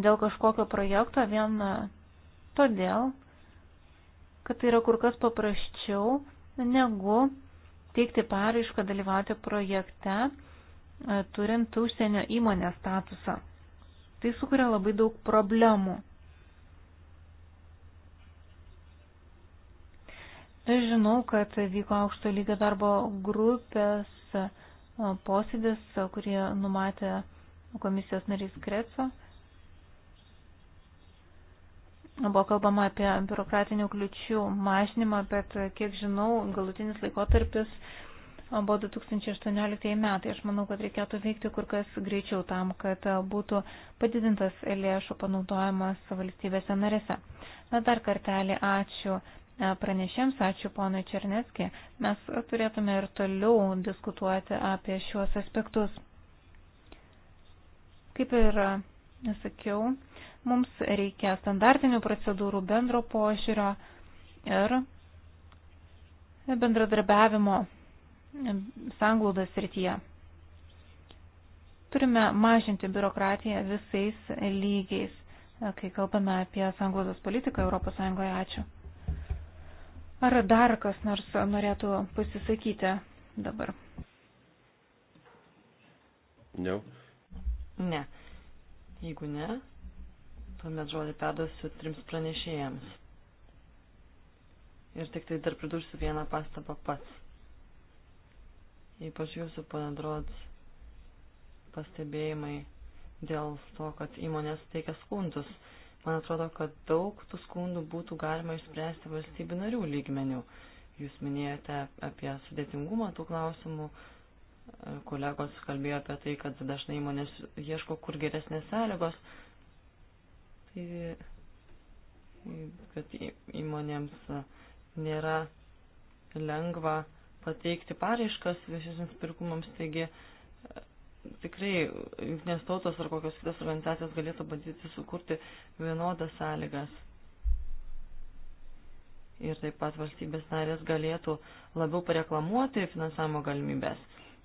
dėl kažkokio projekto vien todėl, kad tai yra kur kas paprasčiau negu teikti paraišką dalyvauti projekte, turint užsienio įmonės statusą. Tai sukuria labai daug problemų. Aš žinau, kad vyko aukšto lygio darbo grupės posėdis, kurį numatė komisijos narys Kreco. Buvo kalbama apie biurokratinių kliučių mažinimą, bet kiek žinau, galutinis laikotarpis buvo 2018 metai. Aš manau, kad reikėtų veikti kur kas greičiau tam, kad būtų padidintas lėšų panaudojimas valstybėse narėse. Na dar kartelį ačiū pranešėms, ačiū ponui Černeski, mes turėtume ir toliau diskutuoti apie šiuos aspektus. Kaip ir e, sakiau, mums reikia standartinių procedūrų bendro požiūrio ir bendradarbiavimo e, sanglaudas rytyje. Turime mažinti biurokratiją visais lygiais, e, kai kalbame apie sanglaudos politiką ES. Ačiū. Ar dar kas nors norėtų pasisakyti dabar? Ne. Ne. Jeigu ne, tuomet žodį perduosiu trims pranešėjams. Ir tik tai dar pridursiu vieną pastabą pats. Ypač jūsų, pana Drods, pastebėjimai dėl to, kad įmonės teikia skundus Man atrodo, kad daug tų skundų būtų galima išspręsti valstybių narių lygmenių. Jūs minėjote apie sudėtingumą tų klausimų, kolegos kalbėjo apie tai, kad dažnai įmonės ieško kur geresnės sąlygos, tai, kad įmonėms nėra lengva pateikti paraiškas viešiesiams pirkumams, taigi tikrai jungtinės tautos ar kokios kitos organizacijos galėtų bandyti sukurti vienodas sąlygas. Ir taip pat valstybės narės galėtų labiau pareklamuoti finansavimo galimybės.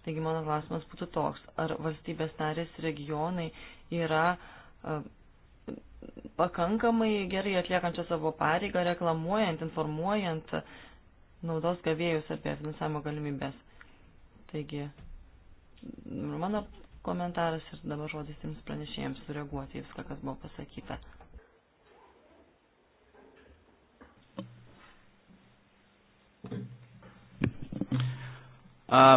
Taigi mano klausimas būtų toks, ar valstybės narės regionai yra e, pakankamai gerai atliekančią savo pareigą, reklamuojant, informuojant naudos gavėjus apie finansavimo galimybės. Taigi, mano komentaras ir dabar žodis jums pranešėjams sureaguoti į viską, kas buvo pasakyta.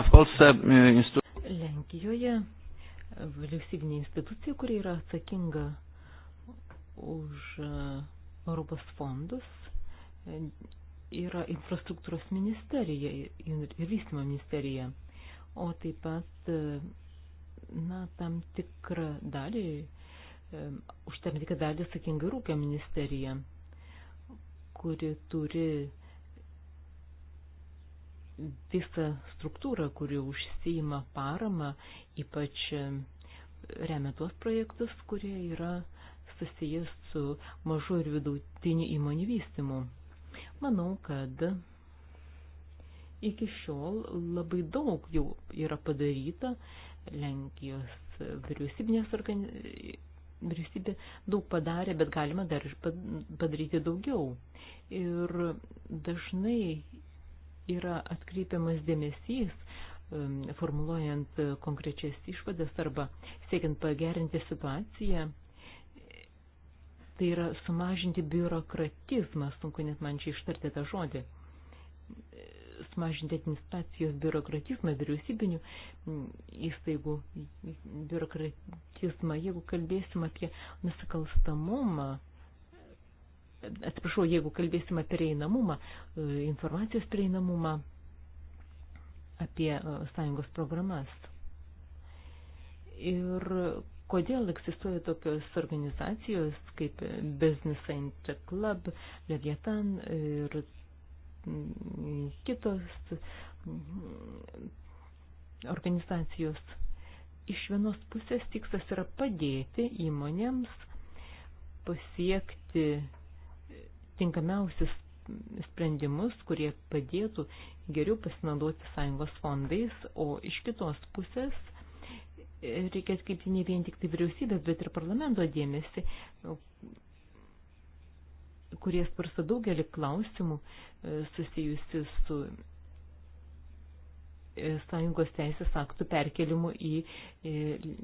E, Lenkijoje vyriausybinė institucija, kuri yra atsakinga už e, Europos fondus, e, yra infrastruktūros ministerija ir vystymo ministerija o taip pat e, na, tam tikrą dalį, e, už tam tikrą dalį sakinga rūpia ministerija, kuri turi visą struktūrą, kuri užsijima paramą, ypač e, remia tuos projektus, kurie yra susijęs su mažu ir vidutiniu įmonių vystimu. Manau, kad Iki šiol labai daug jau yra padaryta, Lenkijos vyriausybinės organizacijos vyriausybė daug padarė, bet galima dar ir padaryti daugiau. Ir dažnai yra atkreipiamas dėmesys, um, formuluojant konkrečias išvadas arba siekiant pagerinti situaciją, tai yra sumažinti biurokratizmą, sunku net man čia ištarti tą žodį sumažinti administracijos biurokratizmą, vyriausybinių įstaigų biurokratizmą. Jeigu kalbėsim apie nusikalstamumą, atsiprašau, jeigu kalbėsim apie prieinamumą, e, informacijos prieinamumą apie e, sąjungos programas. Ir kodėl egzistuoja tokios organizacijos kaip Business and Club, Leviathan ir kitos mm, organizacijos. Iš vienos pusės tikslas yra padėti įmonėms pasiekti tinkamiausius sprendimus, kurie padėtų geriau pasinaudoti sąjungos fondais, o iš kitos pusės reikia atkreipti ne vien tik tai vyriausybės, bet ir parlamento dėmesį, kurie sparsta daugelį klausimų, susijusi su e, sąjungos teisės aktų perkelimu į, į, e,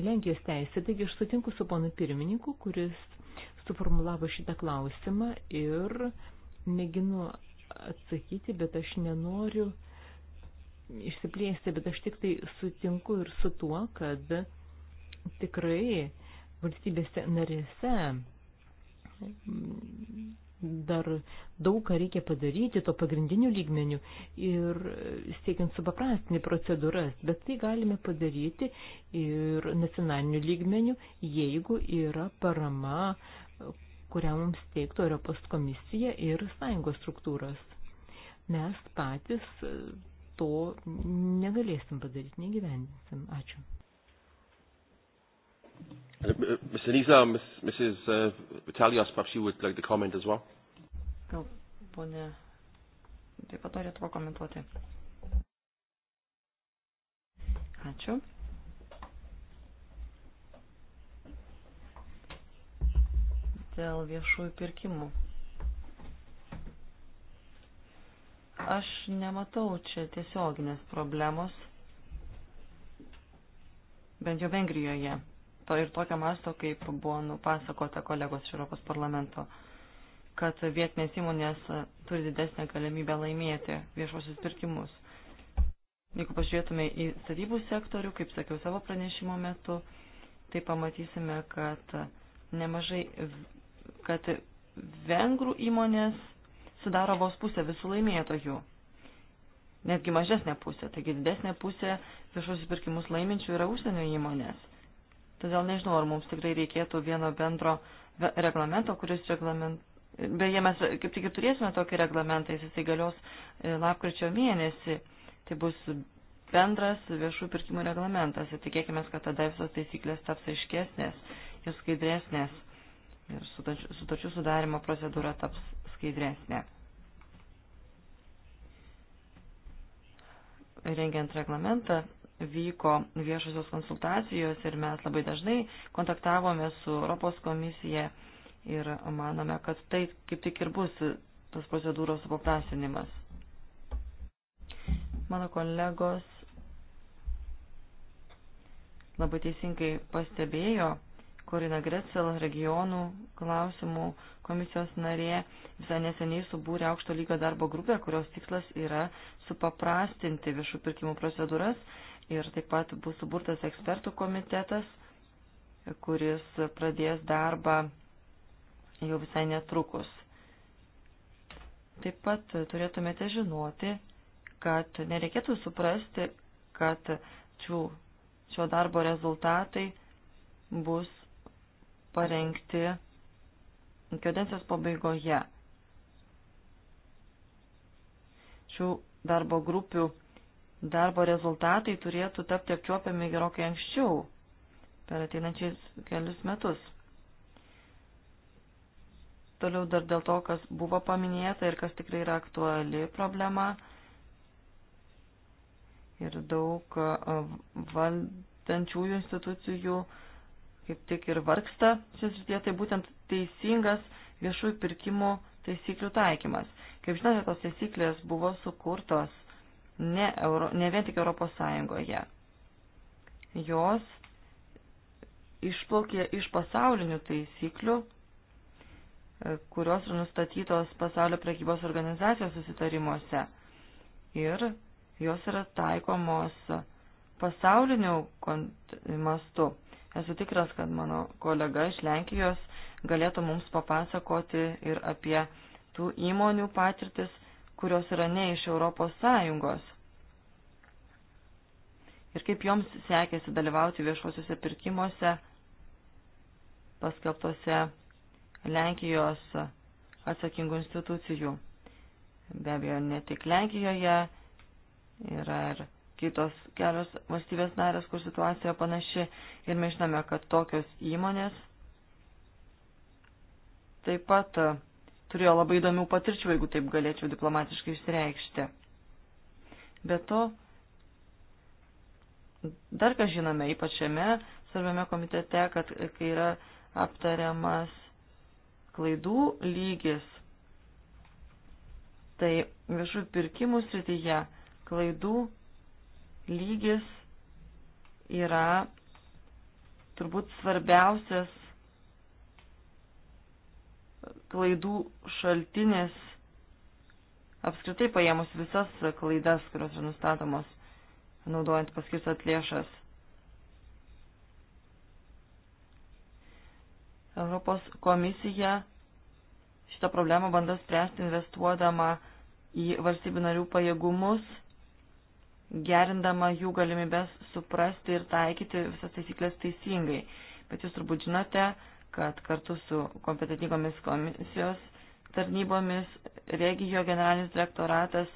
į Lenkijos teisę. Taigi aš sutinku su ponu pirmininku, kuris suformulavo šitą klausimą ir mėginu atsakyti, bet aš nenoriu išsiplėsti, bet aš tik tai sutinku ir su tuo, kad tikrai valstybėse narėse dar daug ką reikia padaryti to pagrindiniu lygmeniu ir siekiant supaprastinti procedūras, bet tai galime padaryti ir nacionaliniu lygmeniu, jeigu yra parama, kurią mums teiktų Europos komisija ir sąjungos struktūros. Mes patys to negalėsim padaryti, negyvendinsim. Ačiū. Mr. Nisa, Ms, Mrs. Uh, Vitalios, perhaps you would like to comment as well. Gal ponė taip pat norėtų pakomentuoti. Ačiū. Dėl viešųjų pirkimų. Aš nematau čia tiesioginės problemos, bent jau Vengrijoje to ir tokio masto, kaip buvo nupasakota kolegos iš Europos parlamento, kad vietinės įmonės turi didesnę galimybę laimėti viešuosius pirkimus. Jeigu pažiūrėtume į statybų sektorių, kaip sakiau savo pranešimo metu, tai pamatysime, kad nemažai, kad vengrų įmonės sudaro vos pusę visų laimėtojų netgi mažesnė pusė, taigi didesnė pusė viešuosius pirkimus laiminčių yra užsienio įmonės. Todėl nežinau, ar mums tikrai reikėtų vieno bendro reglamento, kuris reglament... Beje, mes kaip tik ir turėsime tokį reglamentą, jis įsigalios e, lapkričio mėnesį. Tai bus bendras viešų pirkimų reglamentas ir tikėkime, kad tada visos taisyklės taps aiškesnės ir skaidresnės ir sutarčių sudarimo procedūra taps skaidresnė. Rengiant reglamentą vyko viešosios konsultacijos ir mes labai dažnai kontaktavome su Europos komisija ir manome, kad tai kaip tik ir bus tas procedūros supaprastinimas. Mano kolegos labai teisingai pastebėjo, Korina Gretzel regionų klausimų komisijos narė visai neseniai subūrė aukšto lygio darbo grupę, kurios tikslas yra supaprastinti viešų pirkimų procedūras ir taip pat bus suburtas ekspertų komitetas, kuris pradės darbą jau visai netrukus. Taip pat turėtumėte žinoti, kad nereikėtų suprasti, kad šių, šio darbo rezultatai bus parengti kadencijos pabaigoje. Šių darbo grupių darbo rezultatai turėtų tapti apčiuopiami gerokai anksčiau, per ateinančiais kelius metus. Toliau dar dėl to, kas buvo paminėta ir kas tikrai yra aktuali problema. Ir daug valdančiųjų institucijų kaip tik ir vargsta šis rytie, tai būtent teisingas viešųjų pirkimų taisyklių taikymas. Kaip žinote, tos taisyklės buvo sukurtos ne, Euro, ne vien tik Europos Sąjungoje. Jos išplaukė iš pasaulinių taisyklių, e, kurios yra nustatytos pasaulio prekybos organizacijos susitarimuose. Ir jos yra taikomos pasaulinių mastu. Esu tikras, kad mano kolega iš Lenkijos galėtų mums papasakoti ir apie tų įmonių patirtis, kurios yra ne iš Europos Sąjungos. Ir kaip joms sekėsi dalyvauti viešuosiuose pirkimuose paskelbtose Lenkijos atsakingų institucijų. Be abejo, ne tik Lenkijoje yra ir kitos kelios valstybės narės, kur situacija panaši ir mes žinome, kad tokios įmonės taip pat turėjo labai įdomių patirčių, jeigu taip galėčiau diplomatiškai išreikšti. Be to, dar ką žinome, ypač šiame svarbiame komitete, kad kai yra aptariamas klaidų lygis, tai viešų pirkimų srityje klaidų lygis yra turbūt svarbiausias klaidų šaltinis, apskritai paėmus visas klaidas, kurios yra nustatomos, naudojant paskirstat lėšas. Europos komisija šitą problemą bando spręsti investuodama į valstybių narių pajėgumus, gerindama jų galimybės suprasti ir taikyti visas taisyklės teisingai. Bet jūs turbūt žinote, kad kartu su kompetitingomis komisijos tarnybomis regijo generalinis direktoratas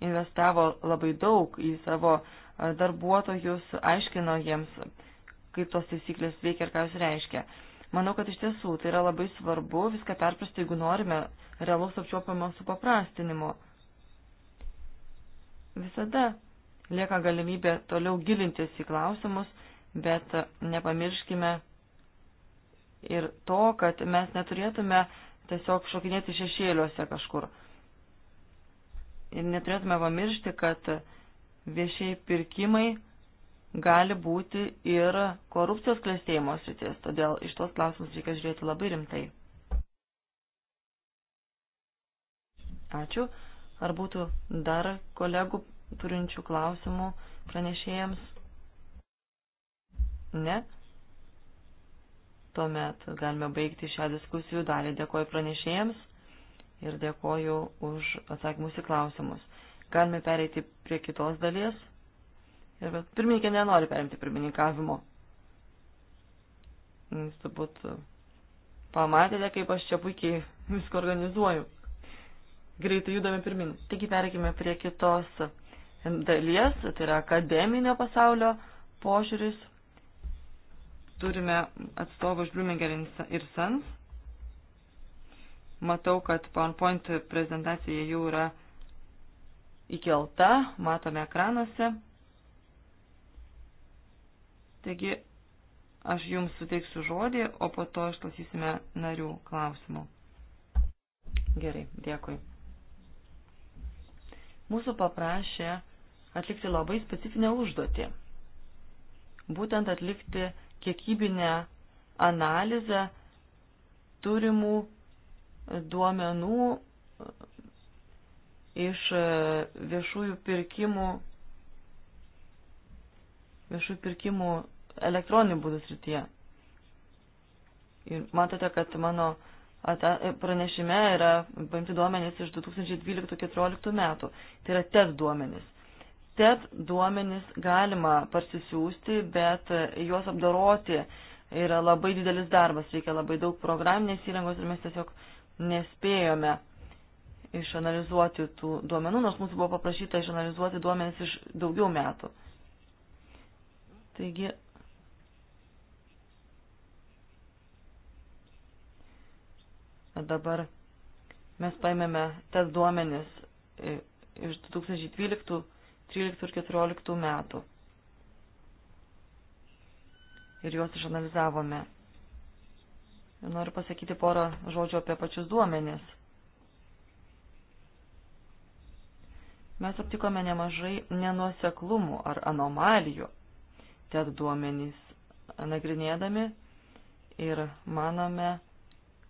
investavo labai daug į savo e, darbuotojus, aiškino jiems, kaip tos taisyklės veikia ir ką jos reiškia. Manau, kad iš tiesų tai yra labai svarbu viską perprasti, jeigu norime realaus apčiuopiamo supaprastinimo. Visada lieka galimybė toliau gilintis į klausimus, bet nepamirškime ir to, kad mes neturėtume tiesiog šokinėti šešėliuose kažkur. Ir neturėtume pamiršti, kad viešiai pirkimai gali būti ir korupcijos klėstėjimo sritis, todėl iš tos klausimus reikia žiūrėti labai rimtai. Ačiū. Ar būtų dar kolegų turinčių klausimų pranešėjams? Ne? Tuomet galime baigti šią diskusijų dalį. Dėkoju pranešėjams ir dėkoju už atsakymus į klausimus. Galime pereiti prie kitos dalies. Ir pirmininkė nenori perimti pirmininkavimo. Jūs turbūt pamatėte, kaip aš čia puikiai viską organizuoju. Greitai judame pirmin. Taigi pereikime prie kitos dalies, tai yra akademinio pasaulio požiūris turime atstovą iš Bluminger ir Sons. Matau, kad PowerPoint prezentacija jau yra įkelta, matome ekranuose. Taigi, aš jums suteiksiu žodį, o po to išklausysime narių klausimų. Gerai, dėkui. Mūsų paprašė atlikti labai specifinę užduotį. Būtent atlikti kiekybinę analizę turimų duomenų e, iš e, viešųjų pirkimų, viešųjų pirkimų elektroninių būdų srityje. Ir matote, kad mano pranešime yra paimti duomenys iš 2012-2014 metų. Tai yra TED duomenys. TED duomenis galima parsisiųsti, bet juos apdoroti yra labai didelis darbas, reikia labai daug programinės įrangos ir mes tiesiog nespėjome išanalizuoti tų duomenų, nors mūsų buvo paprašyta išanalizuoti duomenis iš daugiau metų. Taigi, dabar mes paėmėme tas duomenis iš 2012 13 ir 14 metų. Ir juos išanalizavome. Ir noriu pasakyti porą žodžių apie pačius duomenis. Mes aptikome nemažai nenuoseklumų ar anomalijų. Tad duomenys nagrinėdami ir manome,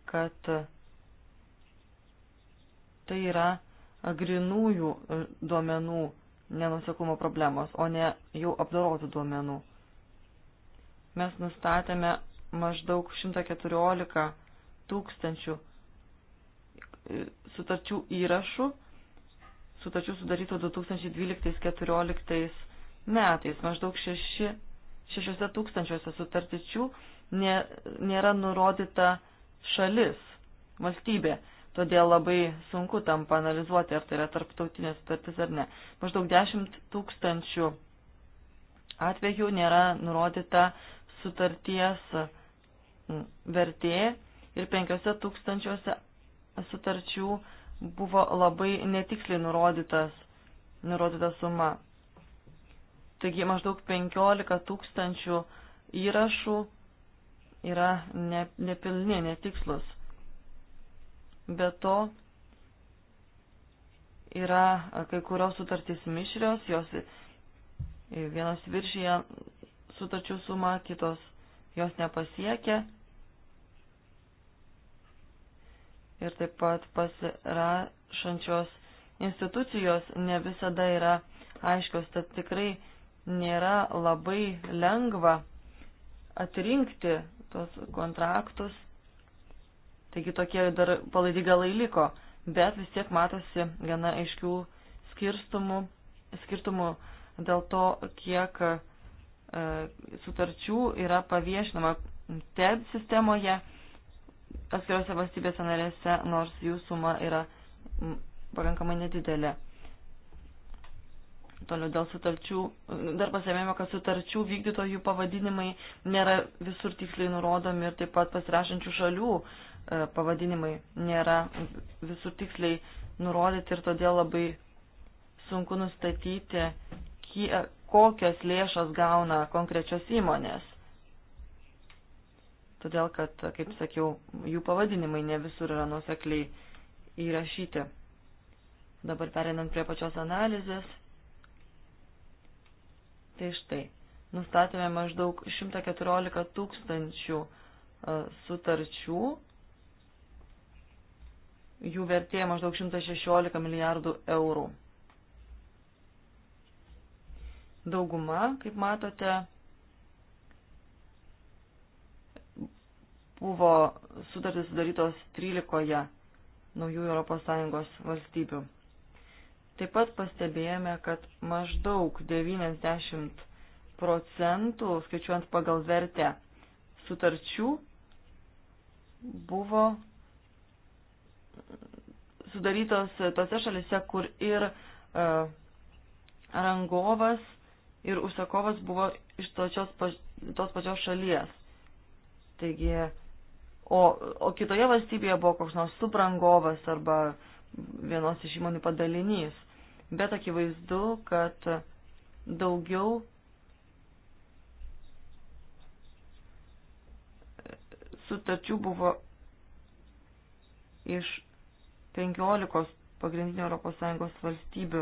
kad tai yra grinųjų duomenų nenusakumo problemos, o ne jau apdorotų duomenų. Mes nustatėme maždaug 114 tūkstančių e, sutarčių įrašų, sutarčių sudarytų 2012-2014 metais. Maždaug 6, 6 tūkstančiuose sutartičių nė, nėra nurodyta šalis, valstybė todėl labai sunku tam panalizuoti, ar tai yra tarptautinė sutartis ar ne. Maždaug 10 tūkstančių atvejų nėra nurodyta sutarties vertė ir 5 tūkstančiuose sutarčių buvo labai netiksliai nurodytas, nurodyta suma. Taigi maždaug 15 tūkstančių įrašų yra ne, nepilni, netikslus. Be to, yra kai kurios sutartys mišrios, jos vienos viršyje sutarčių suma, kitos jos nepasiekia. Ir taip pat pasirašančios institucijos ne visada yra aiškios, tad tikrai nėra labai lengva atrinkti tos kontraktus Taigi tokie dar palaidi galai liko, bet vis tiek matosi gana aiškių skirstumų, skirtumų dėl to, kiek e, sutarčių yra paviešinama TED sistemoje atskiriuose valstybėse narėse, nors jų suma yra pakankamai nedidelė. Toliau dėl sutarčių, dar pasėmėme, kad sutarčių vykdytojų pavadinimai nėra visur tiksliai nurodomi ir taip pat pasirašančių šalių E, pavadinimai nėra visų tiksliai nurodyti ir todėl labai sunku nustatyti, e, kokios lėšos gauna konkrečios įmonės. Todėl, kad, kaip sakiau, jų pavadinimai ne visur yra nusekliai įrašyti. Dabar perinant prie pačios analizės. Tai štai, nustatėme maždaug 114 tūkstančių e, sutarčių Jų vertė maždaug 116 milijardų eurų. Dauguma, kaip matote, buvo sutartys sudarytos 13 naujų ES valstybių. Taip pat pastebėjome, kad maždaug 90 procentų, skaičiuojant pagal vertę sutarčių, buvo sudarytos tose šalise, kur ir e, rangovas, ir užsakovas buvo iš točios, tos pačios šalies. Taigi, o, o kitoje valstybėje buvo koks nors suprangovas arba vienos iš įmonių padalinys. Bet akivaizdu, kad daugiau e, sutarčių buvo iš 15 pagrindinių ES valstybių.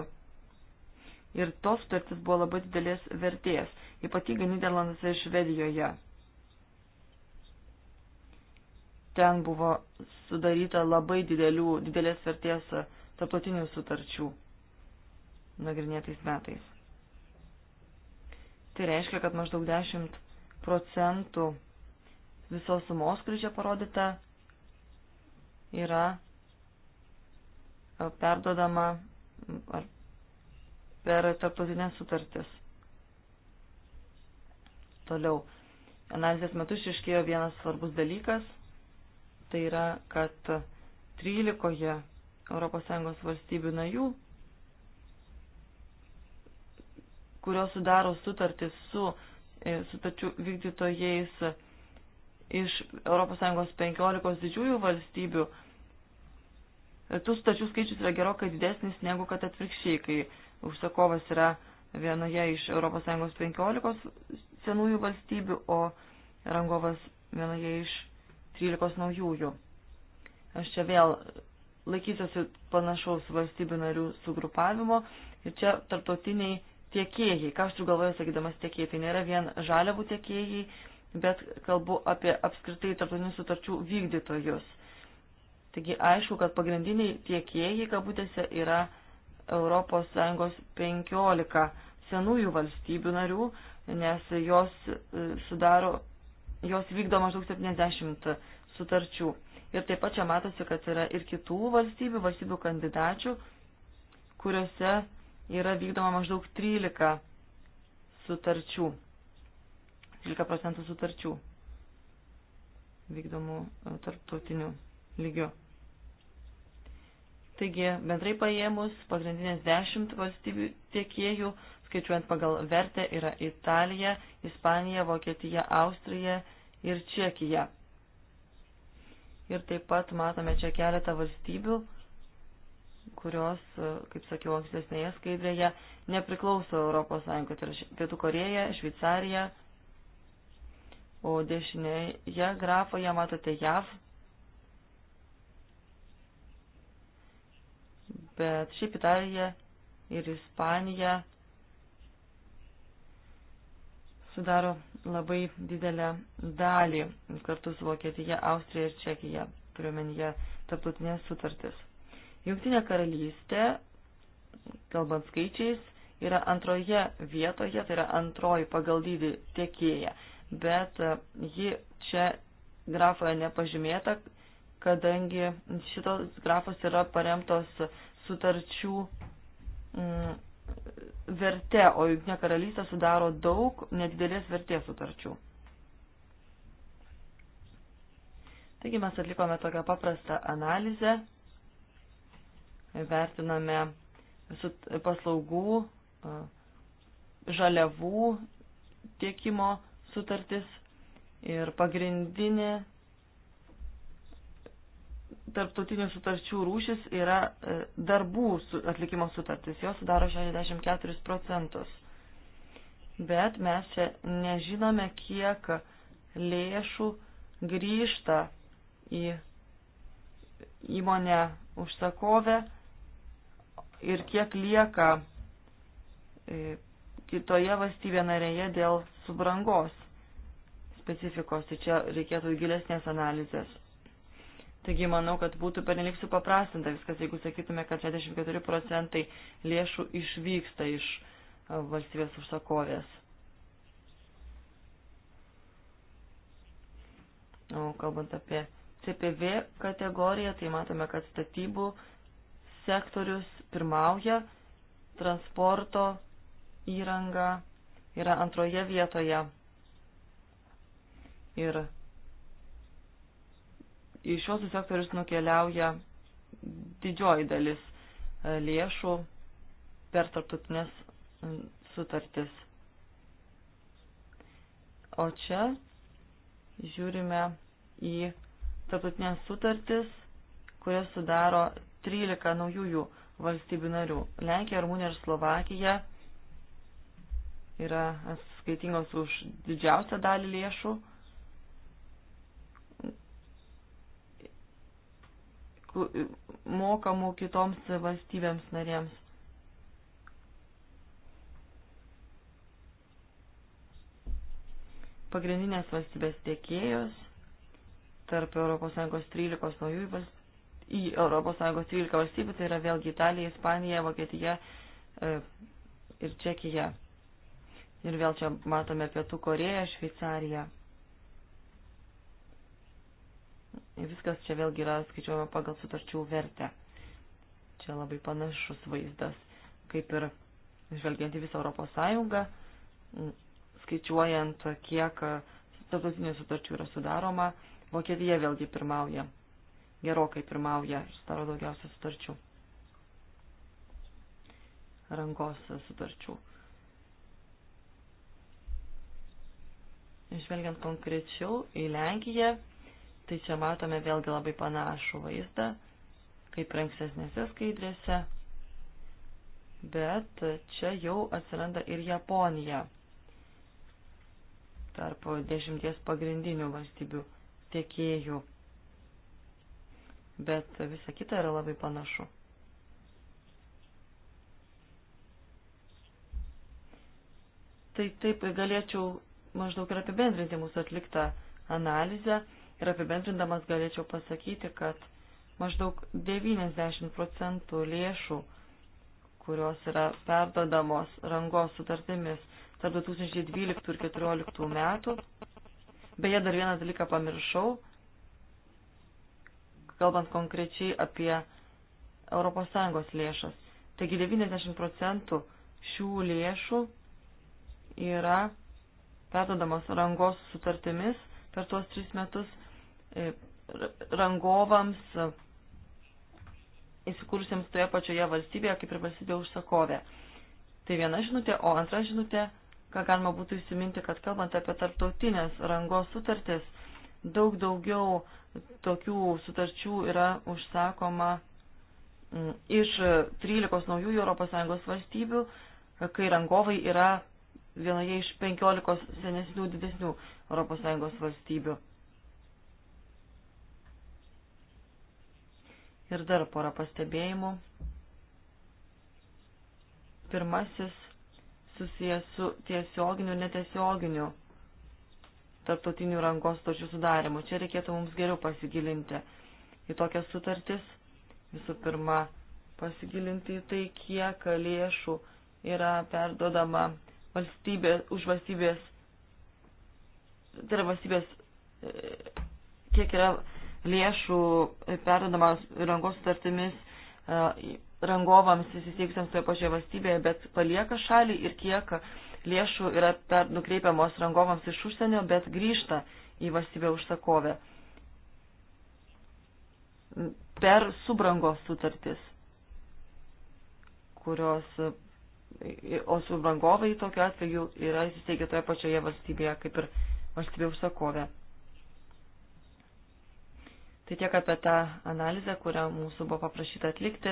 Ir tos sutartis buvo labai didelės vertės, ypatingai Niderlanduose ir Švedijoje. Ten buvo sudaryta labai didelių, didelės vertės tarptautinių sutarčių nagrinėtais metais. Tai reiškia, kad maždaug 10 procentų visos sumos, kuri čia parodyta, yra perdodama ar per tarptautinės sutartis. Toliau. Analizės metu išiškėjo vienas svarbus dalykas, tai yra, kad 13 ES valstybių narių, kurios sudaro sutartis su e, sutarčių vykdytojais iš ES 15 didžiųjų valstybių, tų stočių skaičius yra gerokai didesnis negu kad atvirkščiai, kai užsakovas yra vienoje iš ES 15 senųjų valstybių, o rangovas vienoje iš 13 naujųjų. Aš čia vėl laikysiuosi panašaus valstybių narių sugrupavimo ir čia tarptautiniai tiekėjai, ką aš turiu galvoje sakydamas tiekėjai, tai nėra vien žaliavų tiekėjai, bet kalbu apie apskritai tarptautinių sutarčių vykdytojus Taigi aišku, kad pagrindiniai tiekėjai, kabutėse, yra ES 15 senųjų valstybių narių, nes jos e, sudaro, jos vykdo maždaug 70 sutarčių. Ir taip pat čia matosi, kad yra ir kitų valstybių, valstybių kandidačių, kuriuose yra vykdoma maždaug 13 sutarčių. 13 procentų sutarčių vykdomų e, tarptautinių lygių. Taigi, bendrai paėmus, pagrindinės dešimt valstybių tiekėjų, skaičiuojant pagal vertę, yra Italija, Ispanija, Vokietija, Austrija ir Čekija. Ir taip pat matome čia keletą valstybių, kurios, kaip sakiau ankstesnėje skaidrėje, nepriklauso Europos Sąjungoje. Tai yra Pietų Koreja, Šveicarija, o dešinėje grafoje matote JAV, bet šiaip Italija ir Ispanija sudaro labai didelę dalį kartu su Vokietija, Austrija ir Čekija, turiuomenyje tarptautinės sutartis. Jungtinė karalystė, kalbant skaičiais, yra antroje vietoje, tai yra antroji pagal dydį tiekėja, bet ji čia grafoje nepažymėta, kadangi šitos grafos yra paremtos sutarčių m, mm, verte, o Junktinė karalystė sudaro daug nedidelės vertės sutarčių. Taigi mes atlikome tokią paprastą analizę, vertiname paslaugų, žaliavų tiekimo sutartis ir pagrindinė tarptautinių sutarčių rūšis yra e, darbų atlikimo sutartis. Jos sudaro 64 procentus. Bet mes čia nežinome, kiek lėšų grįžta į įmonę užsakovę ir kiek lieka e, kitoje valstybėje narėje dėl subrangos specifikos. Tai čia reikėtų gilesnės analizės. Taigi manau, kad būtų pernelik supaprastinta viskas, jeigu sakytume, kad 64 procentai lėšų išvyksta iš e, valstybės užsakovės. O kalbant apie CPV kategoriją, tai matome, kad statybų sektorius pirmauja, transporto įranga yra antroje vietoje ir į šios sektorius nukeliauja didžioji dalis e, lėšų per tarptautinės sutartis. O čia žiūrime į tarptautinės sutartis, kurias sudaro 13 naujųjų valstybių narių. Lenkija, Rumunija ir Slovakija yra atskaitingos už didžiausią dalį lėšų E, mokamų kitoms valstybėms narėms. Pagrindinės valstybės tiekėjos tarp ES 13 naujųjų valstybių į ES 13 valstybių, tai yra vėlgi Italija, Ispanija, Vokietija e, ir Čekija. Ir vėl čia matome Pietų Koreją, Šveicariją. Viskas čia vėlgi yra skaičiuojama pagal sutarčių vertę. Čia labai panašus vaizdas, kaip ir žvelgiant į visą Europos Sąjungą, skaičiuojant, kiek tarptautinių sutarčių yra sudaroma, Vokietija vėlgi pirmauja, gerokai pirmauja ir sudaro daugiausia sutarčių, rankos sutarčių. Žvelgiant konkrečiau į Lenkiją, Tai čia matome vėlgi labai panašų vaizdą, kaip ankstesnėse skaidrėse, bet čia jau atsiranda ir Japonija tarp dešimties pagrindinių valstybių tiekėjų. Bet visa kita yra labai panašu. Tai taip galėčiau maždaug ir apibendrinti mūsų atliktą analizę. Ir apibendrindamas galėčiau pasakyti, kad maždaug 90 procentų lėšų, kurios yra perdodamos rangos sutartimis tarp 2012 ir 2014 metų, beje, dar vieną dalyką pamiršau, kalbant konkrečiai apie ES lėšas. Taigi 90 procentų šių lėšų yra perdodamos rangos sutartimis per tuos tris metus rangovams įsikūrusiems toje pačioje valstybėje kaip ir valstybė užsakovė. Tai viena žinutė, o antra žinutė, ką galima būtų įsiminti, kad kalbant apie tarptautinės rangos sutartis, daug daugiau tokių sutarčių yra užsakoma mm, iš 13 naujųjų ES valstybių, kai rangovai yra vienoje iš 15 senesnių didesnių ES valstybių. Ir dar porą pastebėjimų. Pirmasis susijęs su tiesioginiu ir netiesioginiu tarptautinių rangos stočių sudarimu. Čia reikėtų mums geriau pasigilinti į tokias sutartis. Visų pirma, pasigilinti į tai, kiek lėšų yra perdodama valstybė, už valstybės, tai yra valstybės, e, kiek yra lėšų perdodamas rangos sutartimis e, rangovams įsisteigsiams toje pačioje valstybėje, bet palieka šalį ir kiek lėšų yra per, nukreipiamos rangovams iš užsienio, bet grįžta į valstybę užsakovę per subrangos sutartis, kurios, o subrangovai tokiu atveju yra įsisteigę toje pačioje valstybėje kaip ir valstybė užsakovė. Tai tiek apie tą analizę, kurią mūsų buvo paprašyta atlikti.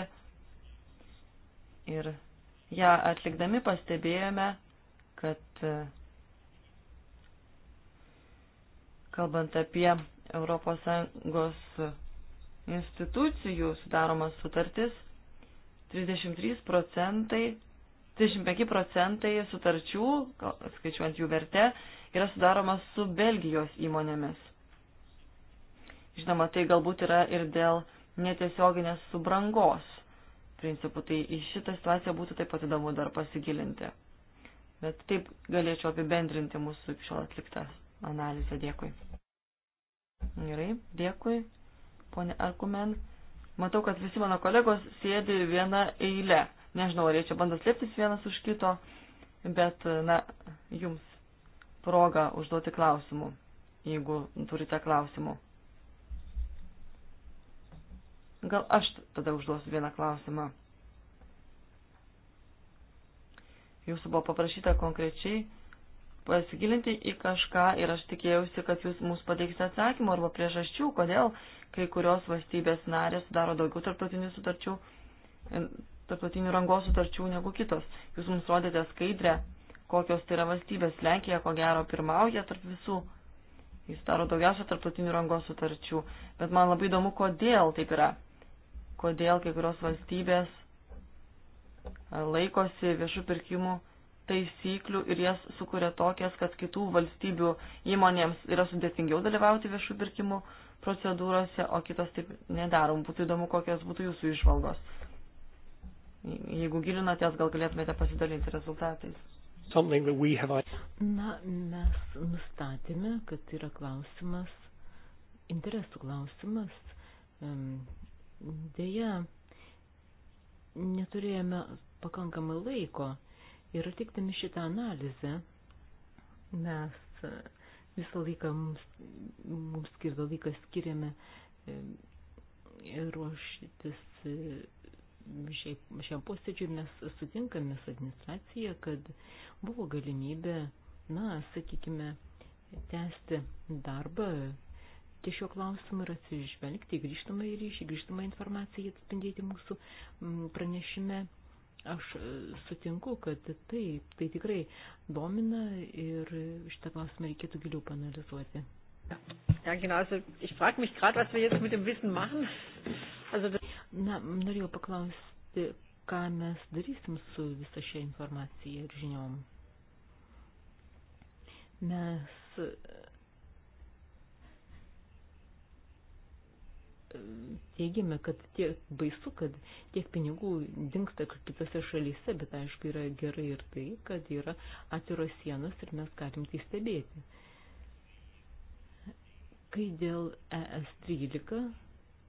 Ir ją atlikdami pastebėjome, kad e, kalbant apie ES institucijų sudaromas sutartis, 33 procentai 35 procentai sutarčių, skaičiuojant jų vertę, yra sudaromas su Belgijos įmonėmis. Žinoma, tai galbūt yra ir dėl netiesioginės subrangos principų, tai į šitą situaciją būtų taip pat įdomu dar pasigilinti. Bet taip galėčiau apibendrinti mūsų iki šiol atliktą analizę. Dėkui. Gerai, dėkui, ponė Arkumen. Matau, kad visi mano kolegos sėdi viena eile. Nežinau, ar jie čia bando slėptis vienas už kito, bet, na, jums proga užduoti klausimų, jeigu turite klausimų. Gal aš tada užduosiu vieną klausimą. Jūsų buvo paprašyta konkrečiai pasigilinti į kažką ir aš tikėjausi, kad jūs mus pateiksite atsakymą arba priežasčių, kodėl kai kurios valstybės narės sudaro daugiau tarptautinių sutarčių, tarptautinių rangos sutarčių negu kitos. Jūs mums rodėte skaidrę, kokios tai yra valstybės. Lenkija, ko gero, pirmauja tarp visų. Jis daro daugiausia tarptautinių rangos sutarčių, bet man labai įdomu, kodėl taip yra kodėl kai kurios valstybės e, laikosi viešų pirkimų taisyklių ir jas sukuria tokias, kad kitų valstybių įmonėms yra sudėtingiau dalyvauti viešų pirkimų procedūrose, o kitos taip nedarom. Būtų įdomu, kokios būtų jūsų išvalgos. Jeigu gilinatės, gal galėtumėte pasidalinti rezultatais. Na, mes nustatėme, kad yra klausimas, interesų klausimas Deja, neturėjome pakankamai laiko ir atlikdami šitą analizę mes e, visą laiką mums, mums skirtą laiką skiriame e, ruoštis e, šiam posėdžiui mes sutinkame su administracija, kad buvo galimybė, na, sakykime, tęsti darbą dirbti šiuo klausimu ir atsižvelgti į grįžtamą į ryšį, grįžtamą informaciją atspindėti mūsų mm, pranešime. Aš e, sutinku, kad taip, tai tikrai domina ir šitą klausimą reikėtų giliau panalizuoti. Ja, genau. Also ich frage mich gerade, was wir jetzt mit dem Wissen machen. Also das Na, norėjau paklausti, ką mes darysim su visa šia informacija ir žiniom. Mes teigiame, kad tiek baisu, kad tiek pinigų dinksta kitose šalyse, bet aišku yra gerai ir tai, kad yra atviros sienos ir mes galim tai stebėti. Kai dėl ES-13,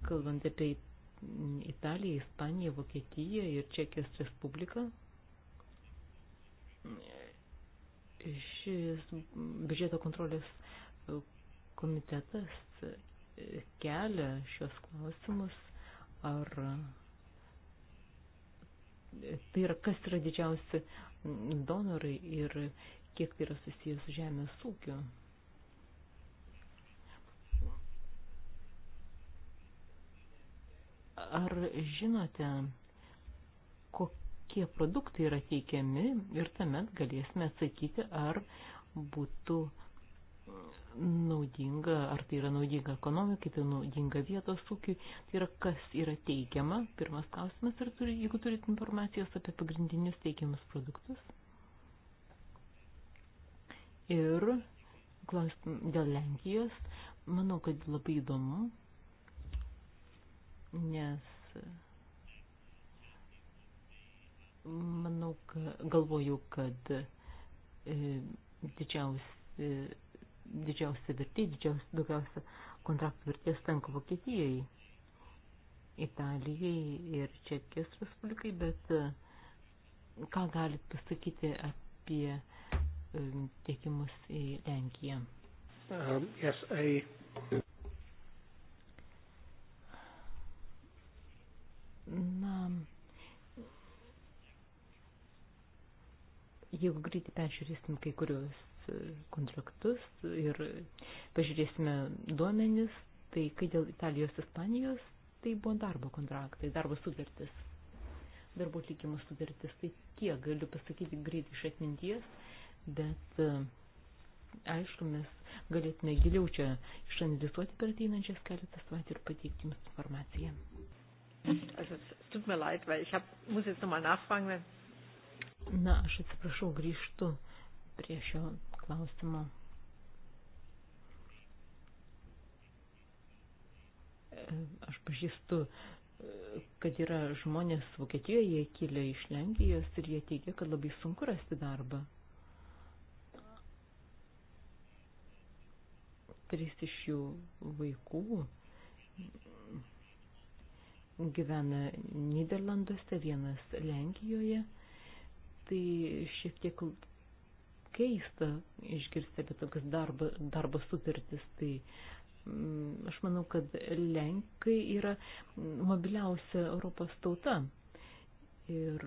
kalbant apie Italiją, Ispaniją, Vokietiją ir Čekijos Respubliką, šis biudžeto kontrolės komitetas kelia šios klausimus, ar tai yra kas yra didžiausi donorai ir kiek tai yra susijęs su žemės ūkiu. Ar žinote, kokie produktai yra teikiami ir tuomet galėsime atsakyti, ar būtų naudinga, ar tai yra naudinga ekonomikai, tai naudinga vietos ūkiui, tai yra kas yra teikiama, pirmas klausimas, ir turi, jeigu turite informacijos apie pagrindinius teikiamus produktus. Ir klausim, dėl Lenkijos, manau, kad labai įdomu, nes manau, galvoju, kad e, didžiausi didžiausia vertė, didžiausia, daugiausia kontraktų vertės tenka Vokietijai, Italijai ir Čekijos Respublikai, bet e, ką galit pasakyti apie e, tiekimus į Lenkiją? Um, yes, I... Na, jeigu greitai peržiūrėsim kai kurios kontraktus ir pažiūrėsime duomenis, tai kai dėl Italijos, Ispanijos, tai buvo darbo kontraktai, darbo sutartis, darbo atlikimo sutartis, tai tiek galiu pasakyti greit iš atminties, bet e, aišku, mes galėtume giliau čia išanalizuoti per ateinančias keletą savaičių ir pateikti jums informaciją. Also, es tut mir leid, weil ich hab, muss jetzt nochmal nachfragen. Weil... Na, aš atsiprašau, grįžtu prie šio klausimą. Aš pažįstu, kad yra žmonės Vokietijoje, jie kilia iš Lenkijos ir jie teigia, kad labai sunku rasti darbą. Trys iš jų vaikų gyvena Niderlanduose, vienas Lenkijoje. Tai šiek tiek keista išgirsti apie tokias darbo, darbo sutartis. Tai mm, aš manau, kad Lenkai yra mobiliausia Europos tauta. Ir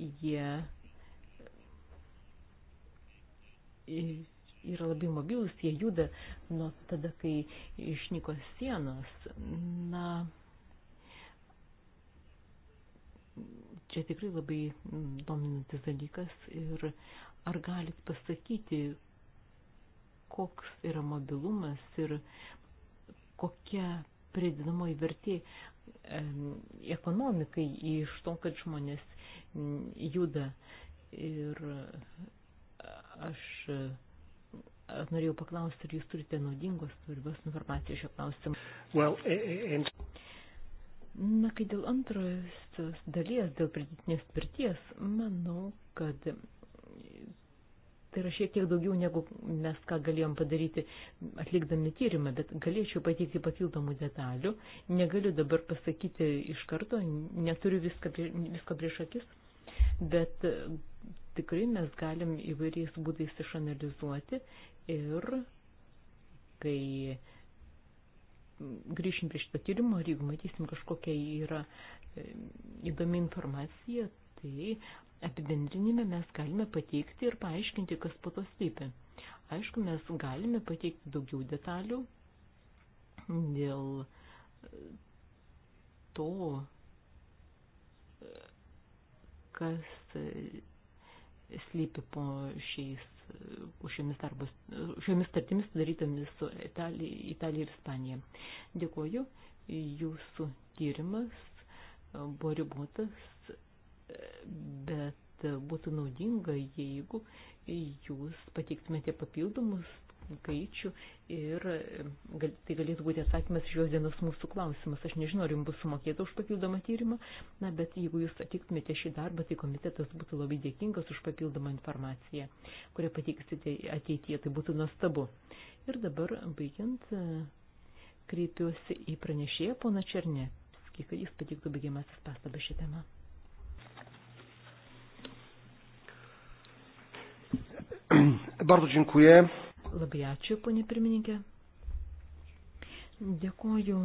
jie yra labai mobilus, jie juda nuo tada, kai išnyko sienos. Na, čia tikrai labai dominantis dalykas ir Ar galit pasakyti, koks yra mobilumas ir kokia pridedamoji vertė ekonomikai iš to, kad žmonės juda. Ir aš norėjau paklausti, ar jūs turite naudingos, svarbios informacijos šio klausimu. Well, and... Na, kai dėl antrosios dalies, dėl pridėtinės pirties, manau, kad Tai yra šiek tiek daugiau, negu mes ką galėjom padaryti atlikdami tyrimą, bet galėčiau pateikti papildomų detalių. Negaliu dabar pasakyti iš karto, neturiu viską, viską prieš akis, bet e, tikrai mes galim įvairiais būdais išanalizuoti ir kai grįšim prie šito tyrimo ir jeigu matysim kažkokia yra e, įdomi informacija, tai apibendrinime mes galime pateikti ir paaiškinti, kas po to slypi. Aišku, mes galime pateikti daugiau detalių dėl e, to, kas e, slypi po šiais, šiomis, darbos, šiomis tartimis sudarytomis su Italija, Italija ir Ispanija. Dėkuoju, jūsų tyrimas buvo ribotas bet būtų naudinga, jeigu jūs pateiktumėte papildomus skaičių ir gal, tai galėtų būti atsakymas šios dienos mūsų klausimas. Aš nežinau, ar jums bus sumokėta už papildomą tyrimą, na, bet jeigu jūs atiktumėte šį darbą, tai komitetas būtų labai dėkingas už papildomą informaciją, kurią pateiksite ateityje, tai būtų nuostabu. Ir dabar, baigiant, kreipiuosi į pranešėją poną Černė, kad jis pateiktų baigiamasis pastabą šią temą. Bardzo dziękuję. Labai ačiū, ponė pirmininkė. Dėkoju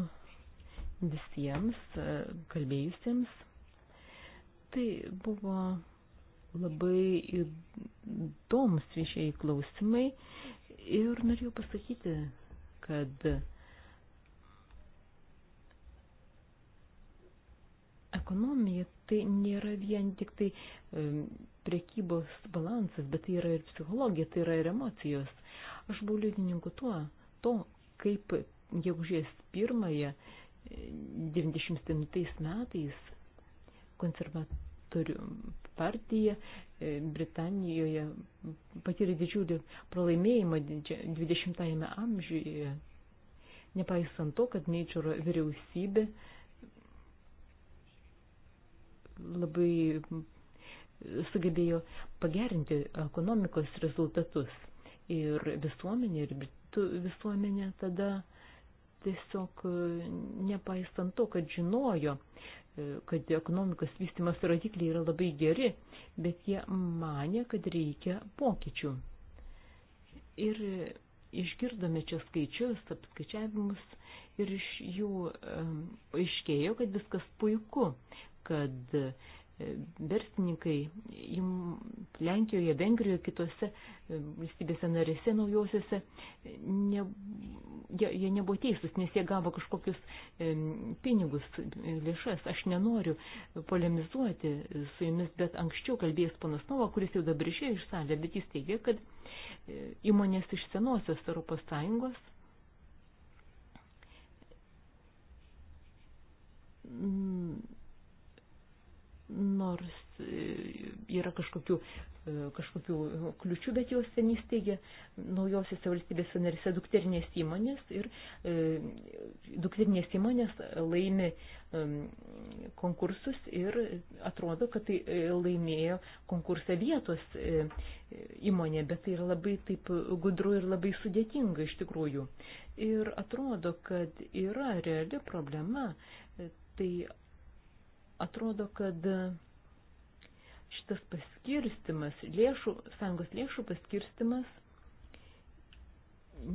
visiems e, kalbėjusiems. Tai buvo labai įdomus viešiai klausimai ir norėjau pasakyti, kad ekonomija tai nėra vien tik tai prekybos balansas, bet tai yra ir psichologija, tai yra ir emocijos. Aš buvau liudininku tuo, to, kaip gegužės pirmąją 97 e, metais konservatorių partija e, Britanijoje patyrė didžiulį pralaimėjimą 20-ame amžiuje, nepaisant to, kad Meičero vyriausybė labai sugebėjo pagerinti ekonomikos rezultatus. Ir visuomenė, ir britų visuomenė tada tiesiog e, nepaisant to, kad žinojo, e, kad ekonomikos vystimas rodikliai yra labai geri, bet jie mane, kad reikia pokyčių. Ir išgirdome čia skaičius, apskaičiavimus ir iš jų e, aiškėjo, kad viskas puiku, kad E, verstininkai Lenkijoje, Vengrijoje, kitose e, valstybėse narėse naujosiuose, ne, jie, jie nebuvo teisūs, nes jie gavo kažkokius e, pinigus, lėšas. Aš nenoriu polemizuoti su jumis, bet anksčiau kalbėjęs panas Nova, kuris jau dabar išėjo iš salę, bet jis teigia, kad įmonės iš senosios Europos Sąjungos mm, nors e, yra kažkokių, e, kažkokių kliučių, bet jos ten įsteigia naujosiose valstybėse narise dukterinės įmonės ir e, dukterinės įmonės laimi e, konkursus ir atrodo, kad tai e, laimėjo konkursą vietos e, įmonė, bet tai yra labai taip gudru ir labai sudėtinga iš tikrųjų. Ir atrodo, kad yra reali problema, tai Atrodo, kad šitas paskirstimas, lėšų, sąjungos lėšų paskirstimas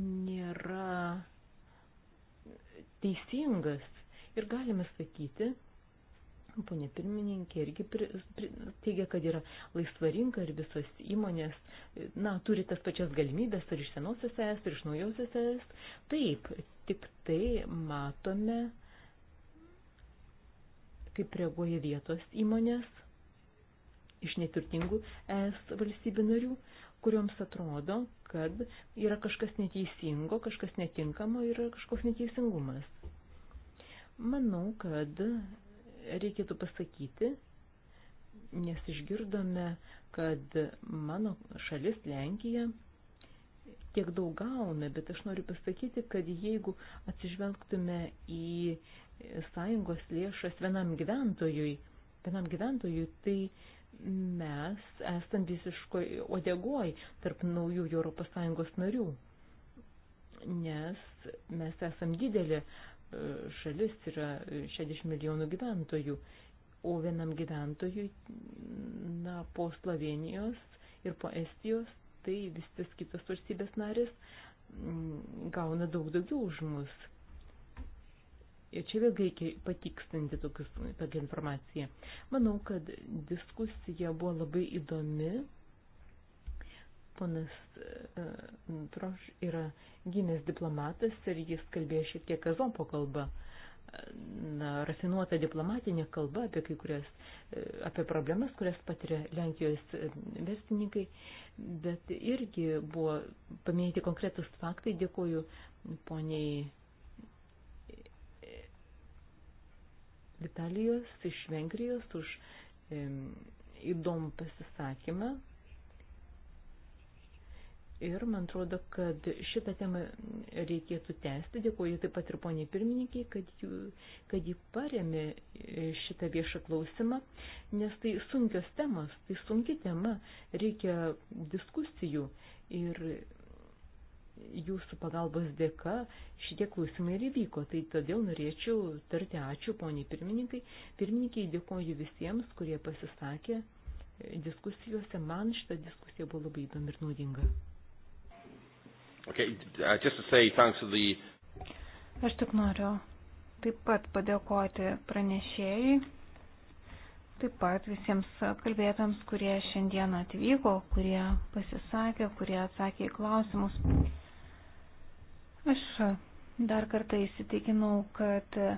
nėra teisingas. Ir galime sakyti, ponė pirmininkė irgi pri, pri, teigia, kad yra laisva rinka ir visos įmonės, na, turi tas pačias galimybės ir iš senosios es, ir iš naujosios es. Taip, tik tai matome, kaip reaguoja vietos įmonės iš neturtingų es valstybių narių, kurioms atrodo, kad yra kažkas neteisingo, kažkas netinkamo, yra kažkoks neteisingumas. Manau, kad reikėtų pasakyti, nes išgirdome, kad mano šalis Lenkija tiek daug gauna, bet aš noriu pasakyti, kad jeigu atsižvelgtume į sąjungos lėšas vienam gyventojui, vienam gyventojui, tai mes esam visiškoj odegoj tarp naujųjų ES narių, nes mes esam didelė e, šalis, yra 60 milijonų gyventojų, o vienam gyventojui, na, po Slovenijos ir po Estijos, tai vis kitos valstybės narės gauna daug daugiau už mus Ir čia vėl reikia patikstinti tokius, tokią informaciją. Manau, kad diskusija buvo labai įdomi. Ponas e, Troš yra gimęs diplomatas ir jis kalbėjo šiek tiek kazopo kalbą. Na, rafinuota diplomatinė kalba apie kai kurias, e, apie problemas, kurias patiria Lenkijos e, verslininkai, bet irgi buvo paminėti konkretus faktai. Dėkuoju poniai Vitalijos iš Vengrijos už e, įdomų pasisakymą. Ir man atrodo, kad šitą temą reikėtų tęsti. Dėkuoju taip pat ir poniai pirmininkiai, kad, jų, kad jį paremė e, šitą viešą klausimą, nes tai sunkios temos, tai sunki tema, reikia diskusijų ir jūsų pagalbos dėka šitie klausimai ir įvyko. Tai todėl norėčiau tarti ačiū poniai pirmininkai. Pirmininkiai dėkoju visiems, kurie pasisakė diskusijose. Man šita diskusija buvo labai įdomi ir naudinga. Okay, uh, the... Aš tik noriu taip pat padėkoti pranešėjai, taip pat visiems kalbėtams, kurie šiandien atvyko, kurie pasisakė, kurie atsakė į klausimus. Aš dar kartą įsitikinau, kad e,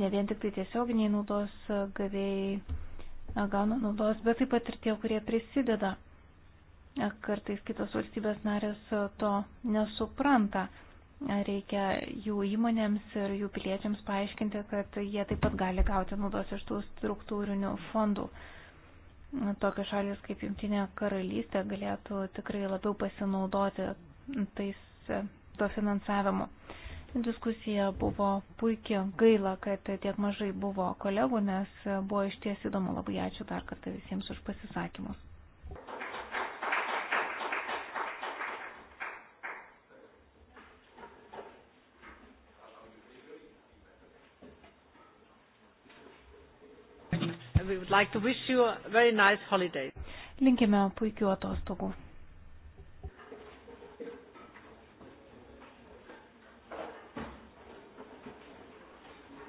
ne vien tik tai tiesioginiai naudos gavėjai e, gauna naudos, bet taip pat ir tie, kurie prisideda. E, kartais kitos valstybės narės to nesupranta. Reikia jų įmonėms ir jų piliečiams paaiškinti, kad jie taip pat gali gauti naudos iš tų struktūrinių fondų. Tokios šalis kaip Jungtinė karalystė galėtų tikrai labiau pasinaudoti tais projekto finansavimu. Diskusija buvo puikia, gaila, kad tiek mažai buvo kolegų, nes buvo iš ties įdomu. Labai ačiū dar kartą visiems už pasisakymus. Like nice Linkime puikių atostogų.